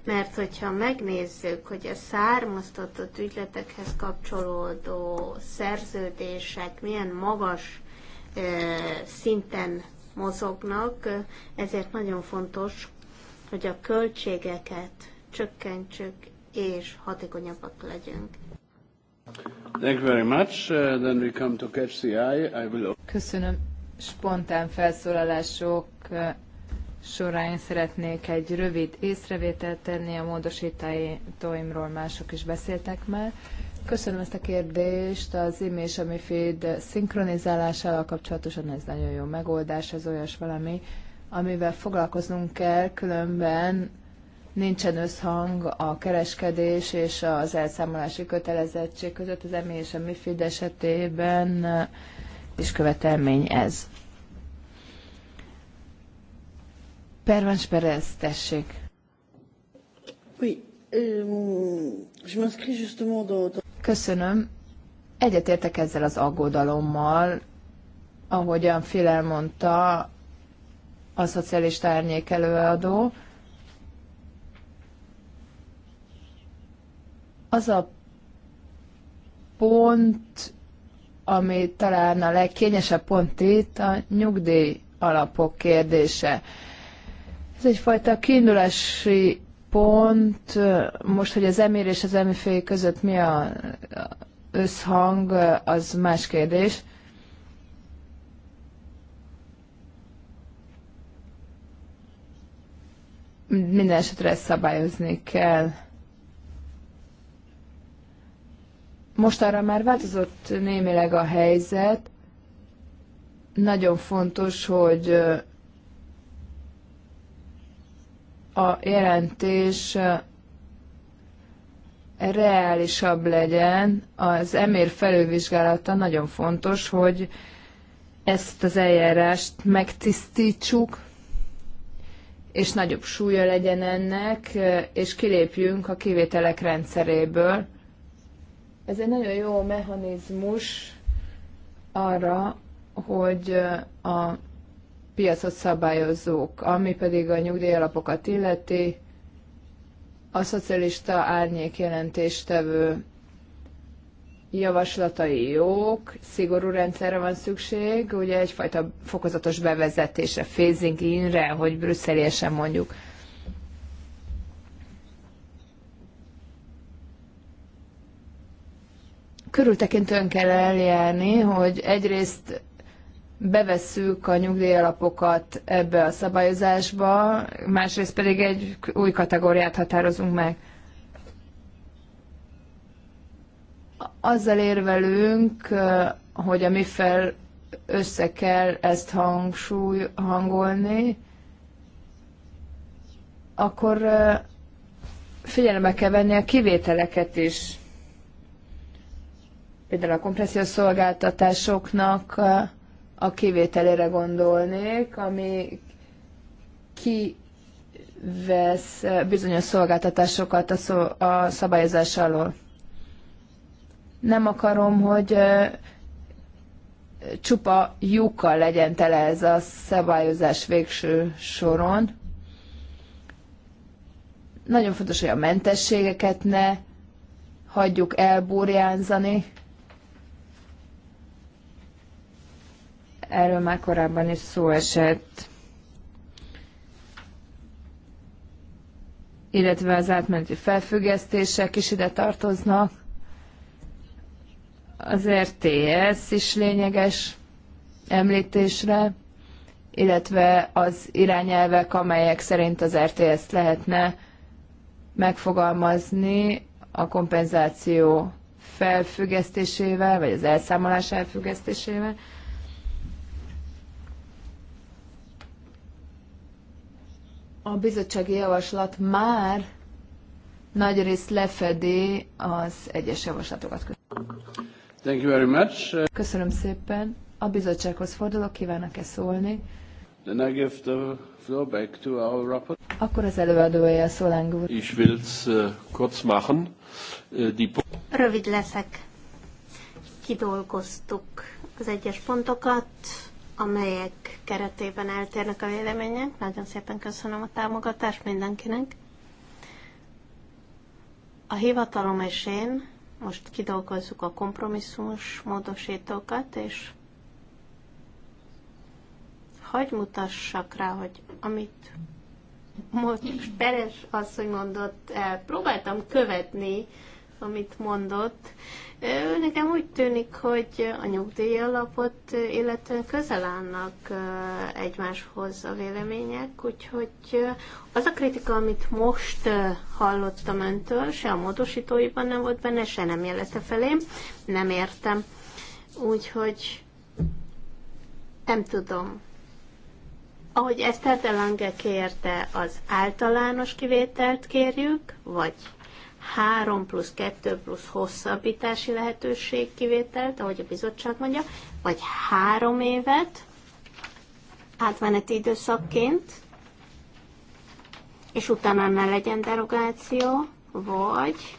mert hogyha megnézzük, hogy a származtatott ügyletekhez kapcsolódó szerződések milyen magas szinten mozognak, ezért nagyon fontos, hogy a költségeket csökkentsük és hatékonyabbak legyünk. Thank you very much. Uh, then we come to catch the eye. I will... Köszönöm. Spontán felszólalások uh, során szeretnék egy rövid észrevételt tenni a módosítóimról, mások is beszéltek már. Köszönöm ezt a kérdést, az IMI és a MIFID szinkronizálásával kapcsolatosan ez nagyon jó megoldás, ez olyas valami, amivel foglalkoznunk kell, különben nincsen összhang a kereskedés és az elszámolási kötelezettség között, az EMI és a MIFID esetében is követelmény ez. Pervans Perez, tessék. Euh, Köszönöm. Egyetértek ezzel az aggodalommal, ahogyan Phil elmondta, a szocialista árnyék előadó. Az a pont, ami talán a legkényesebb pont itt, a nyugdíj alapok kérdése. Ez egyfajta kiindulási pont, most, hogy az emér és az emifé között mi a összhang, az más kérdés. Minden esetre ezt szabályozni kell. Most arra már változott némileg a helyzet. Nagyon fontos, hogy a jelentés reálisabb legyen, az emér felülvizsgálata nagyon fontos, hogy ezt az eljárást megtisztítsuk, és nagyobb súlya legyen ennek, és kilépjünk a kivételek rendszeréből. Ez egy nagyon jó mechanizmus arra, hogy a piacot szabályozók, ami pedig a nyugdíjalapokat illeti, a szocialista árnyék jelentéstevő javaslatai jók, szigorú rendszerre van szükség, ugye egyfajta fokozatos bevezetése, phasing inre, hogy brüsszeliesen mondjuk. Körültekintően kell eljárni, hogy egyrészt bevesszük a nyugdíjalapokat ebbe a szabályozásba, másrészt pedig egy új kategóriát határozunk meg. Azzal érvelünk, hogy a MIFEL össze kell ezt hangsúly, hangolni, akkor figyelembe kell venni a kivételeket is. Például a kompressziós szolgáltatásoknak a kivételére gondolnék, ami kivesz bizonyos szolgáltatásokat a, szó, a szabályozás alól. Nem akarom, hogy csupa lyukkal legyen tele ez a szabályozás végső soron. Nagyon fontos, hogy a mentességeket ne hagyjuk elburjánzani. Erről már korábban is szó esett. illetve az átmeneti felfüggesztések is ide tartoznak. Az RTS is lényeges említésre, illetve az irányelvek, amelyek szerint az RTS-t lehetne megfogalmazni a kompenzáció felfüggesztésével, vagy az elszámolás elfüggesztésével. a bizottsági javaslat már nagyrészt lefedi az egyes javaslatokat. Thank you very much. Köszönöm szépen. A bizottsághoz fordulok, kívánok-e szólni? Then I give the floor back to our rapport. Akkor az előadója Szoláng úr. Ich will's uh, kurz machen. Uh, die... Rövid leszek. Kidolgoztuk az egyes pontokat amelyek keretében eltérnek a vélemények. Nagyon szépen köszönöm a támogatást mindenkinek. A hivatalom és én most kidolgozzuk a kompromisszumos módosítókat, és hagy mutassak rá, hogy amit most Peres asszony mondott, próbáltam követni amit mondott. Nekem úgy tűnik, hogy a nyugdíj alapot illetően közel állnak egymáshoz a vélemények, úgyhogy az a kritika, amit most hallottam öntől, se a módosítóiban nem volt benne, se nem jelezte felém, nem értem. Úgyhogy nem tudom. Ahogy Eszter Delange kérte, az általános kivételt kérjük, vagy 3 plusz 2 plusz hosszabbítási lehetőség kivételt, ahogy a bizottság mondja, vagy 3 évet átmeneti időszakként, és utána ne legyen derogáció, vagy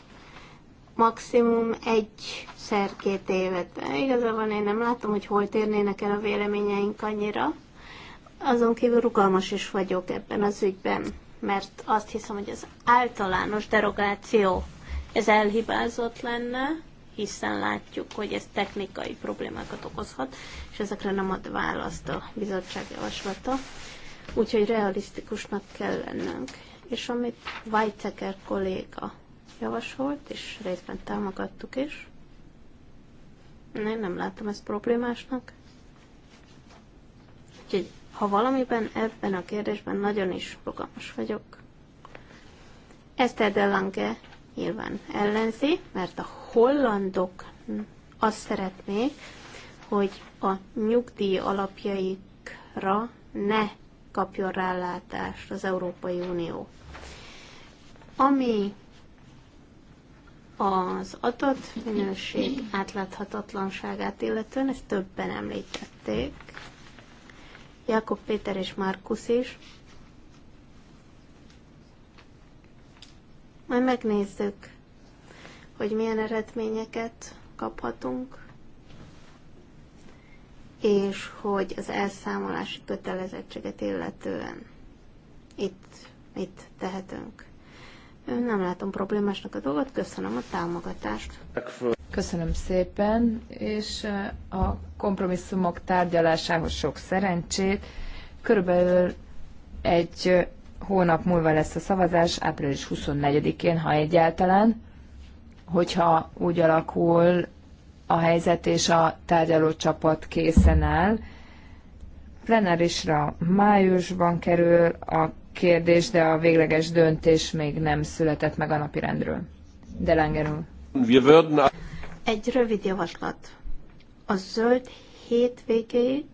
maximum egyszer két évet. Igazából én nem látom, hogy hol térnének el a véleményeink annyira. Azon kívül rugalmas is vagyok ebben az ügyben mert azt hiszem, hogy az általános derogáció ez elhibázott lenne, hiszen látjuk, hogy ez technikai problémákat okozhat, és ezekre nem ad választ a bizottság javaslata. Úgyhogy realisztikusnak kell lennünk. És amit Weizsäcker kolléga javasolt, és részben támogattuk is, én nem látom ezt problémásnak. Úgyhogy ha valamiben ebben a kérdésben nagyon is rugalmas vagyok. ezt de Lange nyilván ellenzi, mert a hollandok azt szeretnék, hogy a nyugdíj alapjaikra ne kapjon rálátást az Európai Unió. Ami az adatminőség átláthatatlanságát illetően, ezt többen említették, Jakob Péter és Markus is. Majd megnézzük, hogy milyen eredményeket kaphatunk, és hogy az elszámolási kötelezettséget illetően itt mit tehetünk. Nem látom problémásnak a dolgot, köszönöm a támogatást. Köszönöm szépen, és eh, a kompromisszumok tárgyalásához sok szerencsét. Körülbelül egy eh, hónap múlva lesz a szavazás, április 24-én, ha egyáltalán, hogyha úgy alakul a helyzet és a tárgyaló csapat készen áll. Plenárisra májusban kerül, a kérdés, de a végleges döntés még nem született meg a napirendről. De Langer Egy rövid javaslat. A zöld hétvégéig,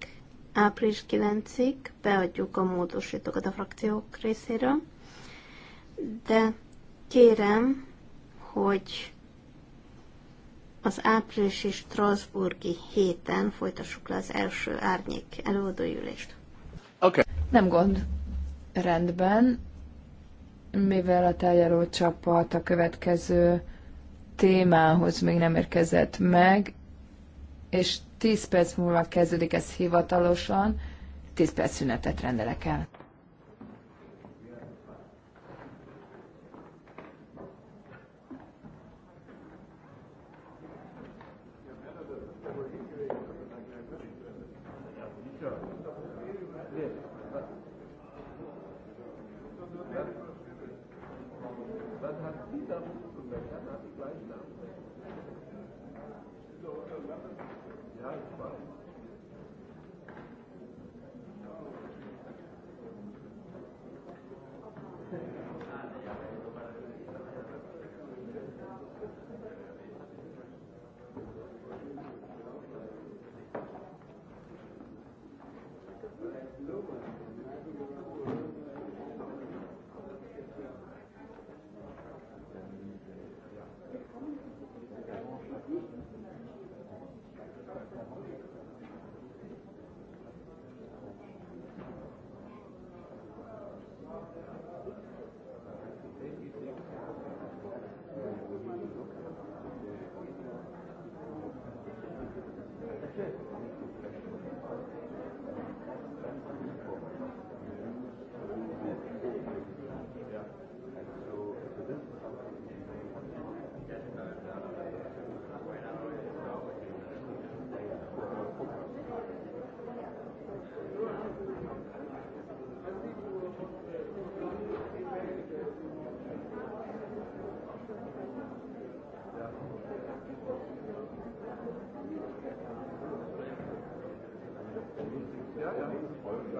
április 9-ig beadjuk a módosítókat a frakciók részéről, de kérem, hogy az áprilisi Strasburgi héten folytassuk le az első árnyék előadóülést. Oké. Okay. Nem gond. Rendben, mivel a tárgyaló csapat a következő témához még nem érkezett meg, és 10 perc múlva kezdődik ez hivatalosan, 10 perc szünetet rendelek el. rajta való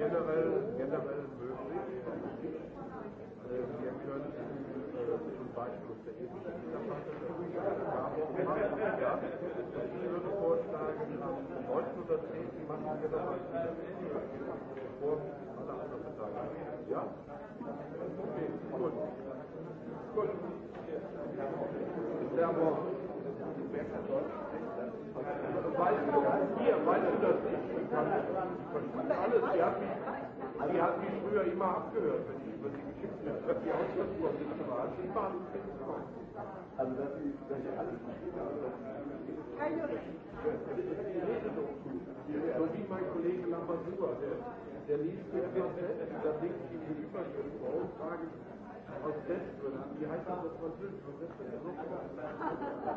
generell, generell möglich. Wir können zum Beispiel der ja, ich würde vorschlagen, am 9. oder 10. machen wir das vor alle anderen Beteiligten. Ja? Okay, gut. Gut. Servus. Weißt du, hier, weißt du das nicht? Alles. Sie hat, mich, sie hat mich früher immer abgehört, wenn ich über sie geschickt habe. Die Auslandsvorsitzende war als ich war. Also, dass sie, dass sie alles versteht, aber dass sie. Kein Jurist. So wie mein Kollege Lamadua, der, der liest mir immer selbst, da denke ich ihm Überschrift, warum frage ich aus Selbstgründen, wie heißt das auf Französisch? Was ist das?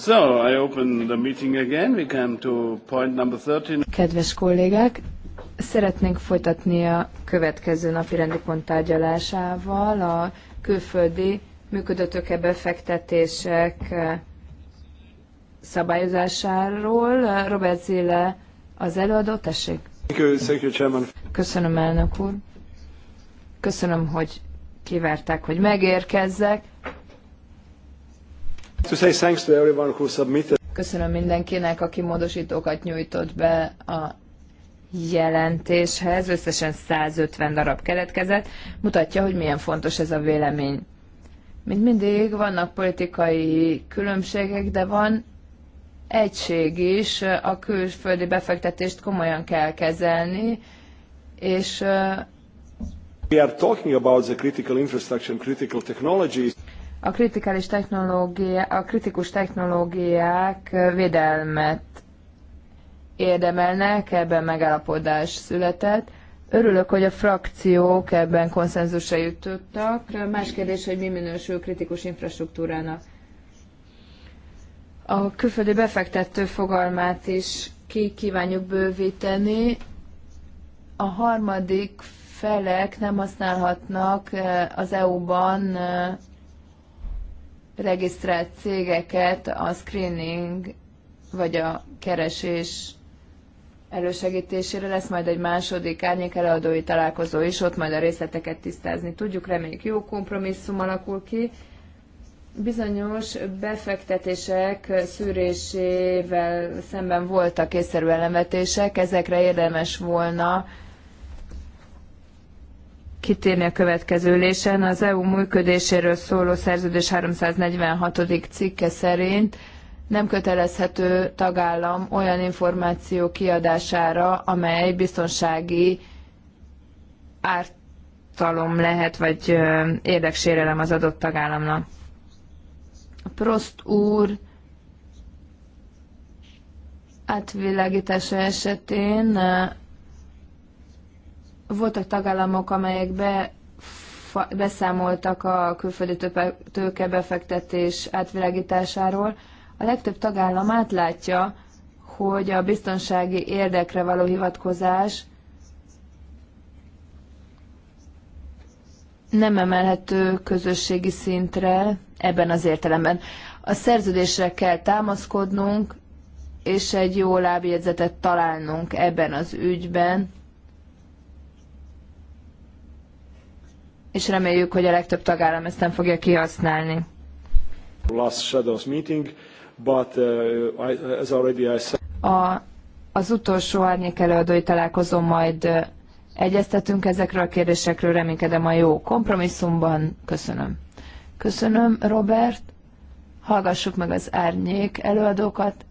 So, I open the meeting again. We come to point number 13. Kedves kollégák, szeretnénk folytatni a következő napi rendi pont tárgyalásával a külföldi működőtöke befektetések szabályozásáról. Robert Zille az előadó, tessék. Köszönöm, elnök úr. Köszönöm, hogy kivárták, hogy megérkezzek. Köszönöm mindenkinek, aki módosítókat nyújtott be a jelentéshez. Összesen 150 darab keletkezett. Mutatja, hogy milyen fontos ez a vélemény. Mint mindig, vannak politikai különbségek, de van egység is a külföldi befektetést komolyan kell kezelni, és We are talking about the critical infrastructure and critical technologies. A, kritikális technológia, a kritikus technológiák védelmet érdemelnek, ebben megállapodás született. Örülök, hogy a frakciók ebben konszenzusra jutottak. Más kérdés, hogy mi minősül kritikus infrastruktúrának a külföldi befektető fogalmát is ki kívánjuk bővíteni. A harmadik felek nem használhatnak eh, az EU-ban eh, regisztrált cégeket a screening vagy a keresés elősegítésére lesz majd egy második árnyék előadói találkozó is, ott majd a részleteket tisztázni tudjuk, reméljük jó kompromisszum alakul ki, bizonyos befektetések szűrésével szemben voltak észszerű elemetések, ezekre érdemes volna kitérni a következő ülésen. Az EU működéséről szóló szerződés 346. cikke szerint nem kötelezhető tagállam olyan információ kiadására, amely biztonsági ártalom lehet, vagy érdeksérelem az adott tagállamnak. Prost úr átvilágítása esetén voltak tagállamok, amelyek be, beszámoltak a külföldi tőkebefektetés átvilágításáról. A legtöbb tagállam átlátja, hogy a biztonsági érdekre való hivatkozás nem emelhető közösségi szintre, ebben az értelemben. A szerződésre kell támaszkodnunk, és egy jó lábjegyzetet találnunk ebben az ügyben, és reméljük, hogy a legtöbb tagállam ezt nem fogja kihasználni. Uh, a, az utolsó árnyék előadói találkozó majd uh, egyeztetünk ezekről a kérdésekről, reménykedem a jó kompromisszumban. Köszönöm. Köszönöm, Robert. Hallgassuk meg az árnyék előadókat.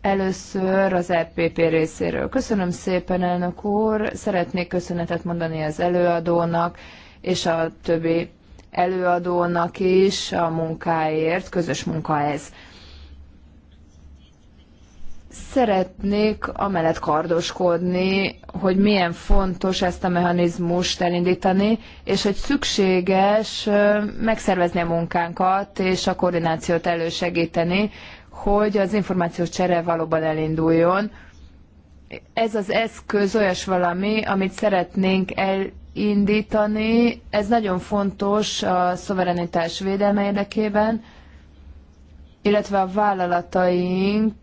Először az EPP részéről. Köszönöm szépen, elnök úr. Szeretnék köszönetet mondani az előadónak és a többi előadónak is a munkáért. Közös munka ez szeretnék amellett kardoskodni, hogy milyen fontos ezt a mechanizmust elindítani, és hogy szükséges megszervezni a munkánkat, és a koordinációt elősegíteni, hogy az információs csere valóban elinduljon. Ez az eszköz olyas valami, amit szeretnénk elindítani, ez nagyon fontos a szuverenitás védelme érdekében, illetve a vállalataink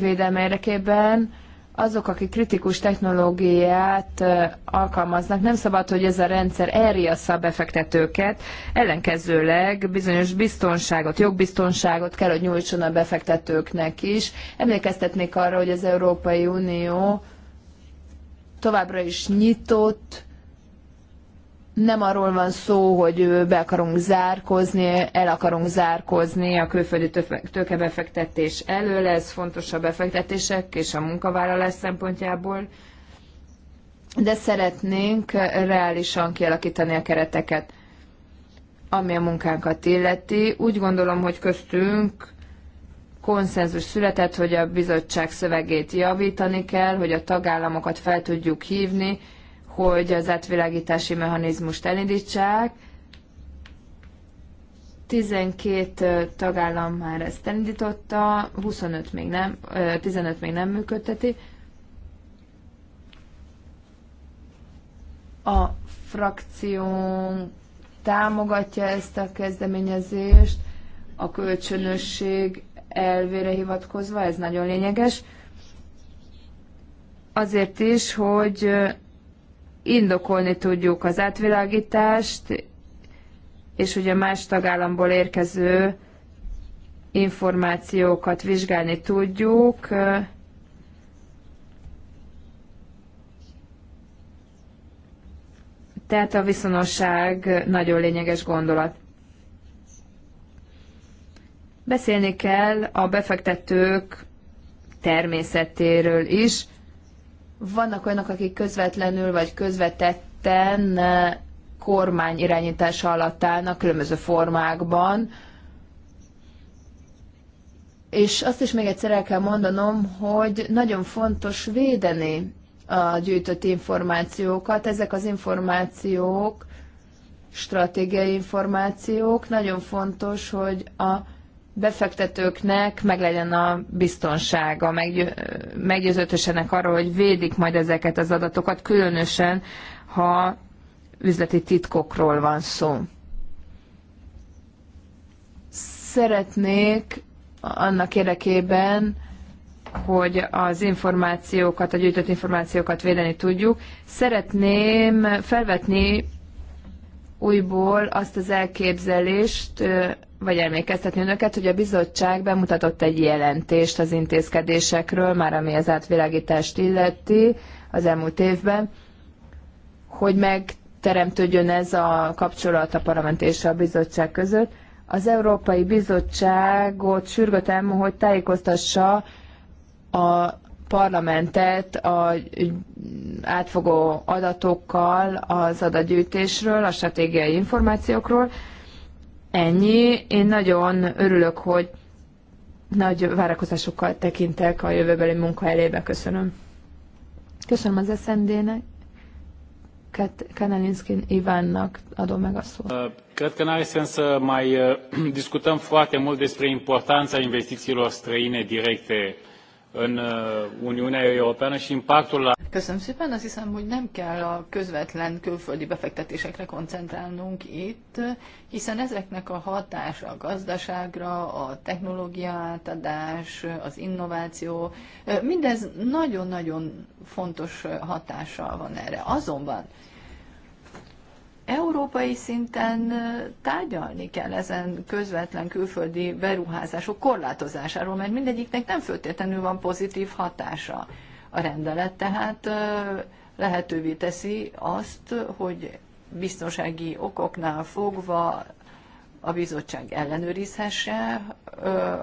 védelme érdekében azok, akik kritikus technológiát alkalmaznak, nem szabad, hogy ez a rendszer elriassza a befektetőket, ellenkezőleg bizonyos biztonságot, jogbiztonságot kell, hogy nyújtson a befektetőknek is. Emlékeztetnék arra, hogy az Európai Unió továbbra is nyitott, nem arról van szó, hogy be akarunk zárkozni, el akarunk zárkozni a külföldi tőkebefektetés elől, ez fontos a befektetések és a munkavállalás szempontjából, de szeretnénk reálisan kialakítani a kereteket, ami a munkánkat illeti. Úgy gondolom, hogy köztünk konszenzus született, hogy a bizottság szövegét javítani kell, hogy a tagállamokat fel tudjuk hívni, hogy az átvilágítási mechanizmust elindítsák. 12 tagállam már ezt elindította, 25 még nem, 15 még nem működteti. A frakció támogatja ezt a kezdeményezést, a kölcsönösség elvére hivatkozva, ez nagyon lényeges. Azért is, hogy indokolni tudjuk az átvilágítást, és ugye más tagállamból érkező információkat vizsgálni tudjuk. Tehát a viszonosság nagyon lényeges gondolat. Beszélni kell a befektetők természetéről is, vannak olyanok, akik közvetlenül vagy közvetetten eh, kormány irányítása alatt állnak különböző formákban, és azt is még egyszer el kell mondanom, hogy nagyon fontos védeni a gyűjtött információkat. Ezek az információk, stratégiai információk, nagyon fontos, hogy a befektetőknek meglegyen a biztonsága, meggy- arról, hogy védik majd ezeket az adatokat, különösen, ha üzleti titkokról van szó. Szeretnék annak érdekében, hogy az információkat, a gyűjtött információkat védeni tudjuk, szeretném felvetni újból azt az elképzelést, vagy emlékeztetni önöket, hogy a bizottság bemutatott egy jelentést az intézkedésekről, már ami az átvilágítást illeti az elmúlt évben, hogy megteremtődjön ez a kapcsolat a parlament és a bizottság között. Az Európai Bizottságot sürgetem, hogy tájékoztassa a parlamentet a átfogó adatokkal az adatgyűjtésről, a stratégiai információkról, ennyi. Én nagyon örülök, hogy nagy várakozásokkal tekintek a jövőbeli munka elébe. Köszönöm. Köszönöm az eszendének. Kat Kanalinskin Ivánnak adom meg a szót. Uh, cred că n-are sens să mai uh, discutăm foarte mult despre importanța investițiilor străine directe în uh, Uniunea Europeană și impactul la... Köszönöm szépen, azt hiszem, hogy nem kell a közvetlen külföldi befektetésekre koncentrálnunk itt, hiszen ezeknek a hatása a gazdaságra, a technológia átadás, az innováció, mindez nagyon-nagyon fontos hatással van erre. Azonban európai szinten tárgyalni kell ezen közvetlen külföldi beruházások korlátozásáról, mert mindegyiknek nem föltétlenül van pozitív hatása. A rendelet tehát lehetővé teszi azt, hogy biztonsági okoknál fogva a bizottság ellenőrizhesse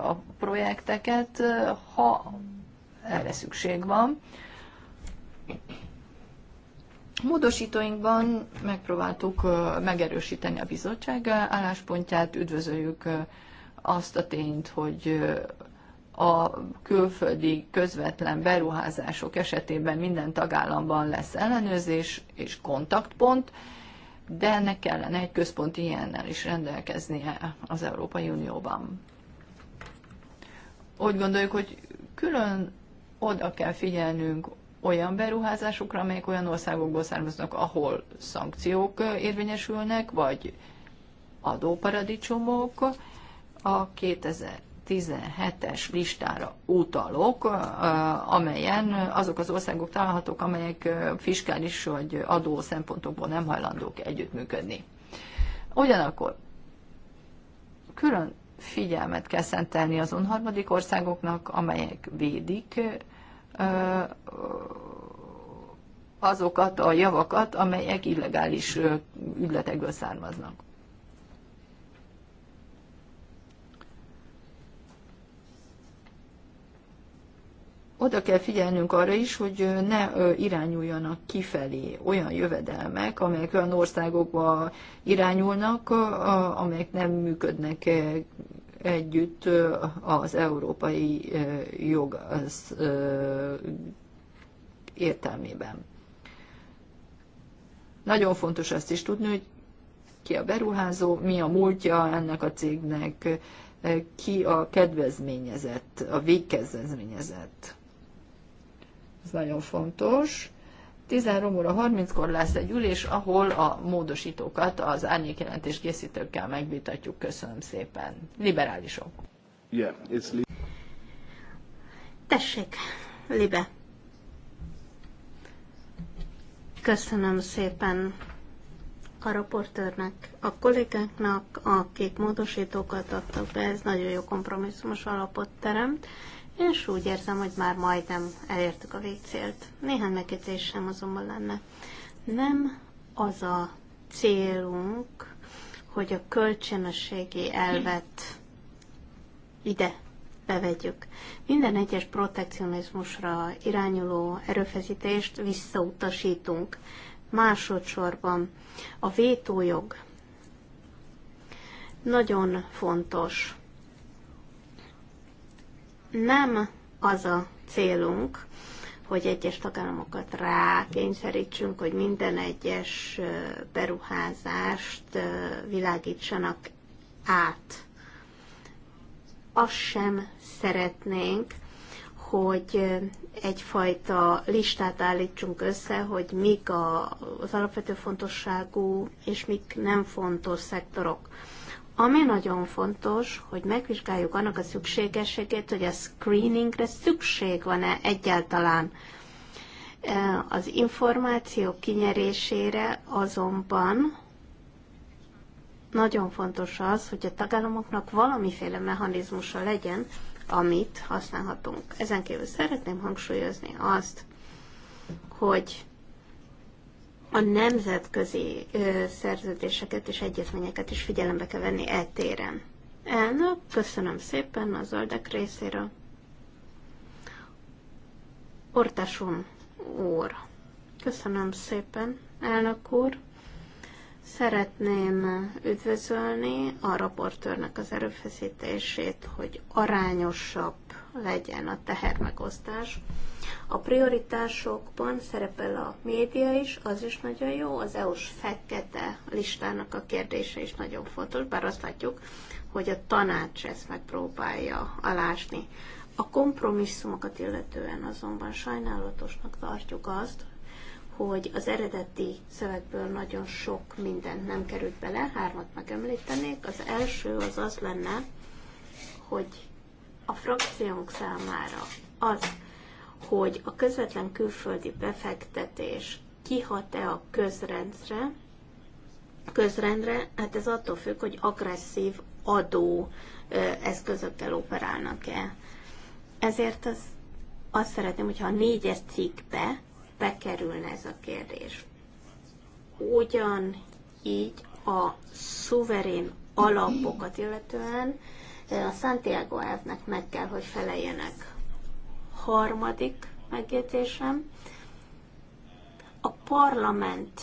a projekteket, ha erre szükség van. Módosítóinkban megpróbáltuk megerősíteni a bizottság álláspontját, üdvözöljük azt a tényt, hogy a külföldi közvetlen beruházások esetében minden tagállamban lesz ellenőrzés és kontaktpont, de ennek kellene egy központi ilyennel is rendelkeznie az Európai Unióban. Úgy gondoljuk, hogy külön oda kell figyelnünk olyan beruházásokra, amelyek olyan országokból származnak, ahol szankciók érvényesülnek, vagy adóparadicsomok. A 2017-es listára utalok, amelyen azok az országok találhatók, amelyek fiskális vagy adó szempontokból nem hajlandók együttműködni. Ugyanakkor külön figyelmet kell szentelni azon harmadik országoknak, amelyek védik azokat a javakat, amelyek illegális ügyletekből származnak. Oda kell figyelnünk arra is, hogy ne irányuljanak kifelé olyan jövedelmek, amelyek olyan országokba irányulnak, amelyek nem működnek együtt az európai jog az értelmében. Nagyon fontos azt is tudni, hogy ki a beruházó, mi a múltja ennek a cégnek, ki a kedvezményezett, a végkedvezményezett. Ez nagyon fontos. 13 óra 30-kor lesz egy ülés, ahol a módosítókat az árnyékjelentés készítőkkel megvitatjuk. Köszönöm szépen. Liberálisok. Yeah, it's li- Tessék, Libe. Köszönöm szépen a raportőrnek, a kollégáknak, akik módosítókat adtak be, ez nagyon jó kompromisszumos alapot teremt és úgy érzem, hogy már majdnem elértük a végcélt. Néhány megjegyzésem azonban lenne. Nem az a célunk, hogy a kölcsönösségi elvet ide bevegyük. Minden egyes protekcionizmusra irányuló erőfeszítést visszautasítunk. Másodszorban a vétójog nagyon fontos nem az a célunk, hogy egyes tagállamokat rákényszerítsünk, hogy minden egyes beruházást világítsanak át. Azt sem szeretnénk, hogy egyfajta listát állítsunk össze, hogy mik az alapvető fontosságú és mik nem fontos szektorok ami nagyon fontos, hogy megvizsgáljuk annak a szükségességét, hogy a screeningre szükség van-e egyáltalán. E, az információ kinyerésére azonban nagyon fontos az, hogy a tagállamoknak valamiféle mechanizmusa legyen, amit használhatunk. Ezen kívül szeretném hangsúlyozni azt, hogy a nemzetközi szerződéseket és egyezményeket is figyelembe kell venni eltéren. Elnök, köszönöm szépen a zöldek részéről. Ortásum úr, köszönöm szépen, elnök úr. Szeretném üdvözölni a raportőrnek az erőfeszítését, hogy arányosabb legyen a tehermegosztás a prioritásokban szerepel a média is, az is nagyon jó, az EU-s fekete listának a kérdése is nagyon fontos, bár azt látjuk, hogy a tanács ezt megpróbálja alásni. A kompromisszumokat illetően azonban sajnálatosnak tartjuk azt, hogy az eredeti szövegből nagyon sok mindent nem került bele, hármat megemlítenék. Az első az az lenne, hogy a frakciónk számára az, hogy a közvetlen külföldi befektetés kihat-e a közrendre, közrendre, hát ez attól függ, hogy agresszív adó eszközökkel operálnak-e. Ezért az, azt szeretném, hogyha a négyes cikkbe bekerülne ez a kérdés. Ugyan így a szuverén alapokat illetően a Santiago elvnek meg kell, hogy feleljenek harmadik megjegyzésem, a parlamentnek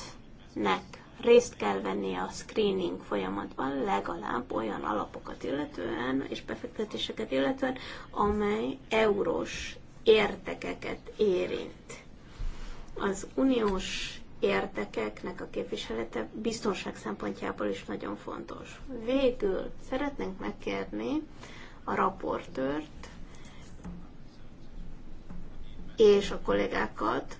részt kell venni a screening folyamatban legalább olyan alapokat illetően és befektetéseket illetően, amely eurós értekeket érint. Az uniós értekeknek a képviselete biztonság szempontjából is nagyon fontos. Végül szeretnénk megkérni a raportőrt, és a kollégákat,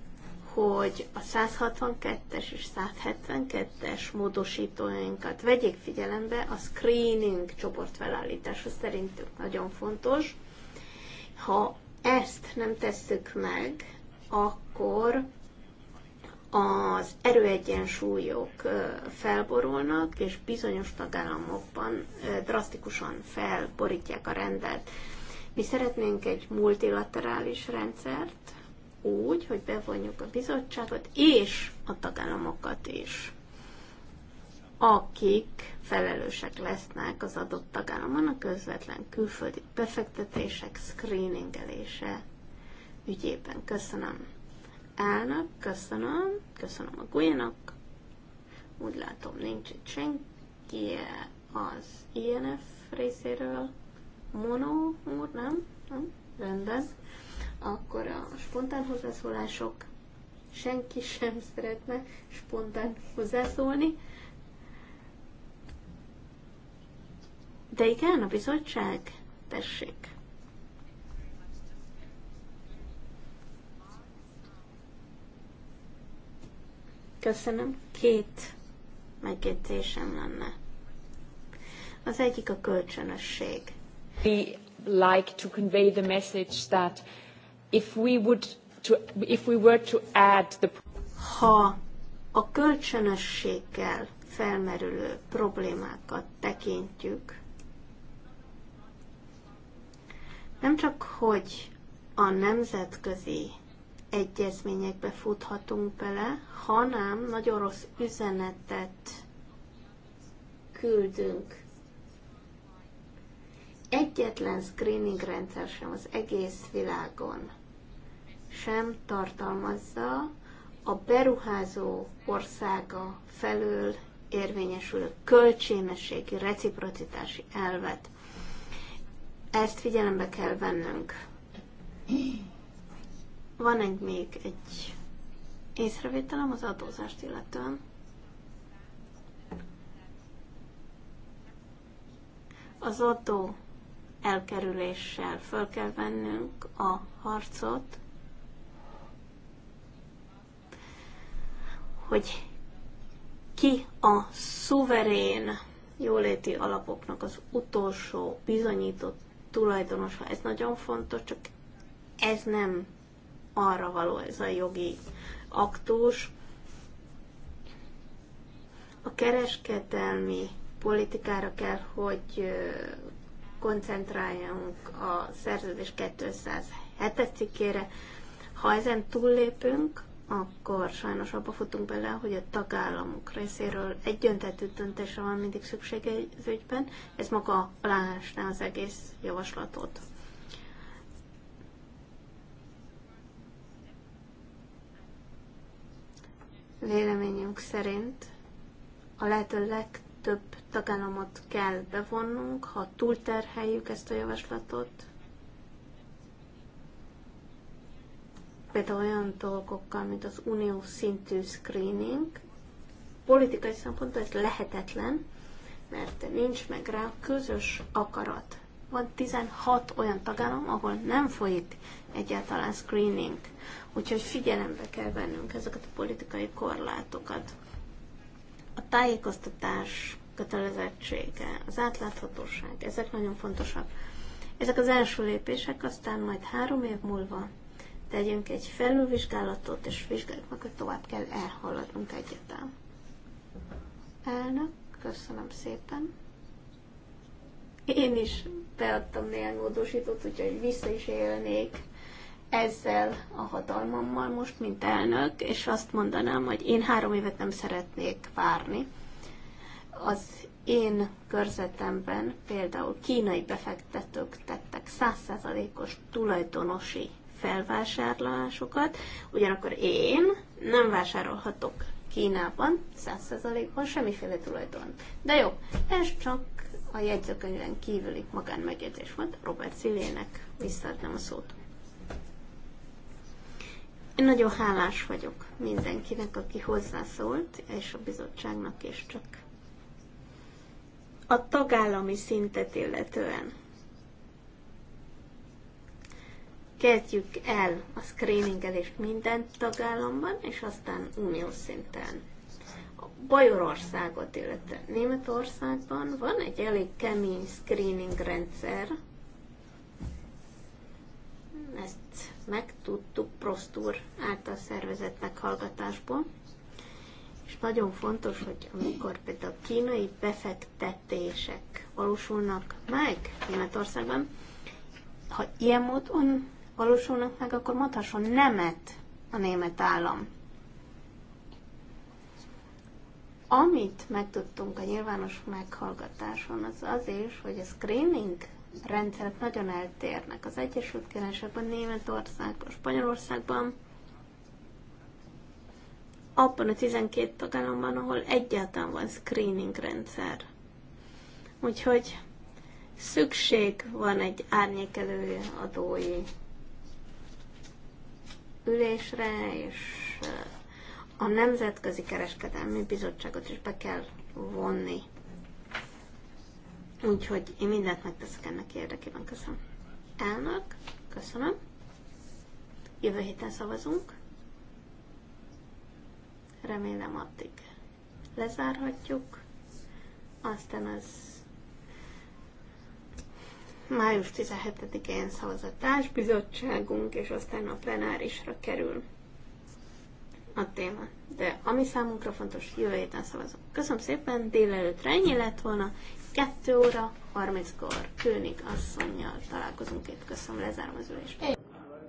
hogy a 162-es és 172-es módosítóinkat vegyék figyelembe, a screening csoport felállítása szerintünk nagyon fontos. Ha ezt nem tesszük meg, akkor az erőegyensúlyok felborulnak, és bizonyos tagállamokban drasztikusan felborítják a rendet. Mi szeretnénk egy multilaterális rendszert, úgy, hogy bevonjuk a bizottságot és a tagállamokat is, akik felelősek lesznek az adott tagállamon a közvetlen külföldi befektetések screeningelése ügyében. Köszönöm Elnök, köszönöm, köszönöm a Gulyának. Úgy látom, nincs itt senki az INF részéről. Mono úr, nem? nem? Rendben. Akkor a spontán hozzászólások. Senki sem szeretne spontán hozzászólni. De igen, a bizottság. Tessék. Köszönöm. Két megjegyzésem lenne. Az egyik a kölcsönösség. We like to convey the message that if we would to, if we were to add the ha a kölcsönösséggel felmerülő problémákat tekintjük, nem csak, hogy a nemzetközi egyezményekbe futhatunk bele, hanem nagyon rossz üzenetet küldünk egyetlen screening rendszer sem az egész világon sem tartalmazza a beruházó országa felől érvényesülő kölcsénességi, reciprocitási elvet. Ezt figyelembe kell vennünk. Van egy még egy észrevételem az adózást illetően. Az adó elkerüléssel föl kell vennünk a harcot, hogy ki a szuverén jóléti alapoknak az utolsó bizonyított tulajdonosa. Ez nagyon fontos, csak ez nem arra való ez a jogi aktus. A kereskedelmi politikára kell, hogy koncentráljunk a szerződés 207. cikkére. Ha ezen túllépünk, akkor sajnos abba futunk bele, hogy a tagállamok részéről egyöntetű döntésre van mindig szüksége az ügyben. Ez maga alásná az egész javaslatot. Véleményünk szerint a lehető legtöbb több tagállamot kell bevonnunk, ha túlterheljük ezt a javaslatot. Például olyan dolgokkal, mint az unió szintű screening. Politikai szempontból ez lehetetlen, mert nincs meg rá közös akarat. Van 16 olyan tagállam, ahol nem folyik egyáltalán screening, úgyhogy figyelembe kell vennünk ezeket a politikai korlátokat. A tájékoztatás kötelezettsége, az átláthatóság, ezek nagyon fontosak. Ezek az első lépések, aztán majd három év múlva tegyünk egy felülvizsgálatot, és vizsgáljuk meg, hogy tovább kell elhaladnunk egyetem. Elnök, köszönöm szépen. Én is beadtam néhány módosítót, úgyhogy vissza is élnék ezzel a hatalmammal most, mint elnök, és azt mondanám, hogy én három évet nem szeretnék várni, az én körzetemben például kínai befektetők tettek százszázalékos tulajdonosi felvásárlásokat, ugyanakkor én nem vásárolhatok Kínában százszázalékban semmiféle tulajdon. De jó, ez csak a jegyzőkönyven kívüli magánmegjegyzés volt. Robert Szilének visszaadnám a szót. Én nagyon hálás vagyok mindenkinek, aki hozzászólt, és a bizottságnak is csak a tagállami szintet illetően. Kezdjük el a screeningelést minden tagállamban, és aztán unió szinten. A Bajorországot, illetve Németországban van egy elég kemény screening rendszer. Ezt megtudtuk Prostúr által szervezett meghallgatásból. És nagyon fontos, hogy amikor például a kínai befektetések valósulnak meg Németországban, ha ilyen módon valósulnak meg, akkor mondhasson nemet a német állam. Amit megtudtunk a nyilvános meghallgatáson, az az is, hogy a screening rendszerek nagyon eltérnek. Az Egyesült Királyságban, Németországban, Spanyolországban abban a 12 tagállamban, ahol egyáltalán van screening rendszer. Úgyhogy szükség van egy árnyékelő adói ülésre, és uh, a Nemzetközi Kereskedelmi Bizottságot is be kell vonni. Úgyhogy én mindent megteszek ennek érdekében. Köszönöm. Elnök, köszönöm. Jövő héten szavazunk remélem addig lezárhatjuk. Aztán az május 17-én szavaz a társbizottságunk, és aztán a plenárisra kerül a téma. De ami számunkra fontos, jövő héten szavazunk. Köszönöm szépen, délelőttre ennyi lett volna, 2 óra 30-kor Kőnik asszonynal találkozunk itt. Köszönöm, lezárom az ülést.